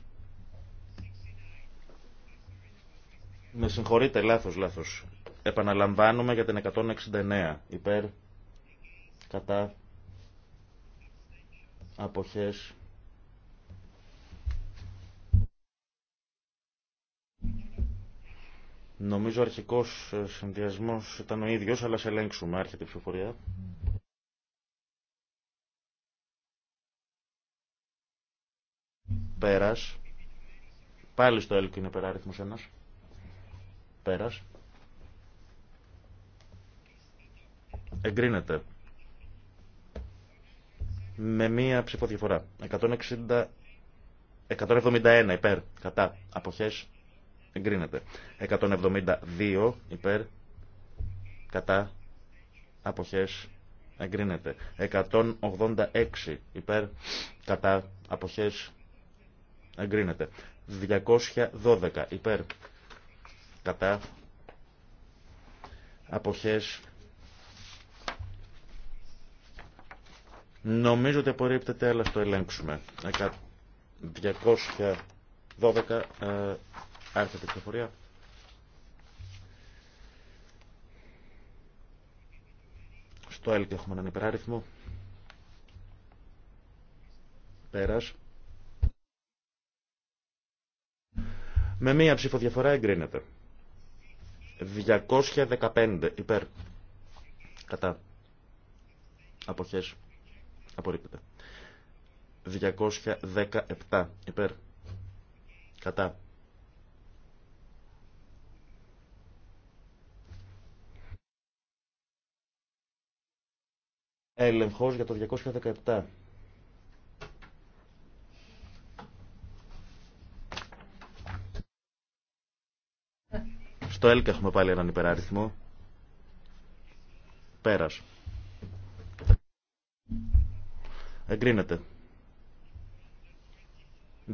με συγχωρείτε λάθος λάθος Επαναλαμβάνουμε για την 169. Υπέρ, κατά, αποχές. Νομίζω αρχικός ε, συνδυασμός ήταν ο ίδιος, αλλά σε ελέγξουμε. Άρχεται η ψηφοφορία. Πέρας. Πάλι στο έλκο είναι περάριθμος ένας. Πέρας. Εγκρίνεται. Με μία ψηφοδιαφορά. 160... 171 υπέρ. Κατά. Αποχές. Εγκρίνεται. 172 υπέρ. Κατά. Αποχές. Εγκρίνεται. 186 υπέρ. Κατά. Αποχές. Εγκρίνεται. 212 υπέρ. Κατά. Αποχές Νομίζω ότι απορρίπτεται, αλλά στο ελέγξουμε. 212 ε, άρχεται η ψηφοφορία. Στο ΕΛΚ έχουμε έναν υπεράριθμο. Πέρας. Με μία ψηφοδιαφορά εγκρίνεται. 215 υπέρ. Κατά. Αποχές. Απορρίπτεται. 217 υπέρ. Κατά. Έλεγχος για το 217. Στο ΕΛΚ έχουμε πάλι έναν υπεράριθμο. Πέρας. Εγκρίνεται.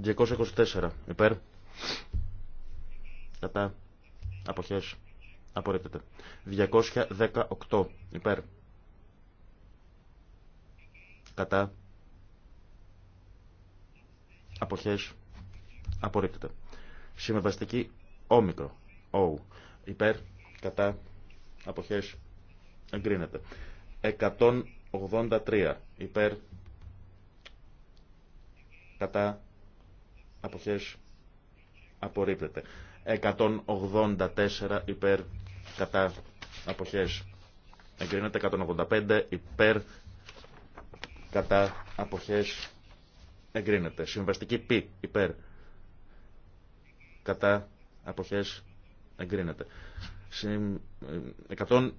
224. Υπέρ. Κατά. Αποχές. Απορρίπτεται. 218. Υπέρ. Κατά. Αποχές. Απορρίπτεται. Συμμεβαστική όμικρο. ο, Υπέρ. Κατά. Αποχές. Εγκρίνεται. 183. Υπέρ κατά αποχές απορρίπτεται. 184 υπέρ κατά αποχές εγκρίνεται. 185 υπέρ κατά αποχές εγκρίνεται. Συμβαστική π υπέρ κατά αποχές εγκρίνεται. 192.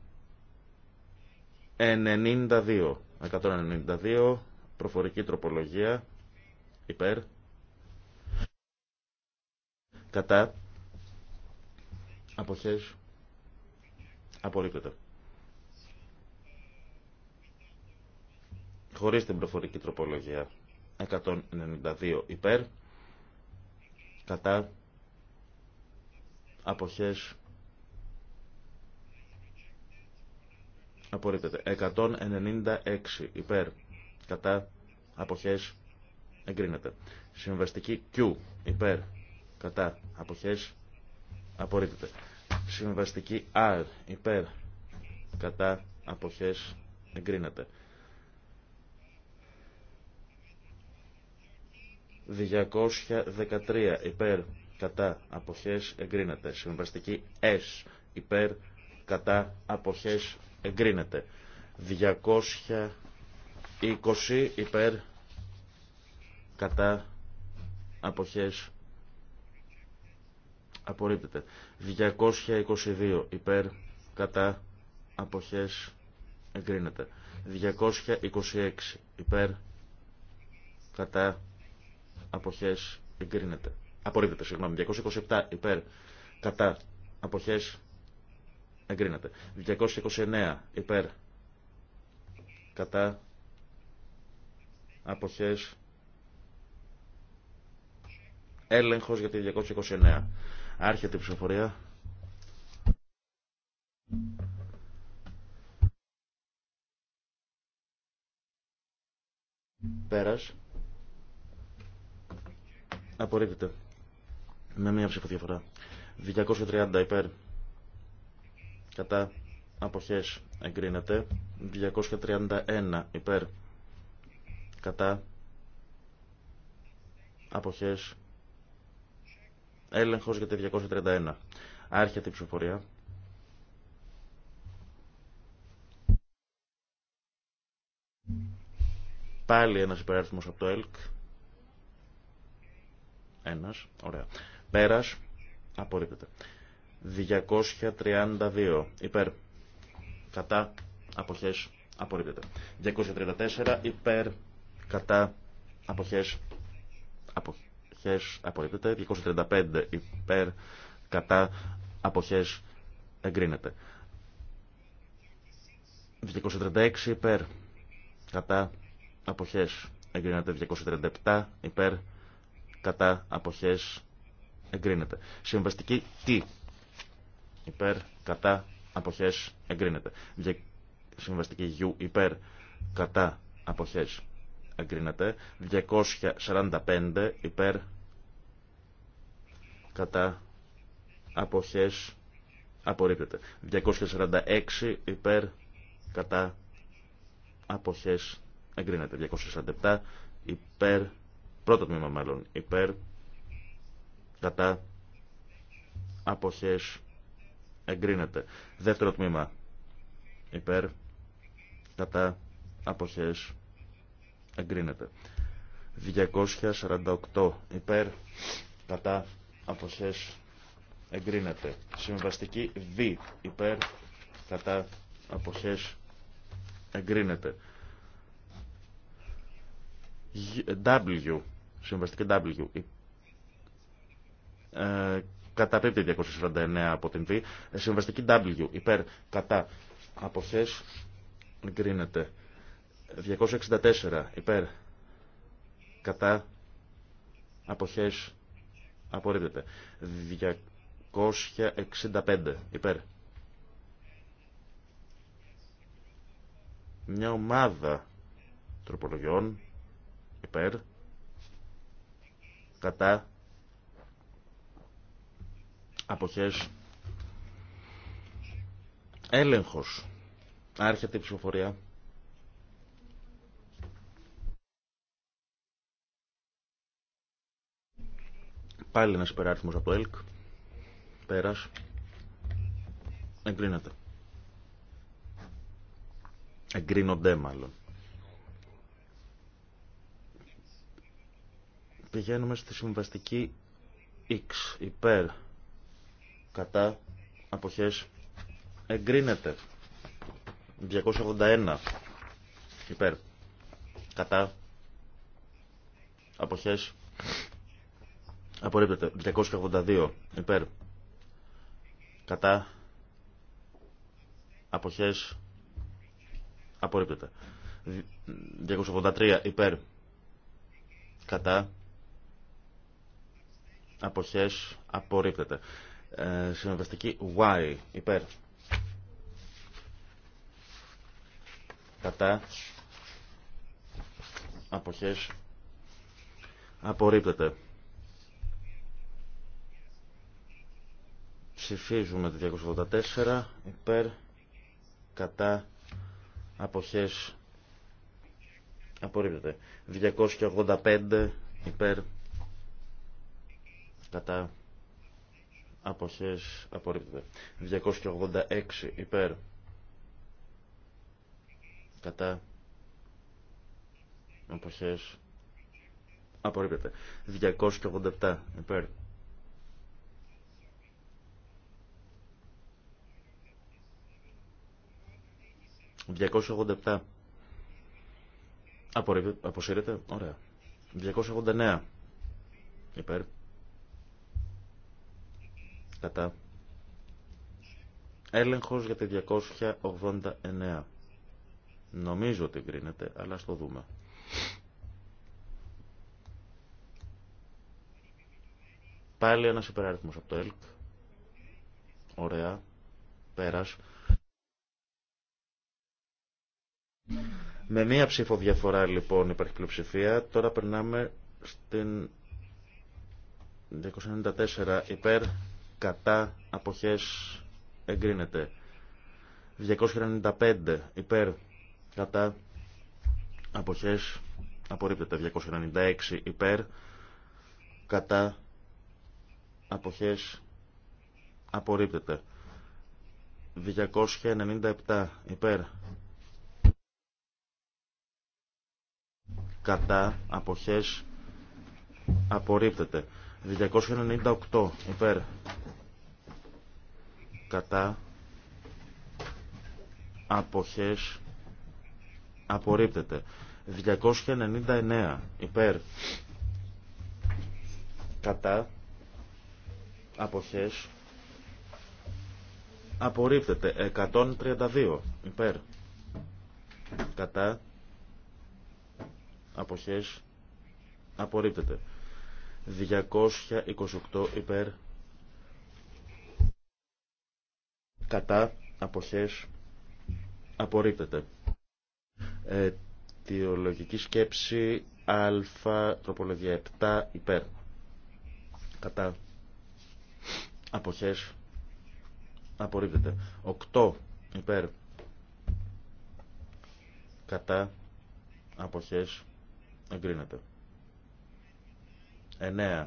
192 προφορική τροπολογία υπέρ, κατά, αποχές, απορρίπτεται. Χωρίς την προφορική τροπολογία 192 υπέρ, κατά, αποχές, απορρίπτεται. 196 υπέρ, κατά, αποχές, εγκρίνεται. Συμβαστική Q υπέρ κατά αποχές απορρίπτεται. Συμβαστική R υπέρ κατά αποχές εγκρίνεται. 213 υπέρ κατά αποχές εγκρίνεται. Συμβαστική S υπέρ κατά αποχές εγκρίνεται. 220 υπέρ κατά αποχές απορρίπτεται 222 υπέρ κατά αποχές εγκρίνεται 226 υπέρ κατά αποχές εγκρίνεται απορρίπτεται συγγνώμη 227 υπέρ κατά αποχές εγκρίνεται 229 υπέρ κατά αποχές Έλεγχος για τη 229. Άρχεται η ψηφοφορία. Πέρας. Απορρίπτεται. Με μία ψηφοδιαφορά. 230 υπέρ. Κατά αποχές εγκρίνεται. 231 υπέρ. Κατά αποχές Έλεγχος για τη 231. Άρχεται η ψηφοφορία. Πάλι ένας υπεράριθμος από το ΕΛΚ. Ένας. Ωραία. Πέρας. Απορρίπτεται. 232. Υπέρ. Κατά. Αποχές. Απορρίπτεται. 234. Υπέρ. Κατά. Αποχές. Απο αποχές απορρίπτεται, 235 υπέρ κατά αποχές εγκρίνεται. 236 υπέρ κατά αποχές εγκρίνεται, 237 υπέρ κατά αποχές εγκρίνεται. Συμβαστική τι υπέρ κατά αποχές εγκρίνεται. Συμβαστική U υπέρ κατά αποχές εγκρίνεται. 245 υπέρ κατά αποχές απορρίπτεται. 246 υπέρ κατά αποχές εγκρίνεται. 247 υπέρ πρώτο τμήμα μάλλον υπέρ κατά αποχές εγκρίνεται. Δεύτερο τμήμα υπέρ κατά αποχές εγκρίνεται. 248 υπέρ κατά αποχές εγκρίνεται. Συμβαστική Β υπέρ κατά αποχές εγκρίνεται. W συμβαστική W ε, καταπίπτει 249 από την β. Ε, συμβαστική W υπέρ κατά αποχές εγκρίνεται. 264 υπέρ κατά αποχές απορρίπτεται 265 υπέρ μια ομάδα τροπολογιών υπέρ κατά αποχές έλεγχος άρχεται η ψηφοφορία Πάλι ένα υπεράριθμος από το ΕΛΚ. Πέρας. Εγκρίνεται. Εγκρίνονται μάλλον. Πηγαίνουμε στη συμβαστική X. Υπέρ. Κατά. Αποχές. Εγκρίνεται. 281. Υπέρ. Κατά. Αποχές. Απορρίπτεται. 282 υπέρ. Κατά. Αποχές. Απορρίπτεται. 283 υπέρ. Κατά. Αποχές. Απορρίπτεται. Ε, Συνοδευτική Y υπέρ. Κατά. Αποχές. Απορρίπτεται. Ψηφίζουμε το 284 υπέρ κατά αποχές απορρίπτεται. 285 υπέρ κατά αποχές απορρίπτεται. 286 υπέρ κατά αποχές απορρίπτεται. 287 υπέρ 287. Αποσύρεται. Ωραία. 289. Υπέρ. Κατά. Έλεγχος για τη 289. Νομίζω ότι γκρίνεται, αλλά στο δούμε. Πάλι ένας υπεράριθμος από το ΕΛΚ. Ωραία. Πέρας. Με μία ψήφο διαφορά λοιπόν υπάρχει πλειοψηφία. Τώρα περνάμε στην 294 υπέρ κατά αποχές εγκρίνεται. 295 υπέρ κατά αποχές απορρίπτεται. 296 υπέρ κατά αποχές απορρίπτεται. 297 υπέρ κατά αποχές απορρίπτεται 298 υπέρ κατά αποχές απορρίπτεται 299 υπέρ κατά αποχές απορρίπτεται 132 υπέρ κατά αποχές απορρίπτεται 228 υπέρ κατά αποχές απορρίπτεται τιολογική σκέψη α τροπολογία 7 υπέρ κατά αποχές απορρίπτεται 8 υπέρ κατά αποχές Εγκρίνεται. 9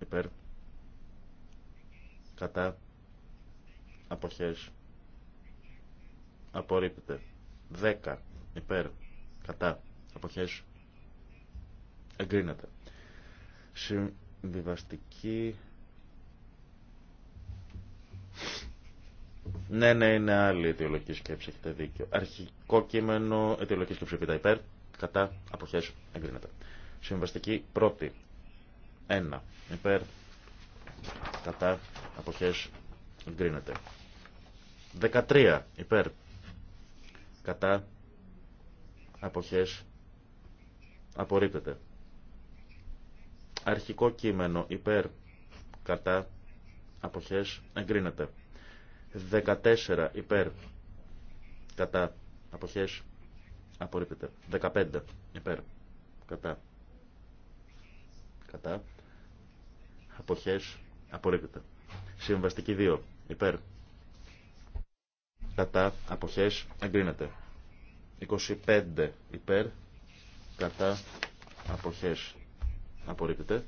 υπέρ. Κατά. Αποχές. Απορρίπτεται. 10 υπέρ. Κατά. Αποχές. Εγκρίνεται. Συμβιβαστική. Ναι, ναι, είναι άλλη αιτιολογική σκέψη. Έχετε δίκιο. Αρχικό κείμενο αιτιολογική σκέψη τα υπέρ. Κατά. Αποχές. Εγκρίνεται. Συμβαστική πρώτη. 1. Υπέρ. Κατά. Αποχές. Εγκρίνεται. 13. Υπέρ. Κατά. Αποχές. Απορρίπτεται. Αρχικό κείμενο. Υπέρ. Κατά. Αποχές. Εγκρίνεται. 14. Υπέρ. Κατά. Αποχές. Απορρίπτεται. 15. Υπέρ. Κατά. Κατά. Αποχές. Απορρίπτεται. Συμβαστική 2. Υπέρ. Κατά. Αποχές. Εγκρίνεται. 25. Υπέρ. Κατά. Αποχές. Απορρίπτεται.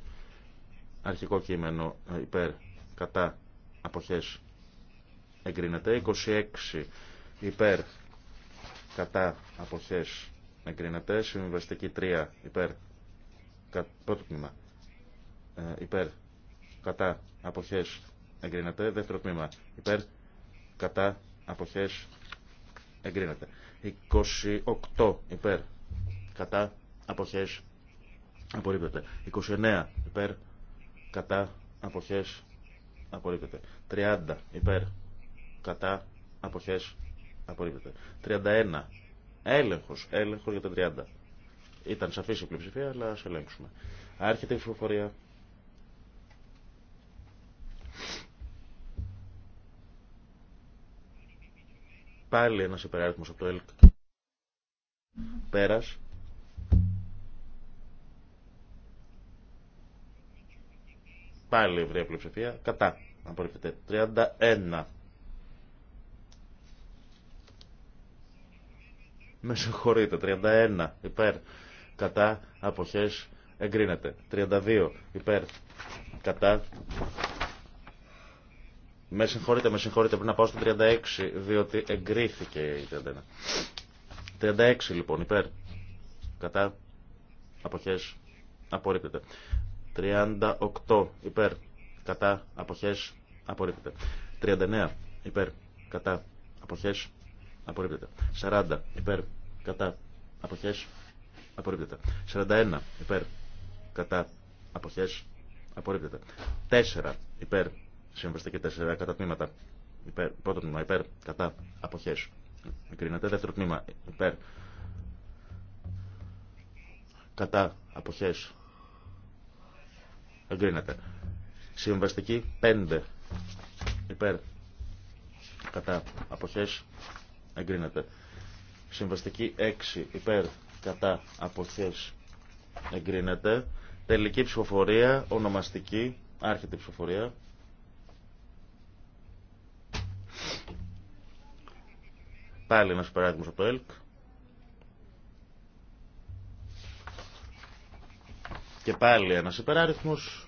Αρχικό κείμενο. Υπέρ. Κατά. Αποχές. Εγκρίνεται. 26. Υπέρ κατά αποχές κρίνεται. Συμβαστική 3 υπέρ κα, πρώτο τμήμα ε, υπέρ κατά αποχές εγκρίνεται. Δεύτερο τμήμα υπέρ κατά αποχές εγκρίνεται. 28 υπέρ κατά αποχές απορρίπτεται. 29 υπέρ κατά αποχές απορρίπτεται. 30 υπέρ κατά αποχές Απορρίπτεται. 31. Έλεγχο. Έλεγχο για τα 30. Ήταν σαφή η πλειοψηφία, αλλά α ελέγξουμε. Άρχεται η ψηφοφορία. Πάλι ένα υπεράριθμο από το ΕΛΚ. Πέρα. Πάλι ευρεία πλειοψηφία. Κατά. Απορρίπτεται. 31. με συγχωρείτε, 31 υπέρ κατά αποχές εγκρίνεται. 32 υπέρ κατά με συγχωρείτε, με συγχωρείτε, πριν να πάω στο 36, διότι εγκρίθηκε η 31. 36 λοιπόν, υπέρ. Κατά. Αποχές. Απορρίπτεται. 38 υπέρ. Κατά. Αποχές. Απορρίπτεται. 39 υπέρ. Κατά. Αποχές. Απορρίπτεται. 40 υπέρ κατά αποχές. Απορρίπτεται. 41 υπέρ κατά αποχές. Απορρίπτεται. 4 υπέρ συμβαστική 4 κατά τμήματα. Υπέρ, πρώτο τμήμα υπέρ κατά αποχές. Εγκρίνεται. Δεύτερο τμήμα υπέρ κατά αποχές. Εγκρίνεται. Συμβαστική 5 υπέρ κατά αποχές εγκρίνεται. Συμβαστική 6 υπέρ κατά αποχές εγκρίνεται. Τελική ψηφοφορία, ονομαστική, άρχεται ψηφοφορία. Πάλι ένας παράδειγμα από το ΕΛΚ. Και πάλι ένας υπεράριθμος.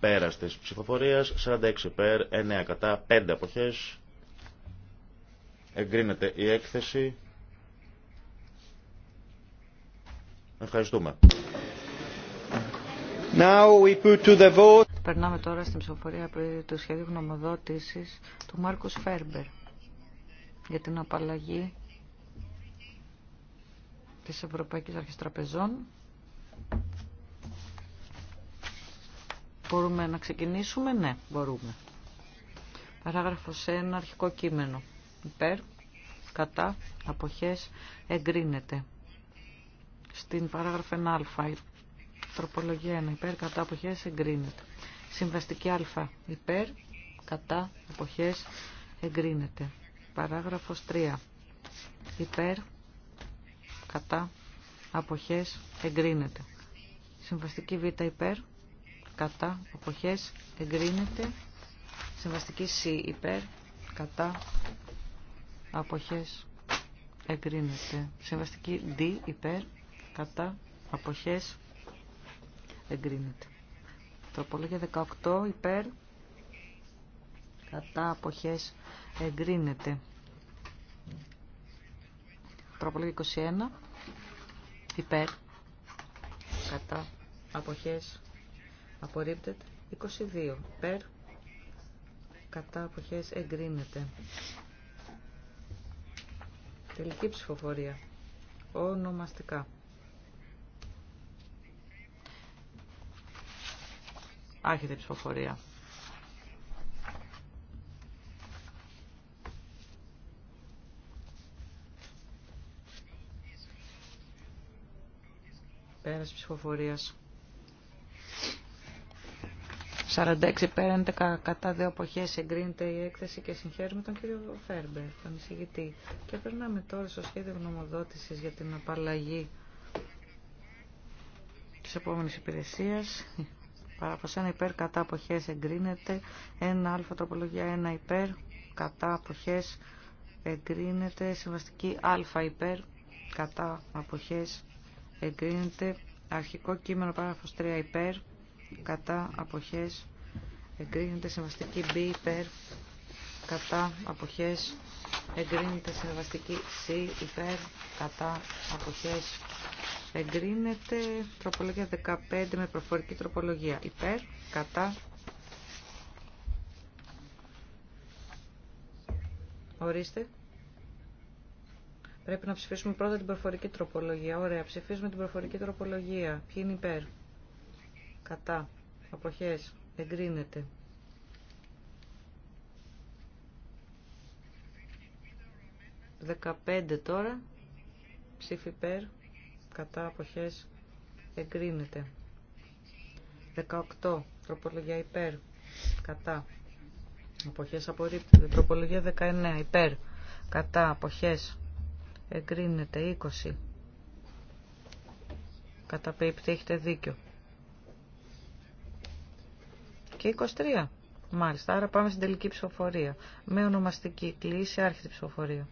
πέρα ψηφοφορίας, 46 υπέρ, 9 κατά, 5 αποχές. Εγκρίνεται η έκθεση. Ευχαριστούμε. Now we put to the vote. Περνάμε τώρα στην ψηφοφορία του σχέδιου γνωμοδότησης του Μάρκους Φέρμπερ για την απαλλαγή της Ευρωπαϊκής Αρχής Τραπεζών. Μπορούμε να ξεκινήσουμε, ναι, μπορούμε. Παράγραφος 1, αρχικό κείμενο υπέρ, κατά, αποχές, εγκρίνεται. Στην παράγραφο 1α, τροπολογία 1, υπέρ, κατά, αποχές, εγκρίνεται. Συμβαστική α, υπέρ, κατά, αποχές, εγκρίνεται. Παράγραφος 3, υπέρ, κατά, αποχές, εγκρίνεται. Συμβαστική β, υπέρ, κατά, αποχές, εγκρίνεται. Συμβαστική σ υπέρ, κατά, αποχές εγκρίνεται. Συμβαστική D υπέρ κατά αποχές εγκρίνεται. Τροπολογία 18 υπέρ κατά αποχές εγκρίνεται. Τροπολογία 21 υπέρ κατά αποχές απορρίπτεται. 22 υπέρ κατά αποχές εγκρίνεται. Τελική ψηφοφορία. Ονομαστικά. Άρχεται η ψηφοφορία. Πέρας ψηφοφορίας. 46 υπέρ, 11 κατά δύο εποχέ εγκρίνεται η έκθεση και συγχαίρουμε τον κύριο Φέρμπερ, τον εισηγητή. Και περνάμε τώρα στο σχέδιο γνωμοδότηση για την απαλλαγή τη επόμενη υπηρεσία. Παράγραφος 1 υπέρ, κατά αποχές εγκρίνεται. 1α τροπολογία 1 υπέρ, κατά αποχές εγκρίνεται. Συμβαστική α υπέρ, κατά αποχές εγκρίνεται. Αρχικό κείμενο κειμενο πάραφο 3 υπέρ, κατά αποχές εγκρίνεται συμβαστική B υπέρ κατά αποχές εγκρίνεται συμβαστική C υπέρ κατά αποχές εγκρίνεται τροπολογία 15 με προφορική τροπολογία υπέρ κατά ορίστε Πρέπει να ψηφίσουμε πρώτα την προφορική τροπολογία. Ωραία, ψηφίζουμε την προφορική τροπολογία. Ποιοι είναι υπέρ κατά αποχές εγκρίνεται. Δεκαπέντε τώρα, ψήφι υπέρ, κατά αποχές εγκρίνεται. 18. Τροπολογία υπέρ. Κατά. Αποχές απορρίπτεται. Τροπολογία 19. Υπέρ. Κατά. Αποχές. Εγκρίνεται. 20. Καταπίπτει. Έχετε δίκιο και 23. Μάλιστα, άρα πάμε στην τελική ψηφοφορία. Με ονομαστική κλίση άρχεται ψηφοφορία.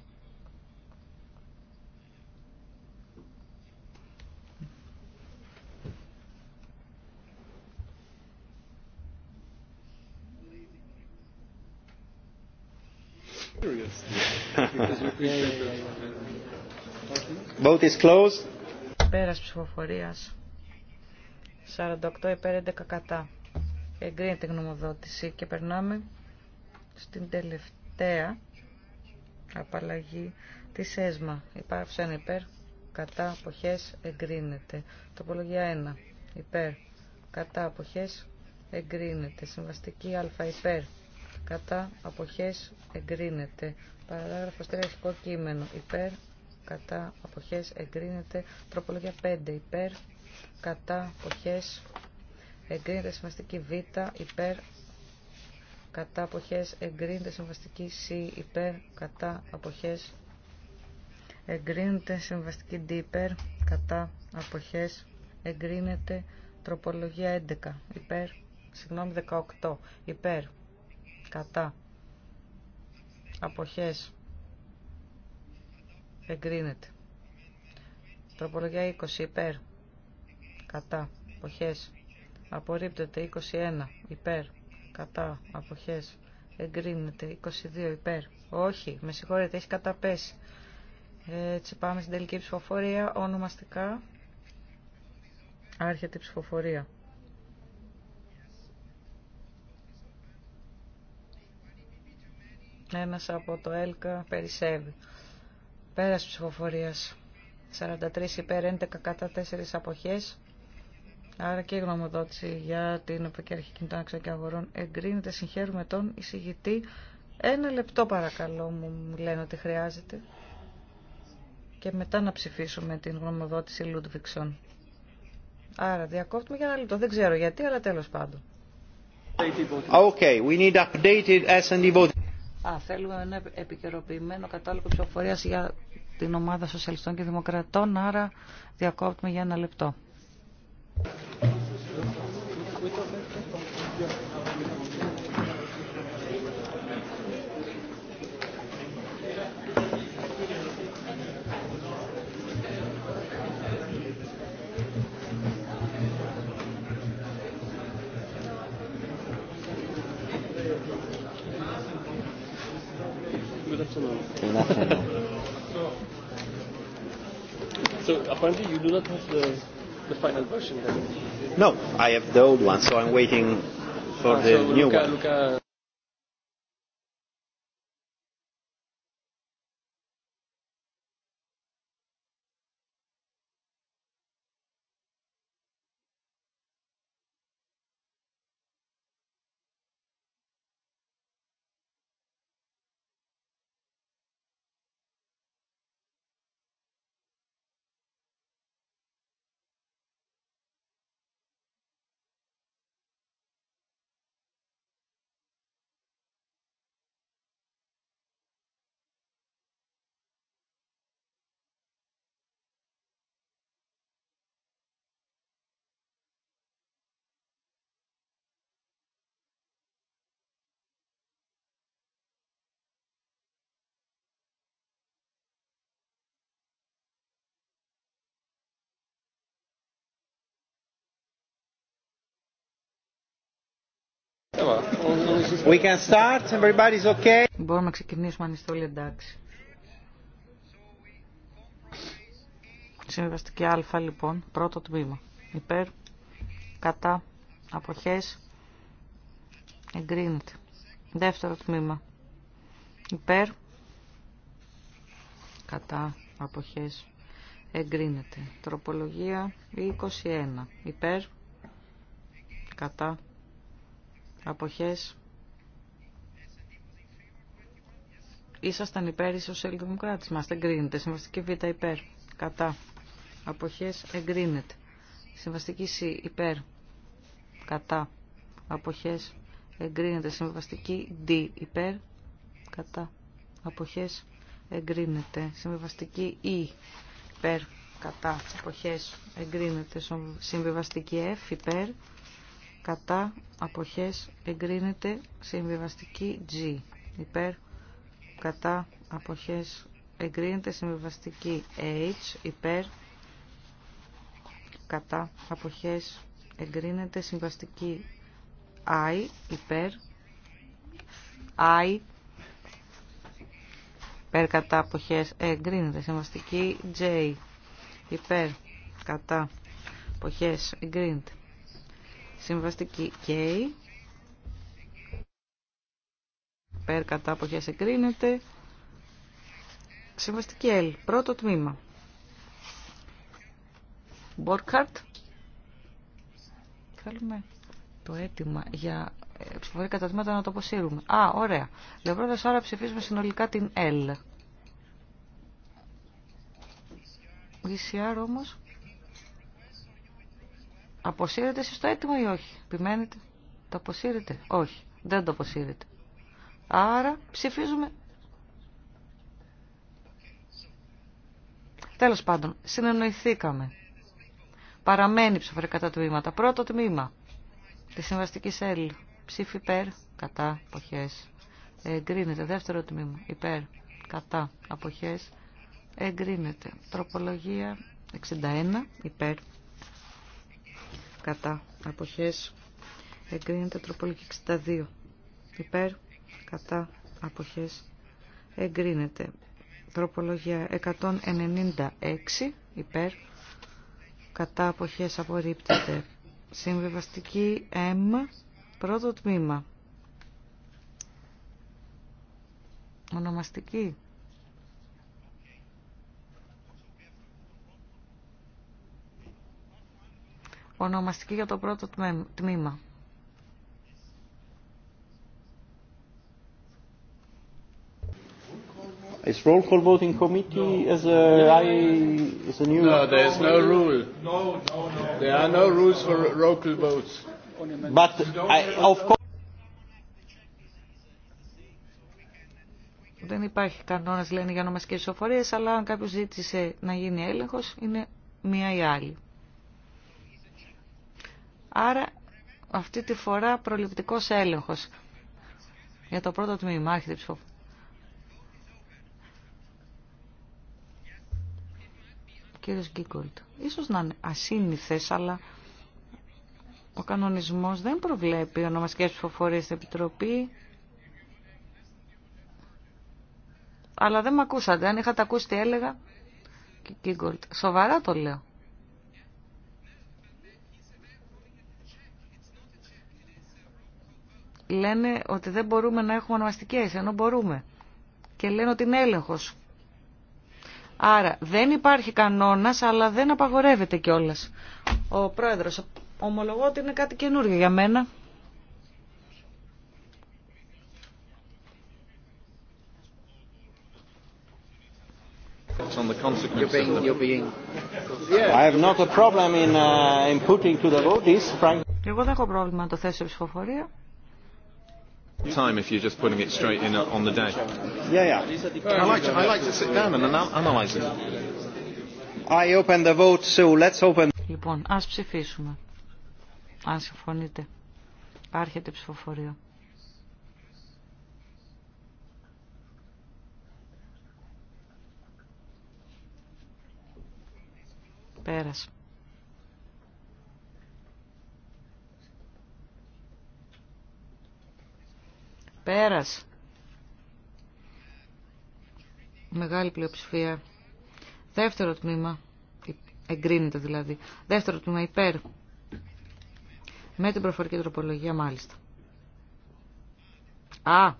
Vote is closed. Πέρας ψηφοφορίας. 48 υπέρ 11 κατά. Εγκρίνεται η γνωμοδότηση και περνάμε στην τελευταία απαλλαγή της ΕΣΜΑ. ένα υπέρ, κατά, αποχές, εγκρίνεται. Τοπολογία 1. Υπέρ, κατά, αποχές, εγκρίνεται. Συμβαστική α υπέρ, κατά, αποχές, εγκρίνεται. Παράγραφος 3, αρχικό κείμενο. Υπέρ, κατά, αποχές, εγκρίνεται. Τροπολογία 5. Υπέρ, κατά, αποχές, εγκρίνεται συμβαστική Β υπέρ κατά αποχές εγκρίνεται συμβαστική Σ υπέρ κατά αποχές εγκρίνεται συμβαστική Δ υπέρ κατά αποχές εγκρίνεται τροπολογία 11 υπέρ συγγνώμη 18 υπέρ κατά αποχές εγκρίνεται τροπολογία 20 υπέρ κατά αποχές απορρίπτεται 21 υπέρ κατά αποχές εγκρίνεται 22 υπέρ όχι με συγχωρείτε έχει καταπέσει έτσι πάμε στην τελική ψηφοφορία ονομαστικά άρχεται η ψηφοφορία ένας από το ΕΛΚΑ περισσεύει πέρας ψηφοφορίας 43 υπέρ 11 κατά 4 αποχές Άρα και η γνωμοδότηση για την Ευρωπαϊκή κοινωνικών Κινητών Αξιών Αγορών εγκρίνεται. Συγχαίρουμε τον εισηγητή. Ένα λεπτό παρακαλώ μου λένε ότι χρειάζεται. Και μετά να ψηφίσουμε την γνωμοδότηση Λούντβιξον. Άρα διακόπτουμε για ένα λεπτό. Δεν ξέρω γιατί, αλλά τέλος πάντων. Okay, we need updated Α, θέλουμε ένα επικαιροποιημένο κατάλογο ψηφοφορία για την ομάδα Σοσιαλιστών και Δημοκρατών, άρα διακόπτουμε για ένα λεπτό. So apparently you do not have the the final version? No, I have the old one, so I'm waiting for the new one. We can start. Everybody's okay. Μπορούμε να ξεκινήσουμε αν είστε όλοι εντάξει. Συμβαστική Α λοιπόν, πρώτο τμήμα. Υπέρ, κατά, αποχές, εγκρίνεται. Δεύτερο τμήμα. Υπέρ, κατά, αποχές, εγκρίνεται. Τροπολογία 21. Υπέρ, κατά, Αποχές. Ήσασταν υπέρ οι σοσιαλδημοκράτες μας. κρίνεται. Συμβαστική Β υπέρ. Κατά. Αποχές εγκρίνεται. Συμβαστική Σ υπέρ. Κατά. Αποχές εγκρίνεται. Συμβαστική Δ υπέρ. Κατά. Αποχές εγκρίνεται. Συμβαστική Ι υπέρ. Κατά. Αποχές εγκρίνεται. Συμβιβαστική F υπέρ κατά αποχές εγκρίνεται συμβιβαστική G υπέρ κατά αποχές εγκρίνεται συμβιβαστική H υπέρ κατά αποχές εγκρίνεται συμβαστική I υπέρ I υπέρ κατά αποχές εγκρίνεται συμβαστική J υπέρ κατά αποχές εγκρίνεται Συμβαστική K. Περ κατά αποχές Συμβαστική L. Πρώτο τμήμα. Μπορκαρτ. Θέλουμε το έτοιμα για ε, ψηφοφορία κατά τμήματα να το αποσύρουμε. Α, ωραία. Λέω άρα ψηφίζουμε συνολικά την L. VCR όμως. Αποσύρετε εσείς το έτοιμο ή όχι. Επιμένετε. Το αποσύρετε. Όχι. Δεν το αποσύρετε. Άρα ψηφίζουμε. Τέλος πάντων, συνεννοηθήκαμε. Παραμένει ψηφοφορία κατά τμήματα. Πρώτο τμήμα τη συμβαστική σέλη. Ψήφι υπέρ, κατά, αποχές. Εγκρίνεται. Δεύτερο τμήμα. Υπέρ, κατά, αποχές. Εγκρίνεται. Τροπολογία 61, υπέρ, κατά αποχές εγκρίνεται τροπολογική 62 υπέρ κατά αποχές εγκρίνεται τροπολογία 196 υπέρ κατά αποχές απορρίπτεται συμβιβαστική M πρώτο τμήμα ονομαστική Ονομαστική για το πρώτο τμήμα. Is roll call voting committee as a, I, as a new? No, there is no rule. No, no, no. There are no rules for roll call votes. But I, of course. Δεν υπάρχει κανόνας λένε για ονομαστικές ισοφορίες, αλλά αν κάποιος ζήτησε να γίνει έλεγχος, είναι μία ή άλλη. Άρα αυτή τη φορά προληπτικός έλεγχος. Για το πρώτο τμήμα, άρχεται ψηφοφορία. κύριος Γκίκολτ. Ίσως να είναι ασύνηθες, αλλά ο κανονισμός δεν προβλέπει ονομασικές ψηφοφορίες στην Επιτροπή. Αλλά δεν με ακούσατε. Αν είχατε ακούσει τι έλεγα, Γκίγκολτ, Σοβαρά το λέω. λένε ότι δεν μπορούμε να έχουμε ονομαστικές, ενώ μπορούμε. Και λένε ότι είναι έλεγχος. Άρα δεν υπάρχει κανόνας, αλλά δεν απαγορεύεται κιόλα. Ο πρόεδρος, ομολογώ ότι είναι κάτι καινούργιο για μένα. Εγώ δεν έχω πρόβλημα να το θέσω ψηφοφορία time if you're just putting it straight in on the day. Yeah, yeah. I like to, I like to sit down and analyze it. I open the vote, so let's open. Λοιπόν, ας ψηφίσουμε. Αν συμφωνείτε. Άρχεται ψηφοφορία. Πέρασε. Πέρας. Μεγάλη πλειοψηφία. Δεύτερο τμήμα. Εγκρίνεται δηλαδή. Δεύτερο τμήμα υπέρ. Με την προφορική τροπολογία μάλιστα. Α,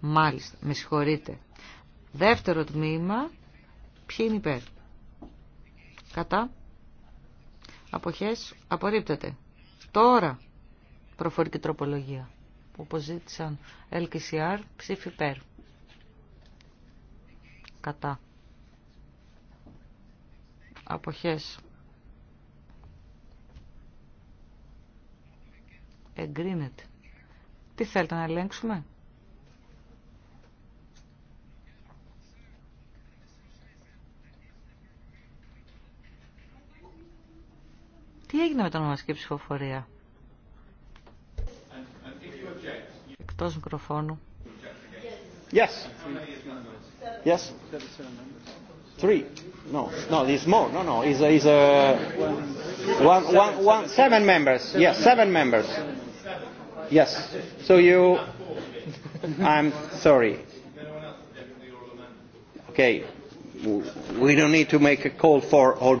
μάλιστα. Με συγχωρείτε. Δεύτερο τμήμα. Ποιοι είναι υπέρ. Κατά. Αποχές. Απορρίπτεται. Τώρα. Προφορική τροπολογία που αποζήτησαν LKCR ψήφι υπέρ. Κατά. Αποχές. Εγκρίνεται. Τι θέλετε να ελέγξουμε. Τι έγινε με τον ονομαστική ψηφοφορία. εκτός μικροφώνου. Yes. Yes. Three. No, no, there's more. No, no, is is a one, one, one, seven members. Yes, seven members. Yes. So you, I'm sorry. Okay, we don't need to make a call for all.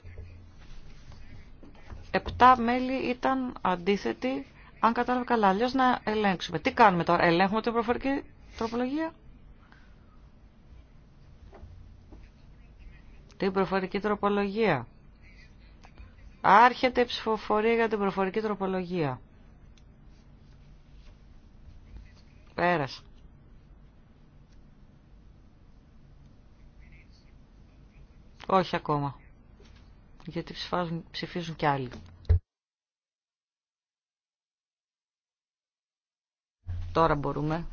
Επτά μέλη ήταν αντίθετοι αν κατάλαβα καλά, αλλιώ να ελέγξουμε. Τι κάνουμε τώρα, ελέγχουμε την προφορική τροπολογία. Την προφορική τροπολογία. Άρχεται η ψηφοφορία για την προφορική τροπολογία. Πέρασε. Όχι ακόμα. Γιατί ψηφίζουν, ψηφίζουν κι άλλοι. Τώρα μπορούμε.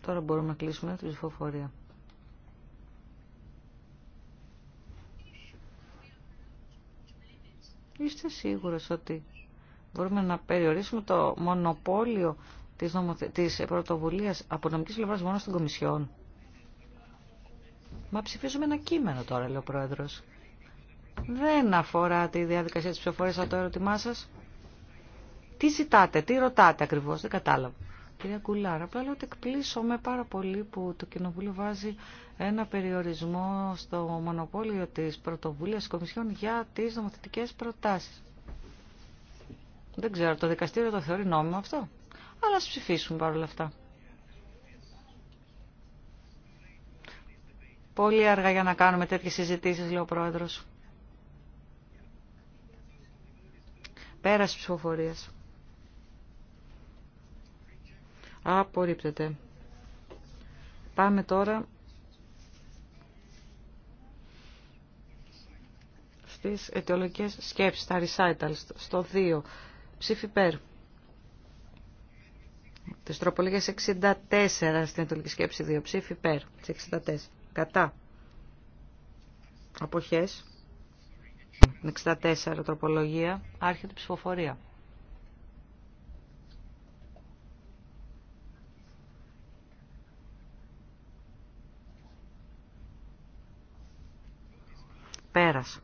Τώρα μπορούμε να κλείσουμε τη ψηφοφορία. Είστε σίγουρος ότι μπορούμε να περιορίσουμε το μονοπόλιο της, νομοθε... της πρωτοβουλίας από νομικής πλευρά μόνο στην Κομισιόν. Μα ψηφίζουμε ένα κείμενο τώρα, λέει ο Πρόεδρος. Δεν αφορά τη διαδικασία της ψηφοφορίας από το ερώτημά σας. Τι ζητάτε, τι ρωτάτε ακριβώς, δεν κατάλαβα. Κυρία Κουλάρα, απλά λέω ότι εκπλήσωμαι πάρα πολύ που το Κοινοβούλιο βάζει ένα περιορισμό στο μονοπόλιο της πρωτοβουλίας Κομισιόν για τις νομοθετικές προτάσεις. Δεν ξέρω, το δικαστήριο το θεωρεί νόμιμο αυτό. Αλλά ας ψηφίσουν παρόλα αυτά. Πολύ αργά για να κάνουμε τέτοιες συζητήσεις, λέει ο Πρόεδρος. Πέραση ψηφοφορίας. Απορρίπτεται. Πάμε τώρα στις αιτιολογικές σκέψεις, τα recitals, στο 2. Ψήφι πέρ. Τις τροπολογίες 64 στην αιτιολογική σκέψη 2. Ψήφι υπέρ. 64. Κατά. Αποχές. 64 τροπολογία. Άρχεται ψηφοφορία. Πέρας.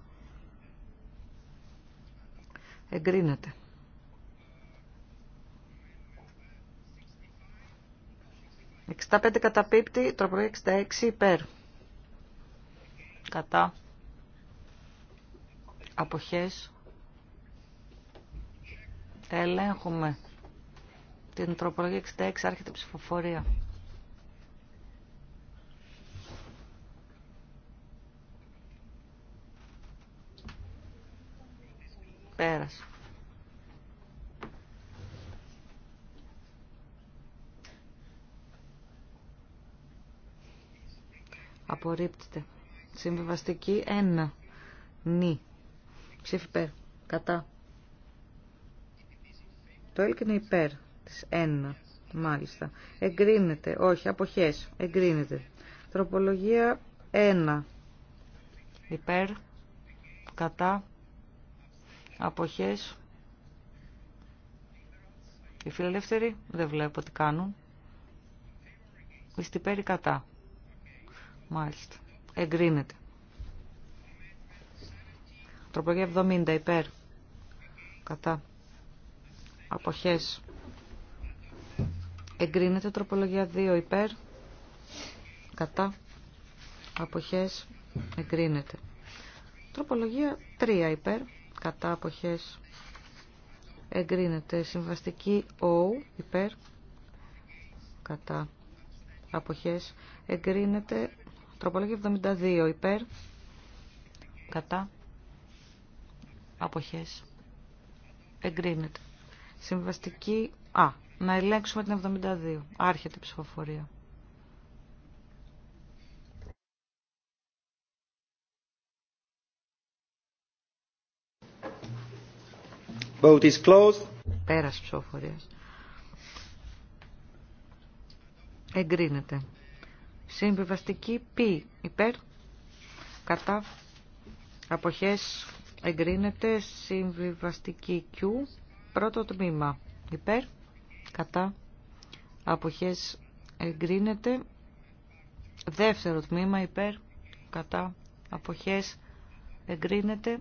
Εγκρίνεται. 65 καταπίπτει, τροπολογία 66 υπέρ. Κατά. Αποχές. Ελέγχουμε την τροπολογία 66, άρχεται ψηφοφορία. Πέρας. Απορρίπτεται. Συμβιβαστική 1. Νη. Ψήφι περ. Κατά. Το έλκ υπέρ της 1. Μάλιστα. Εγκρίνεται. Όχι, αποχές. Εγκρίνεται. Τροπολογία 1. Υπέρ. Κατά. Αποχές. Οι φιλελεύθεροι δεν βλέπω τι κάνουν. Είστε υπέρ κατά. Μάλιστα. Εγκρίνεται. Τροπολογία 70 υπέρ. Κατά. Αποχές. Εγκρίνεται τροπολογία 2 υπέρ. Κατά. Αποχές. Εγκρίνεται. Τροπολογία 3 υπέρ κατά αποχές εγκρίνεται. Συμβαστική O υπέρ κατά αποχές εγκρίνεται. Τροπολογία 72 υπέρ κατά αποχές εγκρίνεται. Συμβαστική Α. Να ελέγξουμε την 72. Άρχεται η ψηφοφορία. Vote is closed. Πέρας ψηφοφορία. Εγκρίνεται. Συμβιβαστική π. Υπέρ. Κατά. Αποχές. Εγκρίνεται. Συμβιβαστική Q. Πρώτο τμήμα. Υπέρ. Κατά. Αποχές. Εγκρίνεται. Δεύτερο τμήμα. Υπέρ. Κατά. Αποχές. Εγκρίνεται.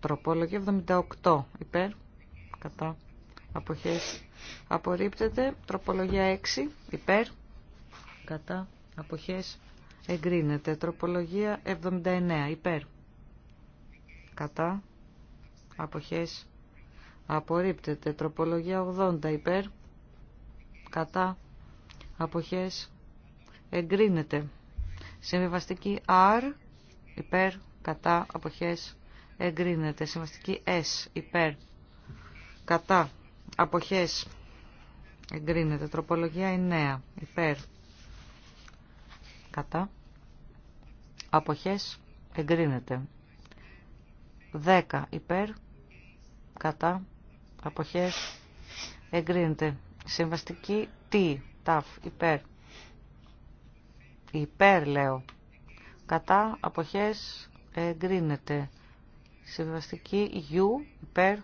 Τροπολογία 78 υπέρ κατά αποχές απορρίπτεται. Τροπολογία 6 υπέρ κατά αποχές εγκρίνεται. Τροπολογία 79 υπέρ κατά αποχές απορρίπτεται. Τροπολογία 80 υπέρ κατά αποχές εγκρίνεται. Συμβιβαστική R υπέρ κατά αποχές εγκρίνεται. Συμβαστική S υπέρ κατά αποχές εγκρίνεται. Τροπολογία 9 υπέρ κατά αποχές εγκρίνεται. 10 υπέρ κατά αποχές εγκρίνεται. Συμβαστική T ταφ υπέρ υπέρ λέω κατά αποχές εγκρίνεται Συμβαστική Γιού, υπέρ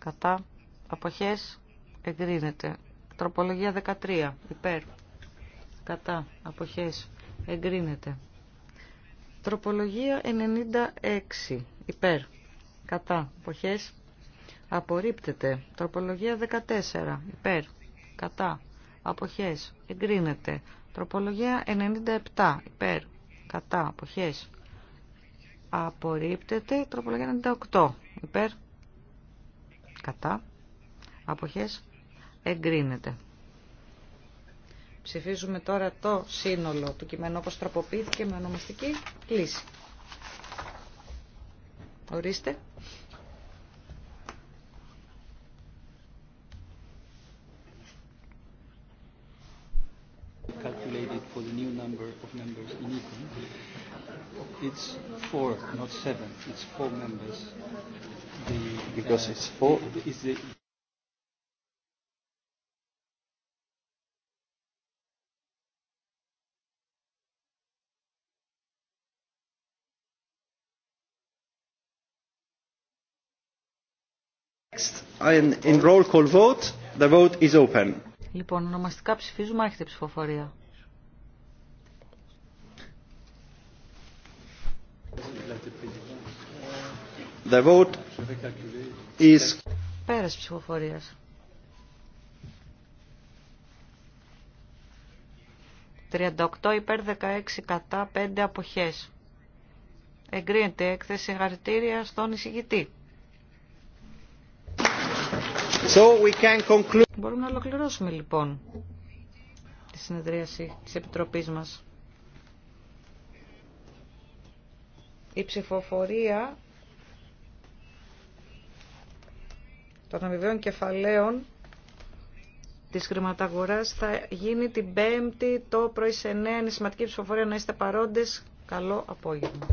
κατά αποχές εγκρίνεται. Τροπολογία 13 υπέρ κατά αποχές εγκρίνεται. Τροπολογία 96 υπέρ κατά αποχές απορρίπτεται. Τροπολογία 14 υπέρ κατά αποχές εγκρίνεται. Τροπολογία 97 υπέρ κατά αποχές απορρίπτεται. Τροπολογία 98 υπέρ κατά αποχές εγκρίνεται. Ψηφίζουμε τώρα το σύνολο του κειμένου όπως τροποποιήθηκε με ονομαστική κλίση. Ορίστε. Calculated the new number of it's four, not seven. It's four members. The, because uh, it's four. Is the, In roll call vote, the vote is open. Λοιπόν, ονομαστικά ψηφίζουμε, άρχεται ψηφοφορία. The vote is... ψηφοφορίας. 38 υπέρ 16 κατά 5 αποχές. Εγκρίνεται έκθεση συγχαρητήρια στον εισηγητή. So we can conclude... Μπορούμε να ολοκληρώσουμε λοιπόν τη συνεδρίαση της Επιτροπής μας. Η ψηφοφορία των αμοιβαίων κεφαλαίων της χρηματαγορά θα γίνει την Πέμπτη το πρωί σε 9. Είναι σημαντική ψηφοφορία να είστε παρόντες. Καλό απόγευμα.